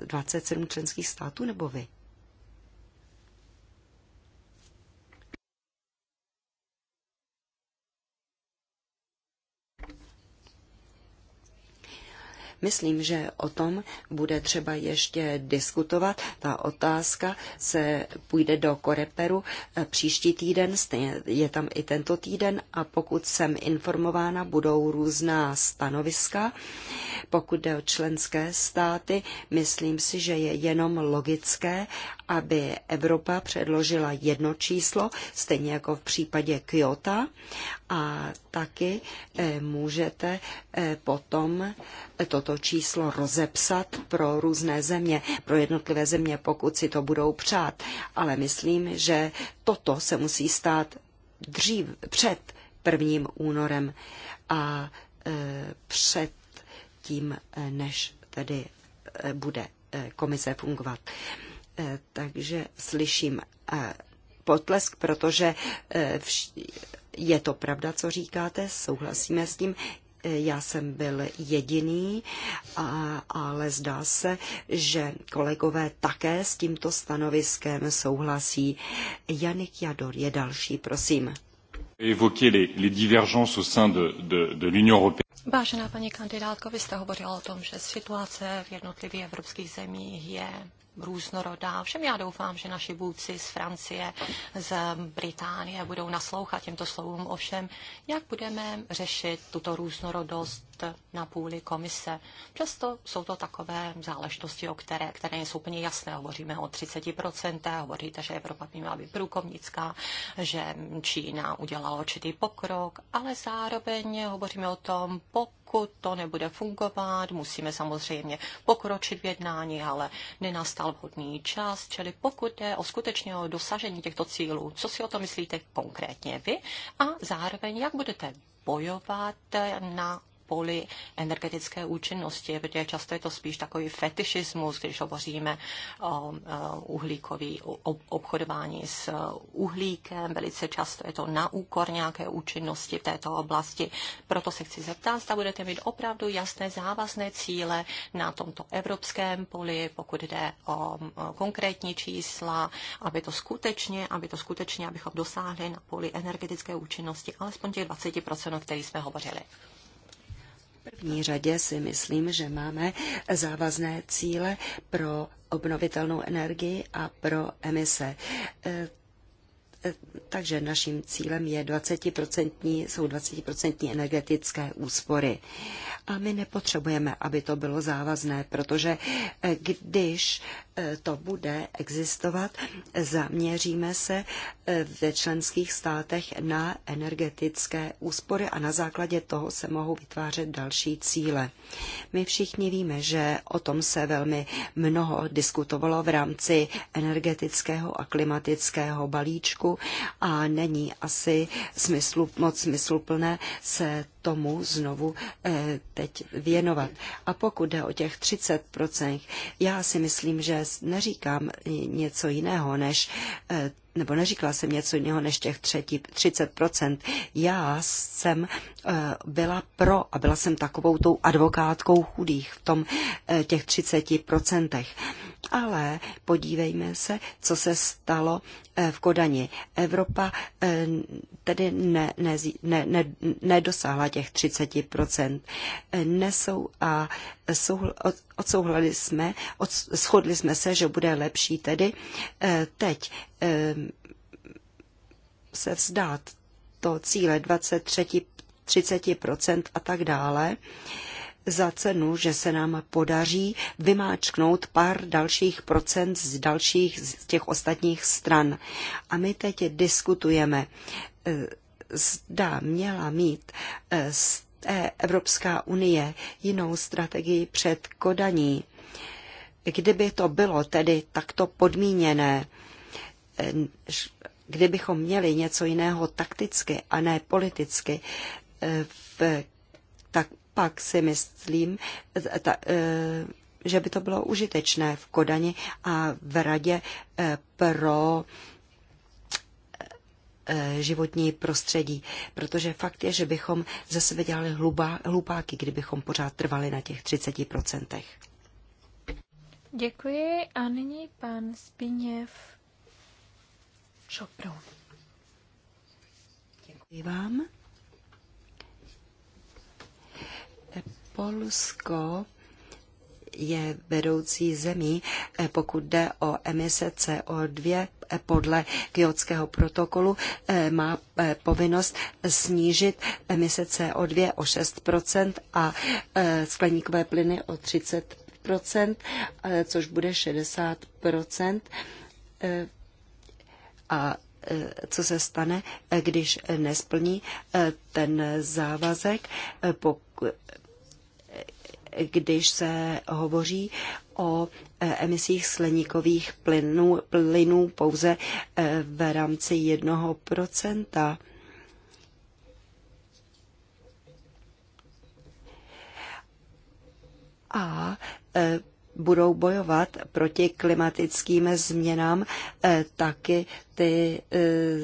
27 členských států nebo vy? Myslím, že o tom bude třeba ještě diskutovat. Ta otázka se půjde do Koreperu eh, příští týden, je tam i tento týden a pokud jsem informována, budou různá stanoviska. Pokud jde o členské státy, myslím si, že je jenom logické, aby Evropa předložila jedno číslo, stejně jako v případě Kyoto, a taky eh, můžete eh, potom eh, toto číslo rozepsat pro různé země, pro jednotlivé země, pokud si to budou přát. Ale myslím, že toto se musí stát dřív, před prvním únorem a před tím, než tedy bude komise fungovat. Eh, takže slyším eh, potlesk, protože eh, je to pravda, co říkáte, souhlasíme s tím. Já jsem byl jediný, ale zdá se, že kolegové také s tímto stanoviskem souhlasí. Janik Jador je další, prosím. Vážená paní kandidátko, vy jste hovořila o tom, že situace v jednotlivých evropských zemích je různorodá. Všem já doufám, že naši vůdci z Francie, z Británie budou naslouchat těmto slovům ovšem, jak budeme řešit tuto různorodost na půli komise. Přesto jsou to takové záležitosti, o které, které jsou úplně jasné. Hovoříme o 30%, hovoříte, že Evropa by měla být průkovnická, že Čína udělala určitý pokrok, ale zároveň hovoříme o tom, po pokud to nebude fungovat, musíme samozřejmě pokročit v jednání, ale nenastal vhodný čas, čili pokud je o skutečně o dosažení těchto cílů, co si o to myslíte konkrétně vy a zároveň, jak budete bojovat na poli energetické účinnosti, protože často je to spíš takový fetišismus, když hovoříme o uhlíkový o obchodování s e, uhlíkem. Velice často je to na úkor nějaké účinnosti v této oblasti. Proto se chci zeptat, zda budete mít opravdu jasné závazné cíle na tomto evropském poli, pokud jde o konkrétní čísla, aby to skutečně, aby to skutečně, abychom dosáhli na poli energetické účinnosti alespoň těch 20%, o kterých jsme hovořili první řadě si myslím, že máme závazné cíle pro obnovitelnou energii a pro emise. E, e, takže naším cílem je 20%, jsou 20% energetické úspory. A my nepotřebujeme, aby to bylo závazné, protože e, když E, to bude existovat. Zaměříme se e, ve členských státech na energetické úspory a na základě toho se mohou vytvářet další cíle. My všichni víme, že o tom se velmi mnoho diskutovalo v rámci energetického a klimatického balíčku a není asi smyslu, moc smysluplné se tomu znovu e, teď věnovat. A pokud jde o těch 30%, já si myslím, že neříkám něco jiného než eh, nebo neříkala jsem něco jiného než těch třetí, 30%. Já jsem eh, byla pro a byla jsem takovou tou advokátkou chudých v tom eh, těch 30%. Ale podívejme se, co se stalo eh, v Kodani. Evropa eh, tedy ne, ne, ne, ne, nedosáhla těch 30%. Eh, nesou a souhl, odsouhlali jsme, od, shodli jsme se, že bude lepší tedy teď se vzdát to cíle 23, 30% a tak dále za cenu, že se nám podaří vymáčknout pár dalších procent z dalších z těch ostatních stran. A my teď diskutujeme, e, zda měla mít e, e, Evropská unie jinou strategii před Kodaní. Kdyby to bylo tedy takto podmíněné, kdybychom měli něco jiného takticky a ne politicky, v, tak pak si myslím, ta, e, že by to bylo užitečné v Kodani a v Radě e, pro e, životní prostředí, protože fakt je, že bychom ze sebe dělali hlubá, hlupáky, kdybychom pořád trvali na těch 30%. Děkuji a nyní pan Spiněv Šoprou. Děkuji vám. Polsko je vedoucí zemí, eh, pokud jde o emise CO2 eh, podle Kyotského protokolu, eh, má povinnost snížit emise CO2 o 6 a skleníkové plyny o 30 což bude 60 A co se stane, když nesplní ten závazek, pokud když se hovoří o e, emisích sleníkových plynů, plynů pouze e, v rámci jednoho procenta. A e, budou bojovat proti klimatickým změnám taky ty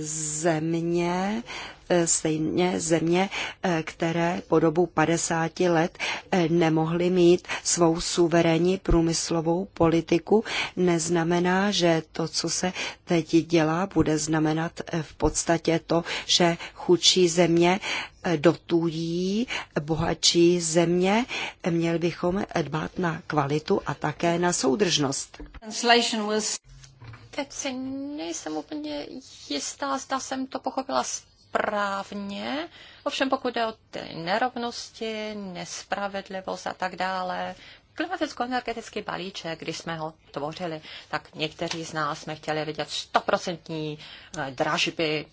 země, Eh, stejně země, eh, které po dobu 50 let eh, nemohly mít svou suverénní průmyslovou politiku, neznamená, že to, co se teď dělá, bude znamenat v podstatě to, že chudší země dotují bohatší země. Měli bychom dbát na kvalitu a také na soudržnost. Teď si nejsem úplně jistá, zda jsem to pochopila správně. ovšem pokud jde o ty nerovnosti, nespravedlivost a tak dále, klimaticko-energetický balíček, když jsme ho tvořili, tak někteří z nás jsme chtěli vidět stoprocentní eh, dražby,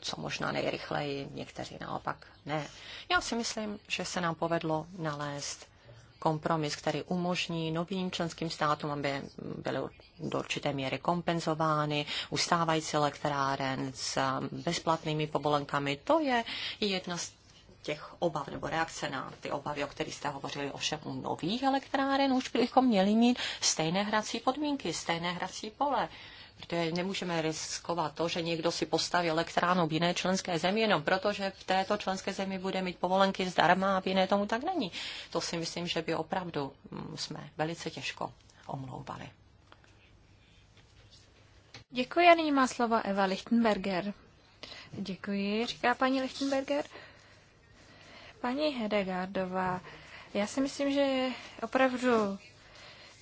co možná nejrychleji, někteří naopak ne. Já si myslím, že se nám povedlo nalézt kompromis, který umožní novým členským státům, aby byly do určité míry kompenzovány, ustávající elektráren s bezplatnými povolenkami. To je jedna z těch obav nebo reakce na ty obavy, o kterých jste hovořili ovšem u nových elektráren, už bychom měli mít stejné hrací podmínky, stejné hrací pole protože nemůžeme riskovat to, že někdo si postaví elektránu v jiné členské zemi jenom protože v této členské zemi bude mít povolenky zdarma a v jiné tomu tak není. To si myslím, že by opravdu mm, jsme velice těžko omlouvali. Děkuji a nyní má slovo Eva Lichtenberger. Děkuji, říká paní Lichtenberger. Paní Hedegardová, já si myslím, že je opravdu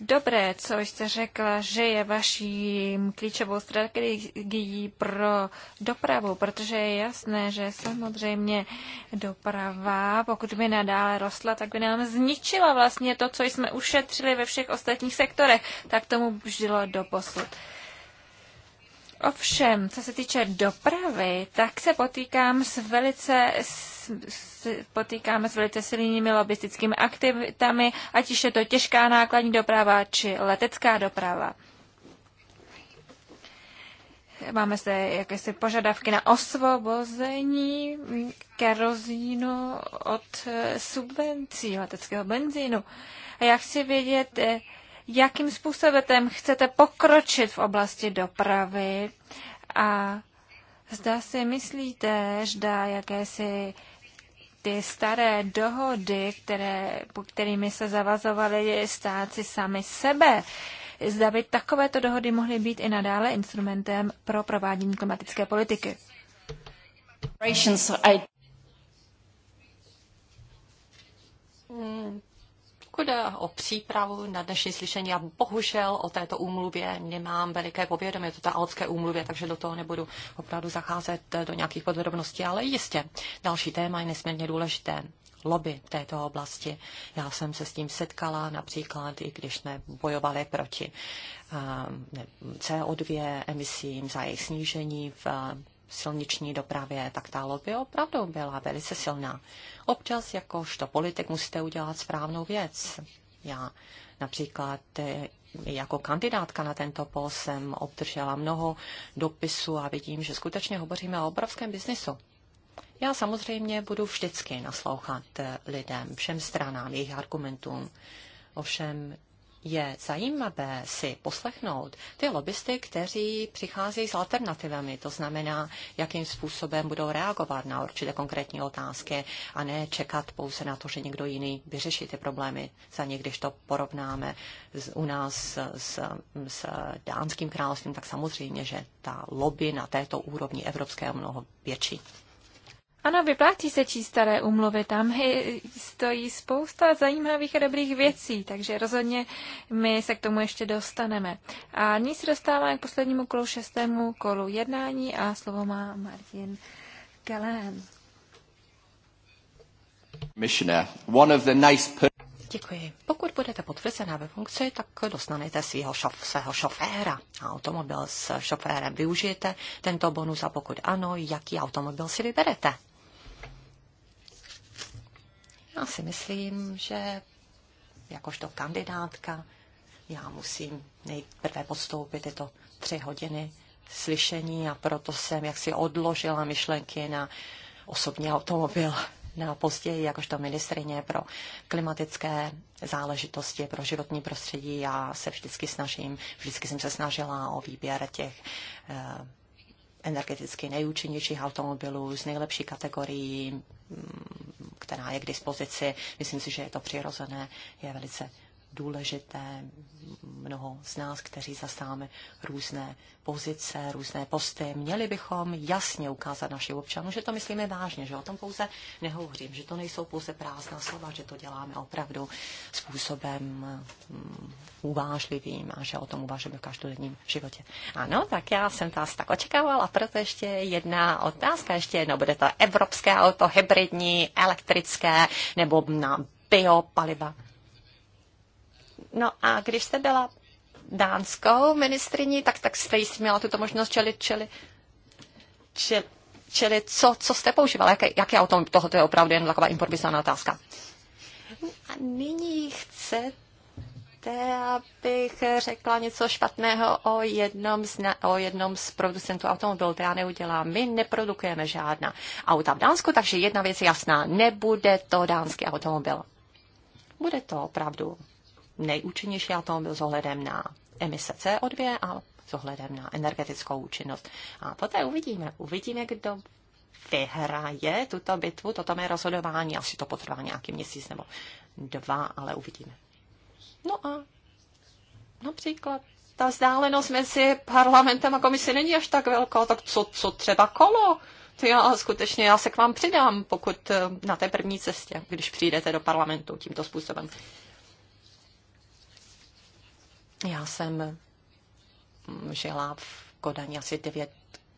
dobré, co jste řekla, že je vaší klíčovou strategií pro dopravu, protože je jasné, že samozřejmě doprava, pokud by nadále rostla, tak by nám zničila vlastně to, co jsme ušetřili ve všech ostatních sektorech. Tak tomu bylo doposud. posud. Ovšem, co se týče dopravy, tak se potýkám s velice s, s, potýkáme s velice silnými lobbystickými aktivitami, ať již je to těžká nákladní doprava či letecká doprava. Máme zde jakési požadavky na osvobození kerozínu od subvencí leteckého benzínu. A já chci vědět, jakým způsobem chcete pokročit v oblasti dopravy a zda si myslíte, zda jakési ty staré dohody, které, po kterými se zavazovali stáci sami sebe, zda by takovéto dohody mohly být i nadále instrumentem pro provádění klimatické politiky. Pokud jde o přípravu na dnešní slyšení, já bohužel o této úmluvě nemám veliké povědomí, je to ta alpské úmluvě, takže do toho nebudu opravdu zacházet eh, do nějakých podrobností, ale jistě. Další téma je nesmírně důležité lobby této oblasti. Já jsem se s tím setkala například i když jsme bojovali proti um, eh, CO2 emisím za jejich snížení v eh, silniční dopravě, tak ta lobby opravdu byla velice silná. Občas jakožto politik musíte udělat správnou věc. Já například eh, jako kandidátka na tento post jsem obdržela mnoho dopisů a vidím, že skutečně hovoříme o obrovském biznisu. Já samozřejmě budu vždycky naslouchat eh, lidem, všem stranám, jejich argumentům. Ovšem je zajímavé si poslechnout ty lobbysty, kteří přicházejí s alternativami, to znamená, jakým způsobem budou reagovat na určité konkrétní otázky a ne čekat pouze na to, že někdo jiný vyřeší ty problémy za ně, když to porovnáme z, u nás s, s dánským královstvím, tak samozřejmě, že ta lobby na této úrovni evropské je mnoho větší. Ano, vyplatí se číst staré umluvy, tam stojí spousta zajímavých a dobrých věcí, takže rozhodně my se k tomu ještě dostaneme. A nyní se dostáváme k poslednímu kolu, šestému kolu jednání a slovo má Martin Kellen. Děkuji. Pokud budete potvrzená ve funkci, tak dostanete svého šof, svého šoféra a automobil s šoférem. Využijete tento bonus a pokud ano, jaký automobil si vyberete? Já si myslím, že jakožto kandidátka já musím nejprve podstoupit tyto tři hodiny slyšení a proto jsem jaksi odložila myšlenky na osobní automobil na později jakožto ministrině pro klimatické záležitosti, pro životní prostředí. Já se vždycky snažím, vždycky jsem se snažila o výběr těch eh, energeticky nejúčinnějších automobilů z nejlepší kategorií, mm, která je k dispozici. Myslím si, že je to přirozené, je velice důležité. Mnoho z nás, kteří zastáme různé pozice, různé posty, měli bychom jasně ukázat našim občanům, že to myslíme vážně, že o tom pouze nehovořím, že to nejsou pouze prázdná slova, že to děláme opravdu způsobem mm, uvážlivým a že o tom uvažujeme v každodenním životě. Ano, tak já jsem vás tak očekávala, proto ještě jedna otázka, ještě jedno, bude to evropské auto, hybridní, elektrické nebo na biopaliva. No a když jste byla dánskou ministriní, tak, tak jste jistě měla tuto možnost čelit, čelit čelit čelit co, co jste používala, jaké, jaké auto, Toho to je opravdu jen taková improvizovaná otázka. A nyní chcete abych řekla něco špatného o jednom z, ne, o jednom z producentů automobilů. To já neudělám. My neprodukujeme žádná auta v Dánsku, takže jedna věc je jasná. Nebude to dánský automobil. Bude to opravdu nejúčinnější a byl s ohledem na emise CO2 a s ohledem na energetickou účinnost. A poté uvidíme, uvidíme, kdo vyhraje tuto bitvu, toto mé rozhodování, asi to potrvá nějaký měsíc nebo dva, ale uvidíme. No a například ta vzdálenost mezi parlamentem a komisí není až tak velká, tak co, co třeba kolo? To já skutečně, já se k vám přidám, pokud eh, na té první cestě, když přijdete do parlamentu tímto způsobem. Já jsem žila v Kodani asi 9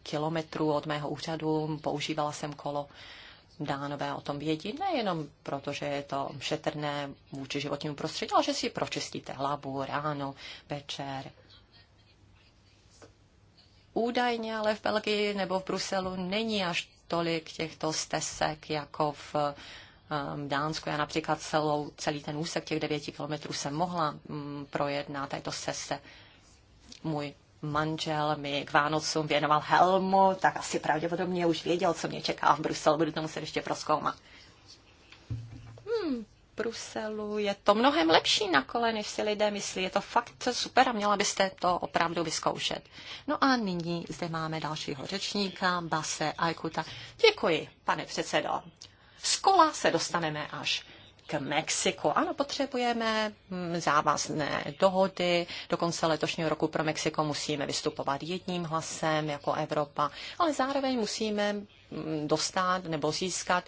kilometrů od mého úřadu, používala jsem kolo. Dánové o tom vědí, nejenom proto, že je to šetrné vůči životnímu prostředí, ale že si pročistíte hlavu ráno, večer. Údajně ale v Belgii nebo v Bruselu není až tolik těchto stesek jako v Ehm, Dánsko. Já například celou, celý ten úsek těch 9 kilometrů jsem mohla mm, projet na této sese. Můj manžel mi k Vánocům věnoval helmu, tak asi pravděpodobně už věděl, co mě čeká v Bruselu. Budu to muset ještě proskoumat. Hmm, Bruselu je to mnohem lepší na kole, než si lidé myslí. Je to fakt super a měla byste to opravdu vyzkoušet. No a nyní zde máme dalšího řečníka, Base Aikuta. Děkuji, pane předsedo. Z kola se dostaneme až k Mexiku. Ano, potřebujeme hm, závazné dohody. Do konce letošního roku pro Mexiko musíme vystupovat jedním hlasem jako Evropa, ale zároveň musíme Mm, dostat nebo získat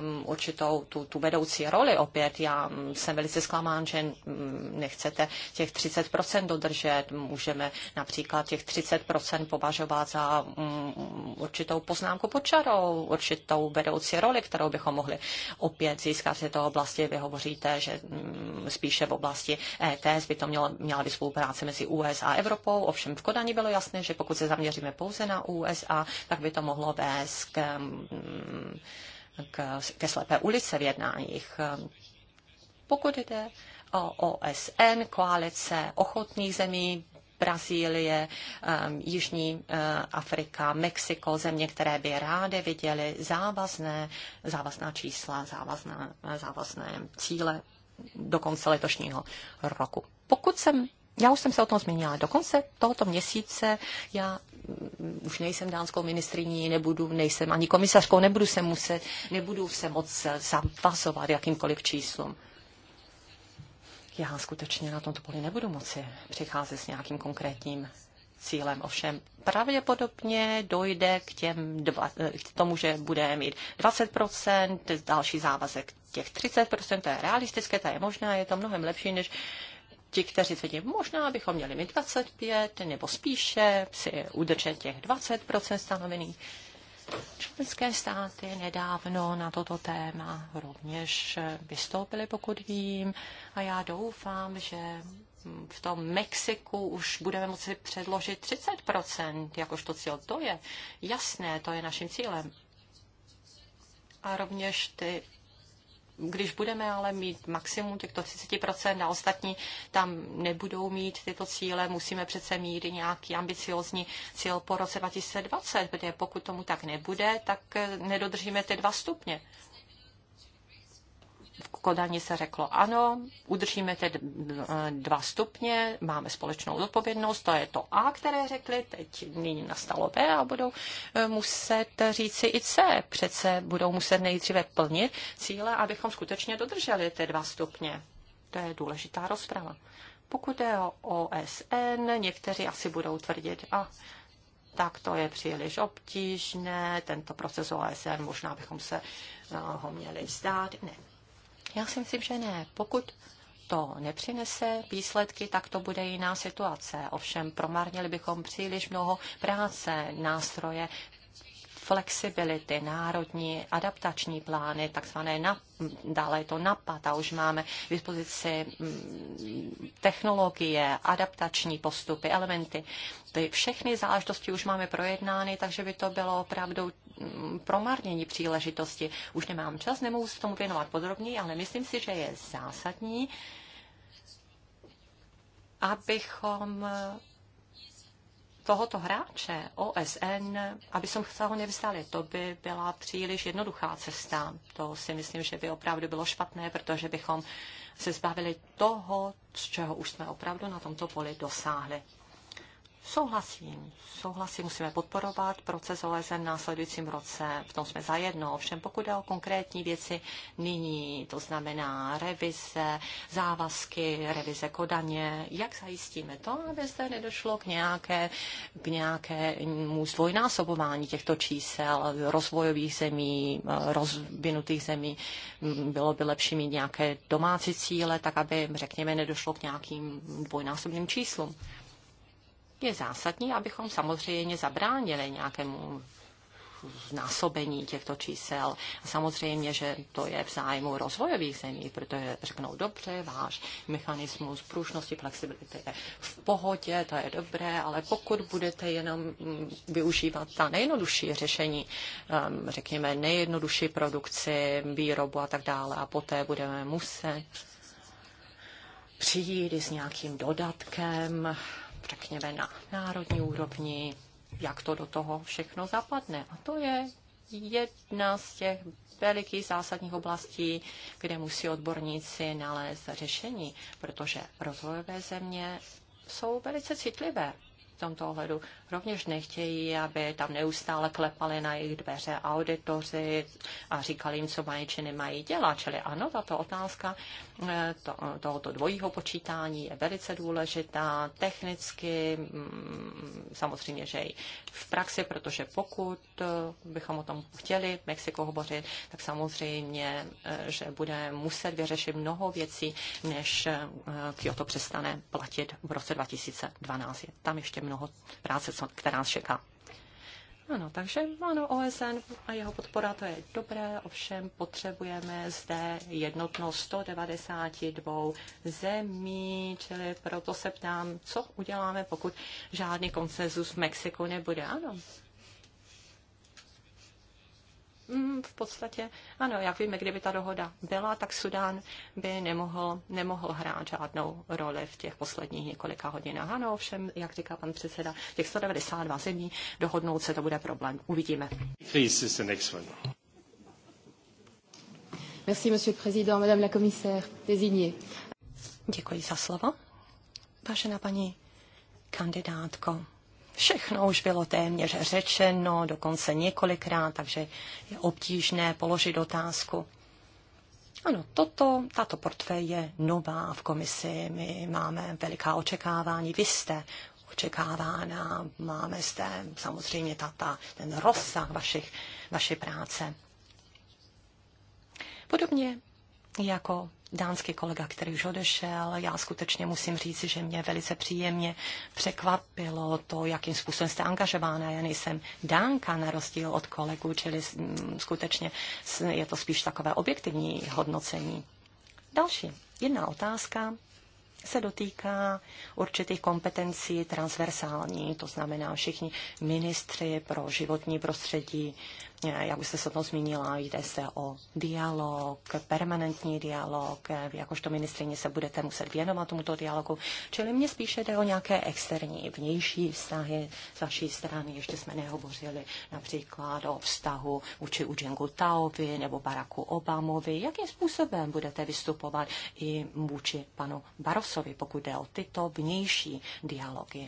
um, určitou tu, tu vedoucí roli. Opět já mm, jsem velice zklamán, že mm, nechcete těch 30% dodržet. Můžeme například těch 30% považovat za um, určitou poznámku pod čarou, určitou vedoucí roli, kterou bychom mohli opět získat v této oblasti. Vy hovoříte, že um, spíše v oblasti ETS by to mělo, měla být spolupráce mezi USA a Evropou. Ovšem v Kodani bylo jasné, že pokud se zaměříme pouze na USA, tak by to mohlo vést k, k, ke slepé ulice v jednáních. Pokud jde o OSN, koalice ochotných zemí, Brazílie, um, Jižní uh, Afrika, Mexiko, země, které by rády viděly závazné, závazná čísla, závazné, závazné cíle do konce letošního roku. Pokud jsem já už jsem se o tom zmínila. Dokonce tohoto měsíce já mm, už nejsem dánskou ministriní, nebudu, nejsem ani komisařkou, nebudu se muset, nebudu se moc eh, zavazovat jakýmkoliv číslům. Já skutečně na tomto poli nebudu moci přicházet s nějakým konkrétním cílem. Ovšem pravděpodobně dojde k, těm dva, eh, k tomu, že bude mít 20%, další závazek těch 30%, to je realistické, to je možné, je to mnohem lepší, než ti, kteří tvrdí, možná bychom měli mít 25 nebo spíše si udržet těch 20% stanovených. Členské státy nedávno na toto téma rovněž vystoupily, pokud vím, a já doufám, že v tom Mexiku už budeme moci předložit 30% jakožto cíl. To je jasné, to je naším cílem. A rovněž ty když budeme ale mít maximum těchto 30% a ostatní tam nebudou mít tyto cíle, musíme přece mít nějaký ambiciozní cíl po roce 2020, protože pokud tomu tak nebude, tak nedodržíme ty dva stupně. Kodani se řeklo ano, udržíme tedy dva stupně, máme společnou odpovědnost, to je to A, které řekli, teď nyní nastalo B a budou e, muset říct si i C. Přece budou muset nejdříve plnit cíle, abychom skutečně dodrželi ty dva stupně. To je důležitá rozprava. Pokud je o OSN, někteří asi budou tvrdit, a tak to je příliš obtížné, tento proces OSN, možná bychom se e, ho měli zdát. Ne, já si myslím, že ne. Pokud to nepřinese výsledky, tak to bude jiná situace. Ovšem promarnili bychom příliš mnoho práce, nástroje, flexibility, národní adaptační plány, takzvané NAP, dále je to NAPAT a už máme v dispozici mm, technologie, adaptační postupy, elementy. Ty všechny záležitosti už máme projednány, takže by to bylo opravdu mm, promarnění příležitosti. Už nemám čas, nemohu se tomu věnovat podrobněji, ale myslím si, že je zásadní, abychom tohoto hráče OSN, aby som se ho nevzali, To by byla příliš jednoduchá cesta. To si myslím, že by opravdu bylo špatné, protože bychom se zbavili toho, z čeho už jsme opravdu na tomto poli dosáhli. Souhlasím, souhlasím, musíme podporovat proces OSN v následujícím roce, v tom jsme zajedno. Ovšem pokud jde o konkrétní věci nyní, to znamená revize, závazky, revize kodaně, jak zajistíme to, aby zde nedošlo k, nějaké, k nějakému zdvojnásobování těchto čísel rozvojových zemí, rozvinutých zemí. Bylo by lepší mít nějaké domácí cíle, tak aby, řekněme, nedošlo k nějakým dvojnásobným číslům je zásadní, abychom samozřejmě zabránili nějakému znásobení těchto čísel. samozřejmě, že to je v zájmu rozvojových zemí, protože řeknou dobře, váš mechanismus pružnosti, flexibility je v pohodě, to je dobré, ale pokud budete jenom využívat ta nejjednodušší řešení, ehm, řekněme nejjednodušší produkci, výrobu a tak dále, a poté budeme muset přijít s nějakým dodatkem, řekněme, na národní úrovni, jak to do toho všechno zapadne. A to je jedna z těch velikých zásadních oblastí, kde musí odborníci nalézt řešení, protože rozvojové země jsou velice citlivé v tomto ohledu rovněž nechtějí, aby tam neustále klepali na jejich dveře auditoři a říkali jim, co mají či nemají dělat. Čili ano, tato otázka eh, to, tohoto dvojího počítání je velice důležitá technicky, mm, samozřejmě, že i v praxi, protože pokud eh, bychom o tom chtěli Mexiko hovořit, tak samozřejmě, eh, že bude muset vyřešit mnoho věcí, než Kyoto přestane platit v roce 2012. Je tam ještě mnoho práce co, která nás čeká. Ano, takže ano, OSN a jeho podpora to je dobré, ovšem potřebujeme zde jednotnost 192 zemí, čili proto se ptám, co uděláme, pokud žádný konsenzus v Mexiku nebude. Ano, mm, v podstatě, ano, jak víme, kdyby ta dohoda byla, tak Sudán by nemohl, nemohl hrát žádnou roli v těch posledních několika hodinách. Ano, ovšem, jak říká pan předseda, těch 192 zemí dohodnout se, to bude problém. Uvidíme. Merci, monsieur le président, madame la commissaire Děkuji za slovo. Vážená paní kandidátko, Všechno už bylo téměř řečeno, dokonce několikrát, takže je obtížné položit otázku. Ano, toto, tato portfej je nová v komisi. My máme veliká očekávání. Vy jste očekávána, máme zde samozřejmě tata, ten rozsah vašich, vaší práce. Podobně jako dánský kolega, který už odešel. Já skutečně musím říct, že mě velice příjemně překvapilo to, jakým způsobem jste angažována. Já nejsem dánka na rozdíl od kolegů, čili mm, skutečně je to spíš takové objektivní hodnocení. Další. Jedna otázka se dotýká určitých kompetencí transversální, to znamená všichni ministři pro životní prostředí, Eh, jak už jste se o tom zmínila, jde se o dialog, permanentní dialog, eh, jakožto ministrině se budete muset věnovat tomuto dialogu, čili mě spíše jde o nějaké externí, vnější vztahy z vaší strany, ještě jsme nehovořili například o vztahu vůči Ujengu Taovi nebo Baracku Obamovi, jakým způsobem budete vystupovat i vůči panu Barosovi, pokud jde o tyto vnější dialogy.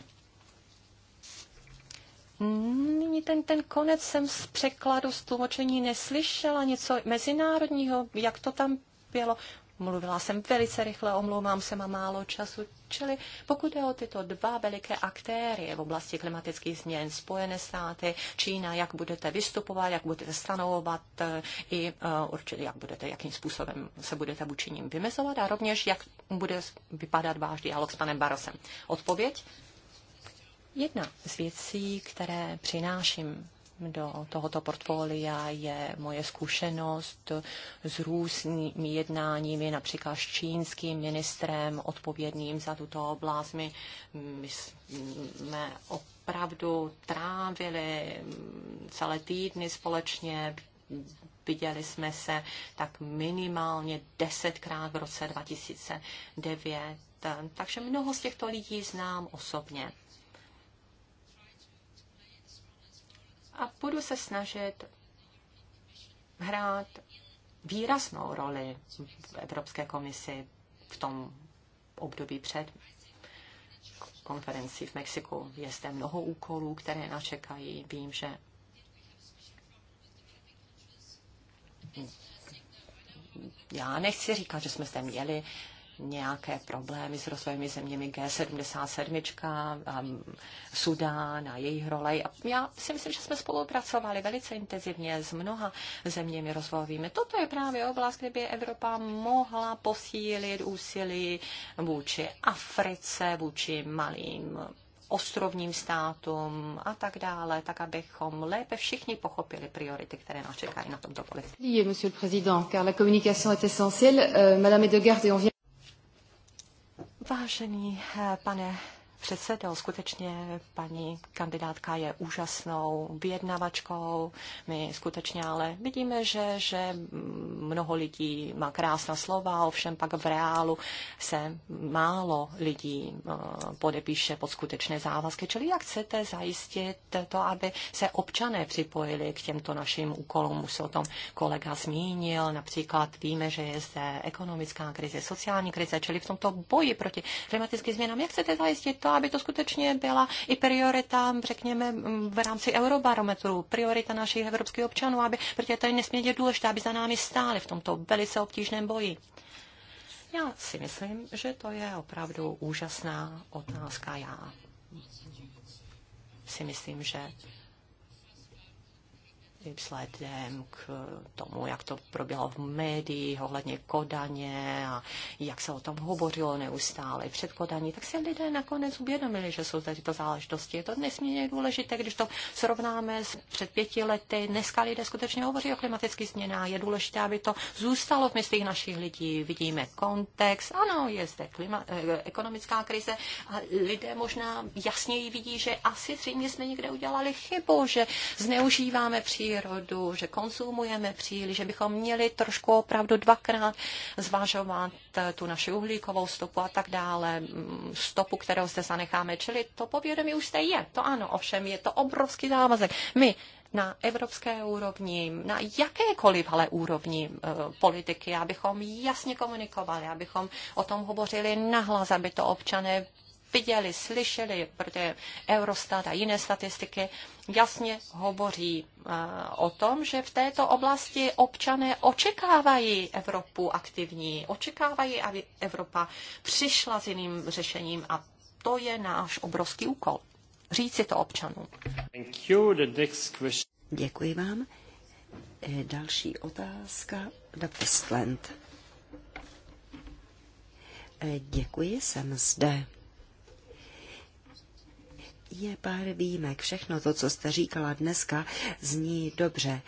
Nyní ten, ten konec jsem z překladu, z tlumočení neslyšela něco mezinárodního, jak to tam bylo. Mluvila jsem velice rychle, omlouvám se, mám málo času. Čili pokud je o tyto dva veliké aktéry v oblasti klimatických změn, Spojené státy, Čína, jak budete vystupovat, jak budete stanovovat eh, i eh, určitě, jak budete, jakým způsobem se budete vůči ním vymezovat a rovněž, jak bude vypadat váš dialog s panem Barosem. Odpověď? Jedna z věcí, které přináším do tohoto portfolia je moje zkušenost s různými jednáními, například s čínským ministrem odpovědným za tuto oblast. My, jsme opravdu trávili celé týdny společně, viděli jsme se tak minimálně desetkrát v roce 2009. Takže mnoho z těchto lidí znám osobně. a budu se snažit hrát výraznou roli v Evropské komisi v tom období před konferenci v Mexiku. Je zde mnoho úkolů, které nás čekají. Vím, že já nechci říkat, že jsme zde měli nějaké problémy s rozvojemi zeměmi G77, mm, Sudán a jejich rolej. A já si myslím, že jsme spolupracovali velice intenzivně s mnoha zeměmi rozvojovými. Toto je právě oblast, kde by Evropa mohla posílit úsilí vůči Africe, vůči malým ostrovním státům a tak dále, tak abychom lépe všichni pochopili priority, které nás čekají na tomto poli. Vážený eh, pane předsedal. Skutečně paní kandidátka je úžasnou vyjednavačkou. My skutečně ale vidíme, že, že mnoho lidí má krásná slova, ovšem pak v reálu se málo lidí eh, podepíše pod skutečné závazky. Čili jak chcete zajistit to, aby se občané připojili k těmto našim úkolům? Už se o tom kolega zmínil. Například víme, že je zde ekonomická krize, sociální krize, čili v tomto boji proti klimatickým změnám. Jak chcete zajistit to, aby to skutečně byla i priorita, řekněme, mm, v rámci eurobarometru, priorita našich evropských občanů, aby, protože to je nesmírně důležité, aby za námi stály v tomto velice obtížném boji. Já si myslím, že to je opravdu úžasná otázka. Já si myslím, že vzhledem k tomu, jak to proběhlo v médiích ohledně Kodaně a jak se o tom hovořilo neustále před Kodaní, tak si lidé nakonec uvědomili, že jsou tady tyto záležitosti. Je to nesmírně důležité, když to srovnáme s před pěti lety. Dneska lidé skutečně hovoří o klimatických změnách. Je důležité, aby to zůstalo v myslích našich lidí. Vidíme kontext. Ano, je zde klima, eh, ekonomická krize a lidé možná jasněji vidí, že asi zřejmě jsme někde udělali chybu, že zneužíváme při přírodu, že konzumujeme příliš, že bychom měli trošku opravdu dvakrát zvažovat eh, tu naši uhlíkovou stopu a tak dále, mm, stopu, kterou zde zanecháme. Čili to povědomí už zde je, to ano, ovšem je to obrovský závazek. My na evropské úrovni, na jakékoliv ale úrovni e, politiky, abychom jasně komunikovali, abychom o tom hovořili nahlas, aby to občané viděli, slyšeli, protože Eurostat a jiné statistiky jasně hovoří eh, o tom, že v této oblasti občané očekávají Evropu aktivní, očekávají, aby Evropa přišla s jiným řešením a to je náš obrovský úkol. Říci to občanům. Děkuji vám. Eh, další otázka. Da eh, Děkuji, jsem zde je pár výjimek. Všechno to, co jste říkala dneska, zní dobře,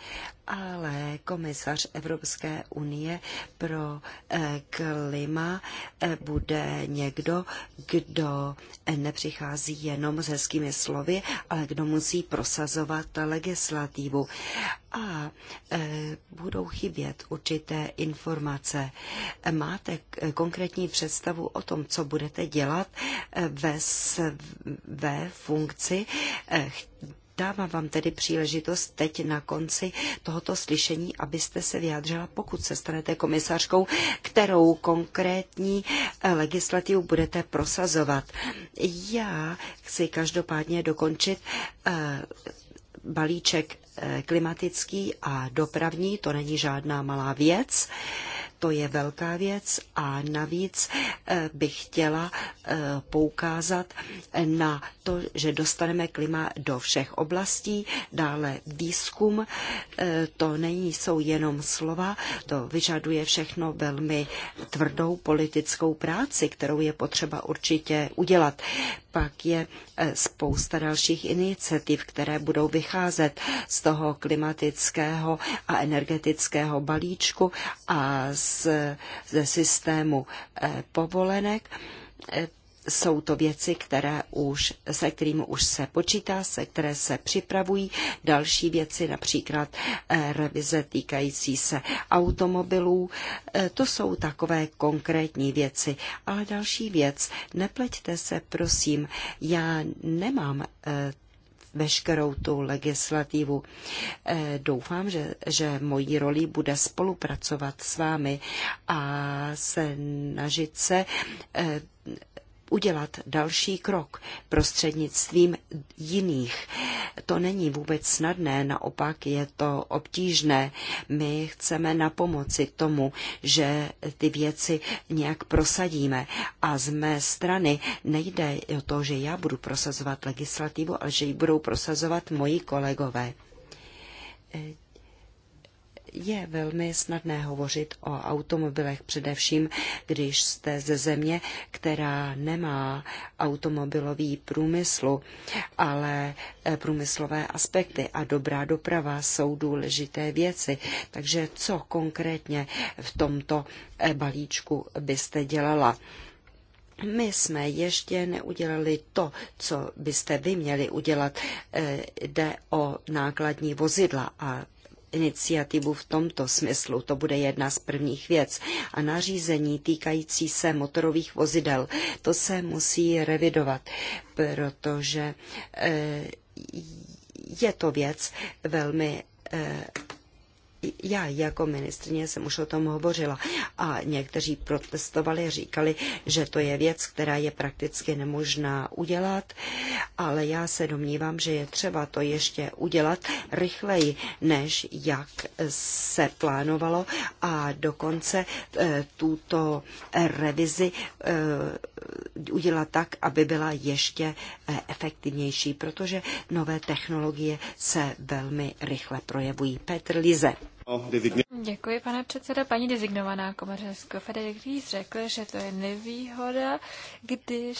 ale komisař Evropské unie pro eh, klima eh, bude někdo, kdo eh, nepřichází jenom s hezkými slovy, ale kdo musí prosazovat legislativu. A budou chybět určité informace. Máte konkrétní představu o tom, co budete dělat ve své funkci? Dávám vám tedy příležitost teď na konci tohoto slyšení, abyste se vyjádřila, pokud se stanete komisařkou, kterou konkrétní eh, legislativu budete prosazovat. Já chci každopádně dokončit eh, balíček eh, klimatický a dopravní, to není žádná malá věc. To je velká věc a navíc eh, bych chtěla eh, poukázat na to, že dostaneme klima do všech oblastí, dále výzkum, eh, to není, jsou jenom slova, to vyžaduje všechno velmi tvrdou politickou práci, kterou je potřeba určitě udělat. Pak je spousta dalších iniciativ, které budou vycházet z toho klimatického a energetického balíčku a z z, ze systému eh, povolenek. Eh, jsou to věci, které už, se kterými už se počítá, se které se připravují. Další věci, například eh, revize týkající se automobilů, to jsou takové konkrétní věci. Ale další věc, nepleťte se, prosím, já nemám veškerou tu legislativu. Eh, doufám, že, že mojí roli bude spolupracovat s vámi a snažit se eh, udělat další krok prostřednictvím jiných. To není vůbec snadné, naopak je to obtížné. My chceme na pomoci tomu, že ty věci nějak prosadíme. A z mé strany nejde o to, že já budu prosazovat legislativu, ale že ji budou prosazovat moji kolegové. Je velmi snadné hovořit o automobilech, především když jste ze země, která nemá automobilový průmysl, ale eh, průmyslové aspekty a dobrá doprava jsou důležité věci. Takže co konkrétně v tomto eh, balíčku byste dělala? My jsme ještě neudělali to, co byste vy měli udělat. Eh, jde o nákladní vozidla a iniciativu v tomto smyslu. To bude jedna z prvních věc. A nařízení týkající se motorových vozidel, to se musí revidovat, protože eh, je to věc velmi eh, já jako ministrně jsem už o tom hovořila a někteří protestovali, říkali, že to je věc, která je prakticky nemožná udělat, ale já se domnívám, že je třeba to ještě udělat rychleji, než jak se plánovalo a dokonce e, tuto revizi e, udělat tak, aby byla ještě e, efektivnější, protože nové technologie se velmi rychle projevují. Petr Lize. Děkuji, pane předseda. Paní dezignovaná komerčesko Frederik Ries řekl, že to je nevýhoda, když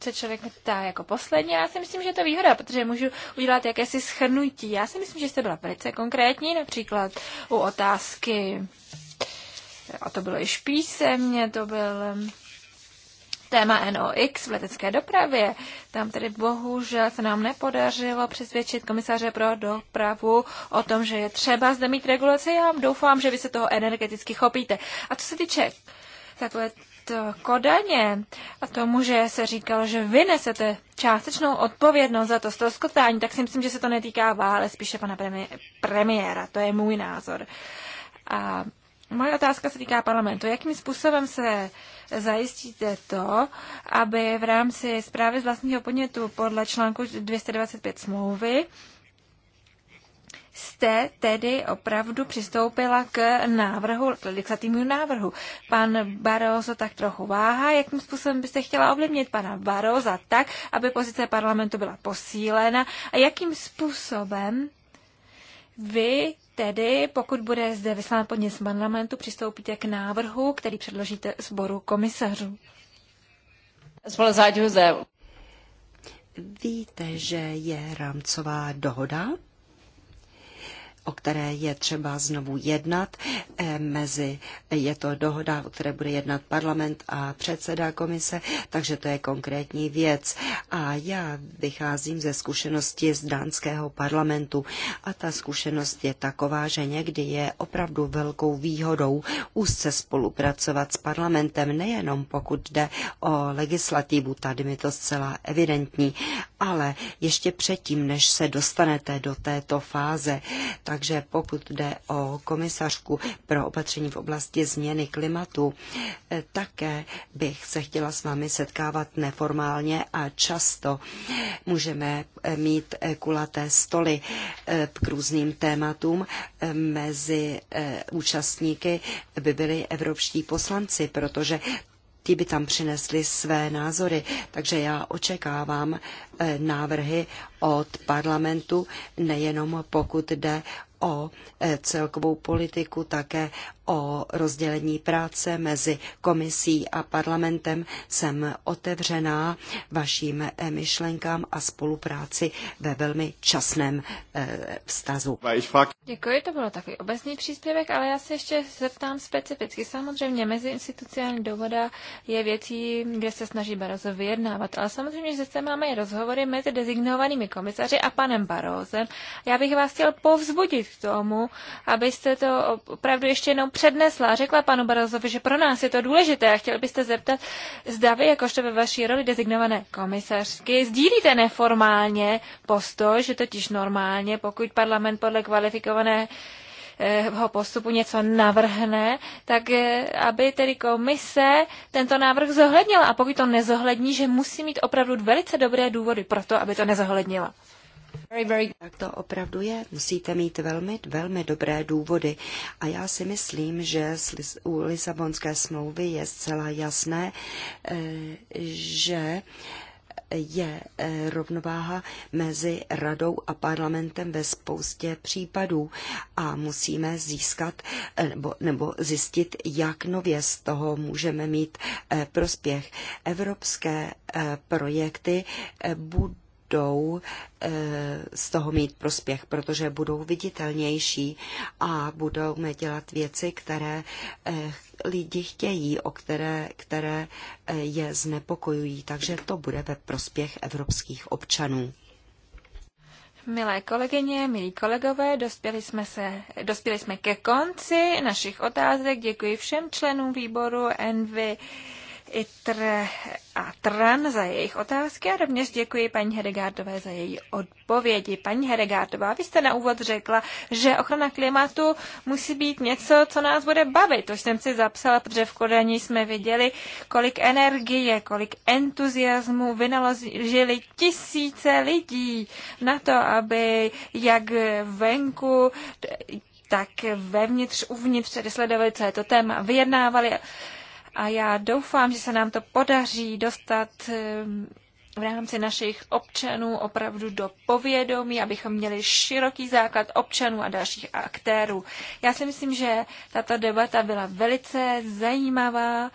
se člověk ptá jako poslední. Já si myslím, že je to výhoda, protože můžu udělat jakési schrnutí. Já si myslím, že jste byla velice konkrétní, například u otázky, a to bylo i písemně, to byl téma NOx v letecké dopravě. Tam tedy bohužel se nám nepodařilo přesvědčit komisaře pro dopravu o tom, že je třeba zde mít regulace. Já doufám, že vy se toho energeticky chopíte. A co se týče takové Kodaně a tomu, že se říkalo, že vy nesete částečnou odpovědnost za to stroskotání, tak si myslím, že se to netýká vás, ale spíše pana premiéra. To je můj názor. A Moje otázka se týká parlamentu. Jakým způsobem se zajistíte to, aby v rámci zprávy z vlastního podnětu podle článku 225 smlouvy jste tedy opravdu přistoupila k návrhu, k legislativnímu návrhu. Pan Barroso tak trochu váhá, jakým způsobem byste chtěla ovlivnit pana Barroza tak, aby pozice parlamentu byla posílena a jakým způsobem vy Tedy, pokud bude zde vyslán podnět z parlamentu, přistoupíte k návrhu, který předložíte sboru komisařů. Víte, že je rámcová dohoda o které je třeba znovu jednat. Eh, mezi je to dohoda, o které bude jednat parlament a předseda komise, takže to je konkrétní věc. A já vycházím ze zkušenosti z dánského parlamentu a ta zkušenost je taková, že někdy je opravdu velkou výhodou úzce spolupracovat s parlamentem, nejenom pokud jde o legislativu, tady mi to zcela evidentní, ale ještě předtím, než se dostanete do této fáze. Takže pokud jde o komisařku pro opatření v oblasti změny klimatu, eh, také bych se chtěla s vámi setkávat neformálně a často. Můžeme eh, mít eh, kulaté stoly k různým tématům. Mezi účastníky by byli evropští poslanci, protože ti by tam přinesli své názory. Takže já očekávám eh, návrhy od parlamentu, nejenom pokud jde o e, celkovou politiku, také o rozdělení práce mezi komisí a parlamentem. Jsem otevřená vaším e, myšlenkám a spolupráci ve velmi časném e, vztazu. Děkuji, to bylo takový obecný příspěvek, ale já se ještě zeptám specificky. Samozřejmě mezi institucionální dohoda je věcí, kde se snaží Barozo vyjednávat, ale samozřejmě, že se máme i rozhovory mezi designovanými komisaři a panem Barozem. Já bych vás chtěl povzbudit k tomu, abyste to opravdu ještě jednou přednesla a řekla panu Barozovi, že pro nás je to důležité a chtěl byste zeptat, zda vy, jakožto ve vaší roli designované komisařky, sdílíte neformálně postoj, že totiž normálně, pokud parlament podle kvalifikované ho postupu něco navrhne, tak eh, aby tedy komise tento návrh zohlednila. A pokud to nezohlední, že musí mít opravdu velice dobré důvody pro to, aby to nezohlednila. Tak to opravdu je. Musíte mít velmi, velmi dobré důvody. A já si myslím, že u Lisabonské smlouvy je zcela jasné, eh, že je eh, rovnováha mezi radou a parlamentem ve spoustě případů a musíme získat eh, nebo, nebo zjistit, jak nově z toho můžeme mít prospěch. Evropské projekty budou budou eh, z toho mít prospěch, protože budou viditelnější a budou dělat věci, které eh, lidi chtějí, o které, které eh, je znepokojují. Takže to bude ve prospěch evropských občanů. Milé kolegyně, milí kolegové, dospěli jsme, se, dospěli jsme ke konci našich otázek. Děkuji všem členům výboru Envy ITR a TRAN za jejich otázky a rovněž děkuji paní Hedegardové za její odpovědi. Paní Hedegardová, vy jste na úvod řekla, že ochrana klimatu musí být něco, co nás bude bavit. To jsem si zapsala, protože v Kodaní jsme viděli, kolik energie, kolik entuziasmu vynaložili tisíce lidí na to, aby jak venku, tak vevnitř, uvnitř tedy sledovali, co je to téma, vyjednávali a já doufám, že se nám to podaří dostat eh, v rámci našich občanů opravdu do povědomí, abychom měli široký základ občanů a dalších aktérů. Já si myslím, že tato debata byla velice zajímavá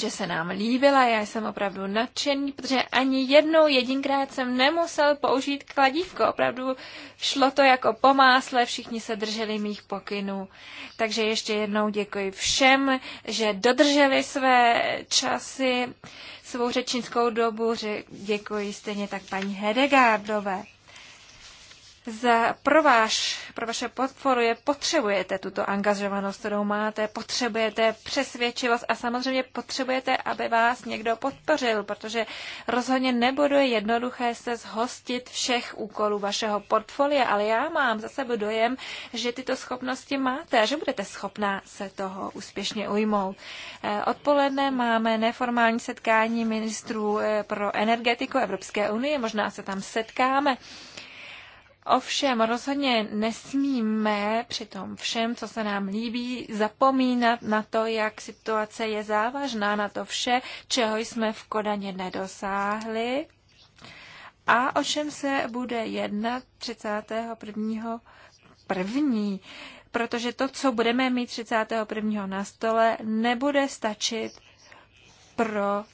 že se nám líbila, já jsem opravdu nadšený, protože ani jednou jedinkrát jsem nemusel použít kladívko, opravdu šlo to jako po másle, všichni se drželi mých pokynů. Takže ještě jednou děkuji všem, že dodrželi své časy, svou řečnickou dobu, že děkuji stejně tak paní Hedegardové za, pro, váš, pro vaše podporu je potřebujete tuto angažovanost, kterou máte, potřebujete přesvědčivost a samozřejmě potřebujete, aby vás někdo podpořil, protože rozhodně nebude jednoduché se zhostit všech úkolů vašeho portfolia, ale já mám za sebe dojem, že tyto schopnosti máte a že budete schopná se toho úspěšně ujmout. Eh, odpoledne máme neformální setkání ministrů eh, pro energetiku Evropské unie, možná se tam setkáme. Ovšem rozhodně nesmíme při tom všem, co se nám líbí, zapomínat na to, jak situace je závažná, na to vše, čeho jsme v Kodaně nedosáhli a o čem se bude jednat 31. první, protože to, co budeme mít 31. na stole, nebude stačit pro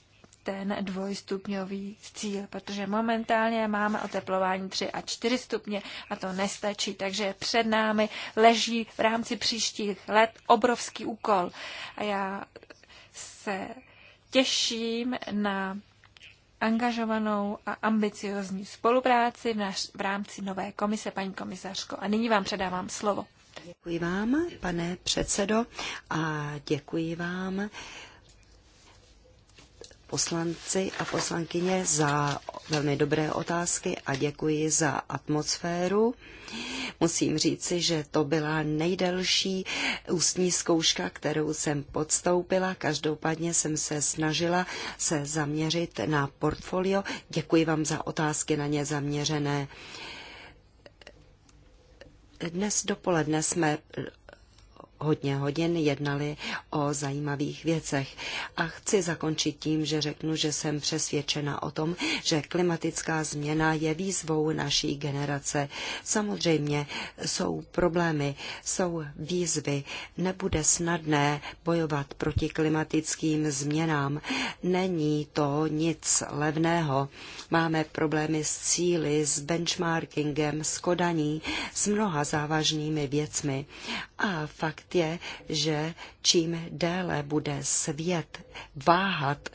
ten dvojstupňový cíl, protože momentálně máme oteplování 3 a 4 stupně a to nestačí, takže před námi leží v rámci příštích let obrovský úkol. A já se těším na angažovanou a ambiciozní spolupráci v, naš, v rámci nové komise, paní komisařko. A nyní vám předávám slovo. Děkuji vám, pane předsedo, a děkuji vám poslanci a poslankyně za velmi dobré otázky a děkuji za atmosféru. Musím říci, že to byla nejdelší ústní zkouška, kterou jsem podstoupila. Každopádně jsem se snažila se zaměřit na portfolio. Děkuji vám za otázky na ně zaměřené. Dnes dopoledne jsme hodně hodin jednali o zajímavých věcech. A chci zakončit tím, že řeknu, že jsem přesvědčena o tom, že klimatická změna je výzvou naší generace. Samozřejmě jsou problémy, jsou výzvy. Nebude snadné bojovat proti klimatickým změnám. Není to nic levného. Máme problémy s cíly, s benchmarkingem, s kodaní, s mnoha závažnými věcmi. A fakt Fakt je, že čím déle bude svět váhat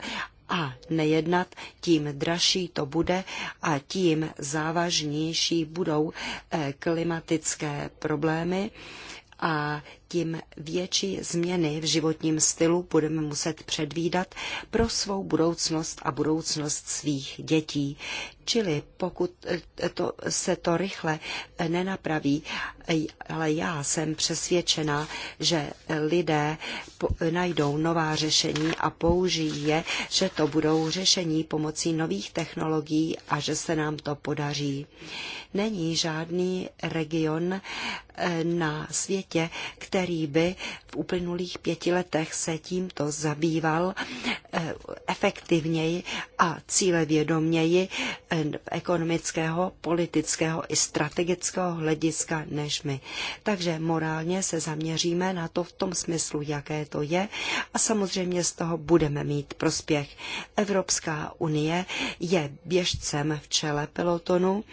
a nejednat, tím dražší to bude a tím závažnější budou eh, klimatické problémy a tím větší změny v životním stylu budeme muset předvídat pro svou budoucnost a budoucnost svých dětí. Čili pokud eh, to, se to rychle eh, nenapraví, eh, ale já jsem přesvědčena, že lidé najdou nová řešení a použijí je, že to budou řešení pomocí nových technologií a že se nám to podaří. Není žádný region na světě, který který by v uplynulých pěti letech se tímto zabýval eh, efektivněji a cílevědoměji eh, ekonomického, politického i strategického hlediska než my. Takže morálně se zaměříme na to v tom smyslu, jaké to je a samozřejmě z toho budeme mít prospěch. Evropská unie je běžcem v čele pelotonu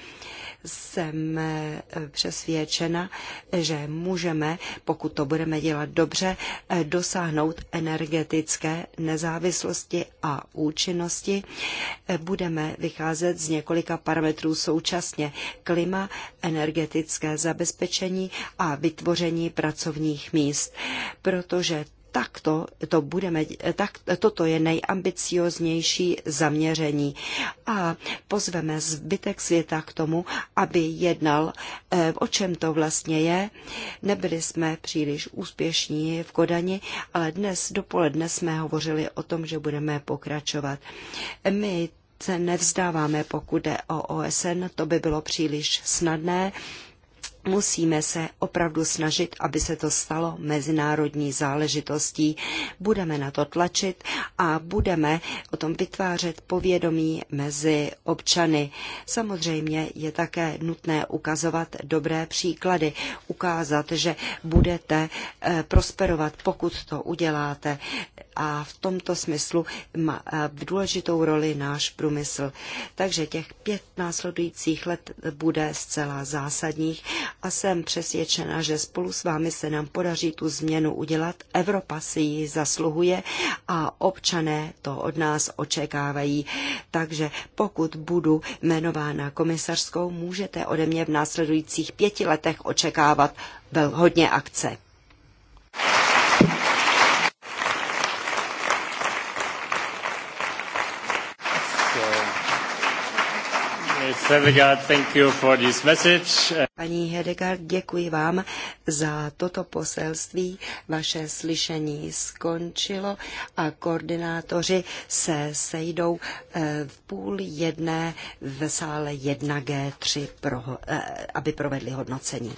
jsem eh, přesvědčena, že můžeme, pokud to budeme dělat dobře, eh, dosáhnout energetické nezávislosti a účinnosti. Eh, budeme vycházet z několika parametrů současně. Klima, energetické zabezpečení a vytvoření pracovních míst. Protože takto to budeme, tak, toto je nejambicioznější zaměření. A pozveme zbytek světa k tomu, aby jednal, eh, o čem to vlastně je. Nebyli jsme příliš úspěšní v Kodani, ale dnes dopoledne jsme hovořili o tom, že budeme pokračovat. My se nevzdáváme, pokud jde o OSN, to by bylo příliš snadné. Musíme se opravdu snažit, aby se to stalo mezinárodní záležitostí. Budeme na to tlačit a budeme o tom vytvářet povědomí mezi občany. Samozřejmě je také nutné ukazovat dobré příklady, ukázat, že budete eh, prosperovat, pokud to uděláte a v tomto smyslu má eh, důležitou roli náš průmysl. Takže těch pět následujících let bude zcela zásadních a jsem přesvědčena, že spolu s vámi se nám podaří tu změnu udělat. Evropa si ji zasluhuje a občané to od nás očekávají. Takže pokud budu jmenována komisařskou, můžete ode mě v následujících pěti letech očekávat hodně akce. Paní Hedegaard, děkuji vám za toto poselství. Vaše slyšení skončilo a koordinátoři se sejdou eh, v půl jedné v sále 1G3, pro, eh, aby provedli hodnocení.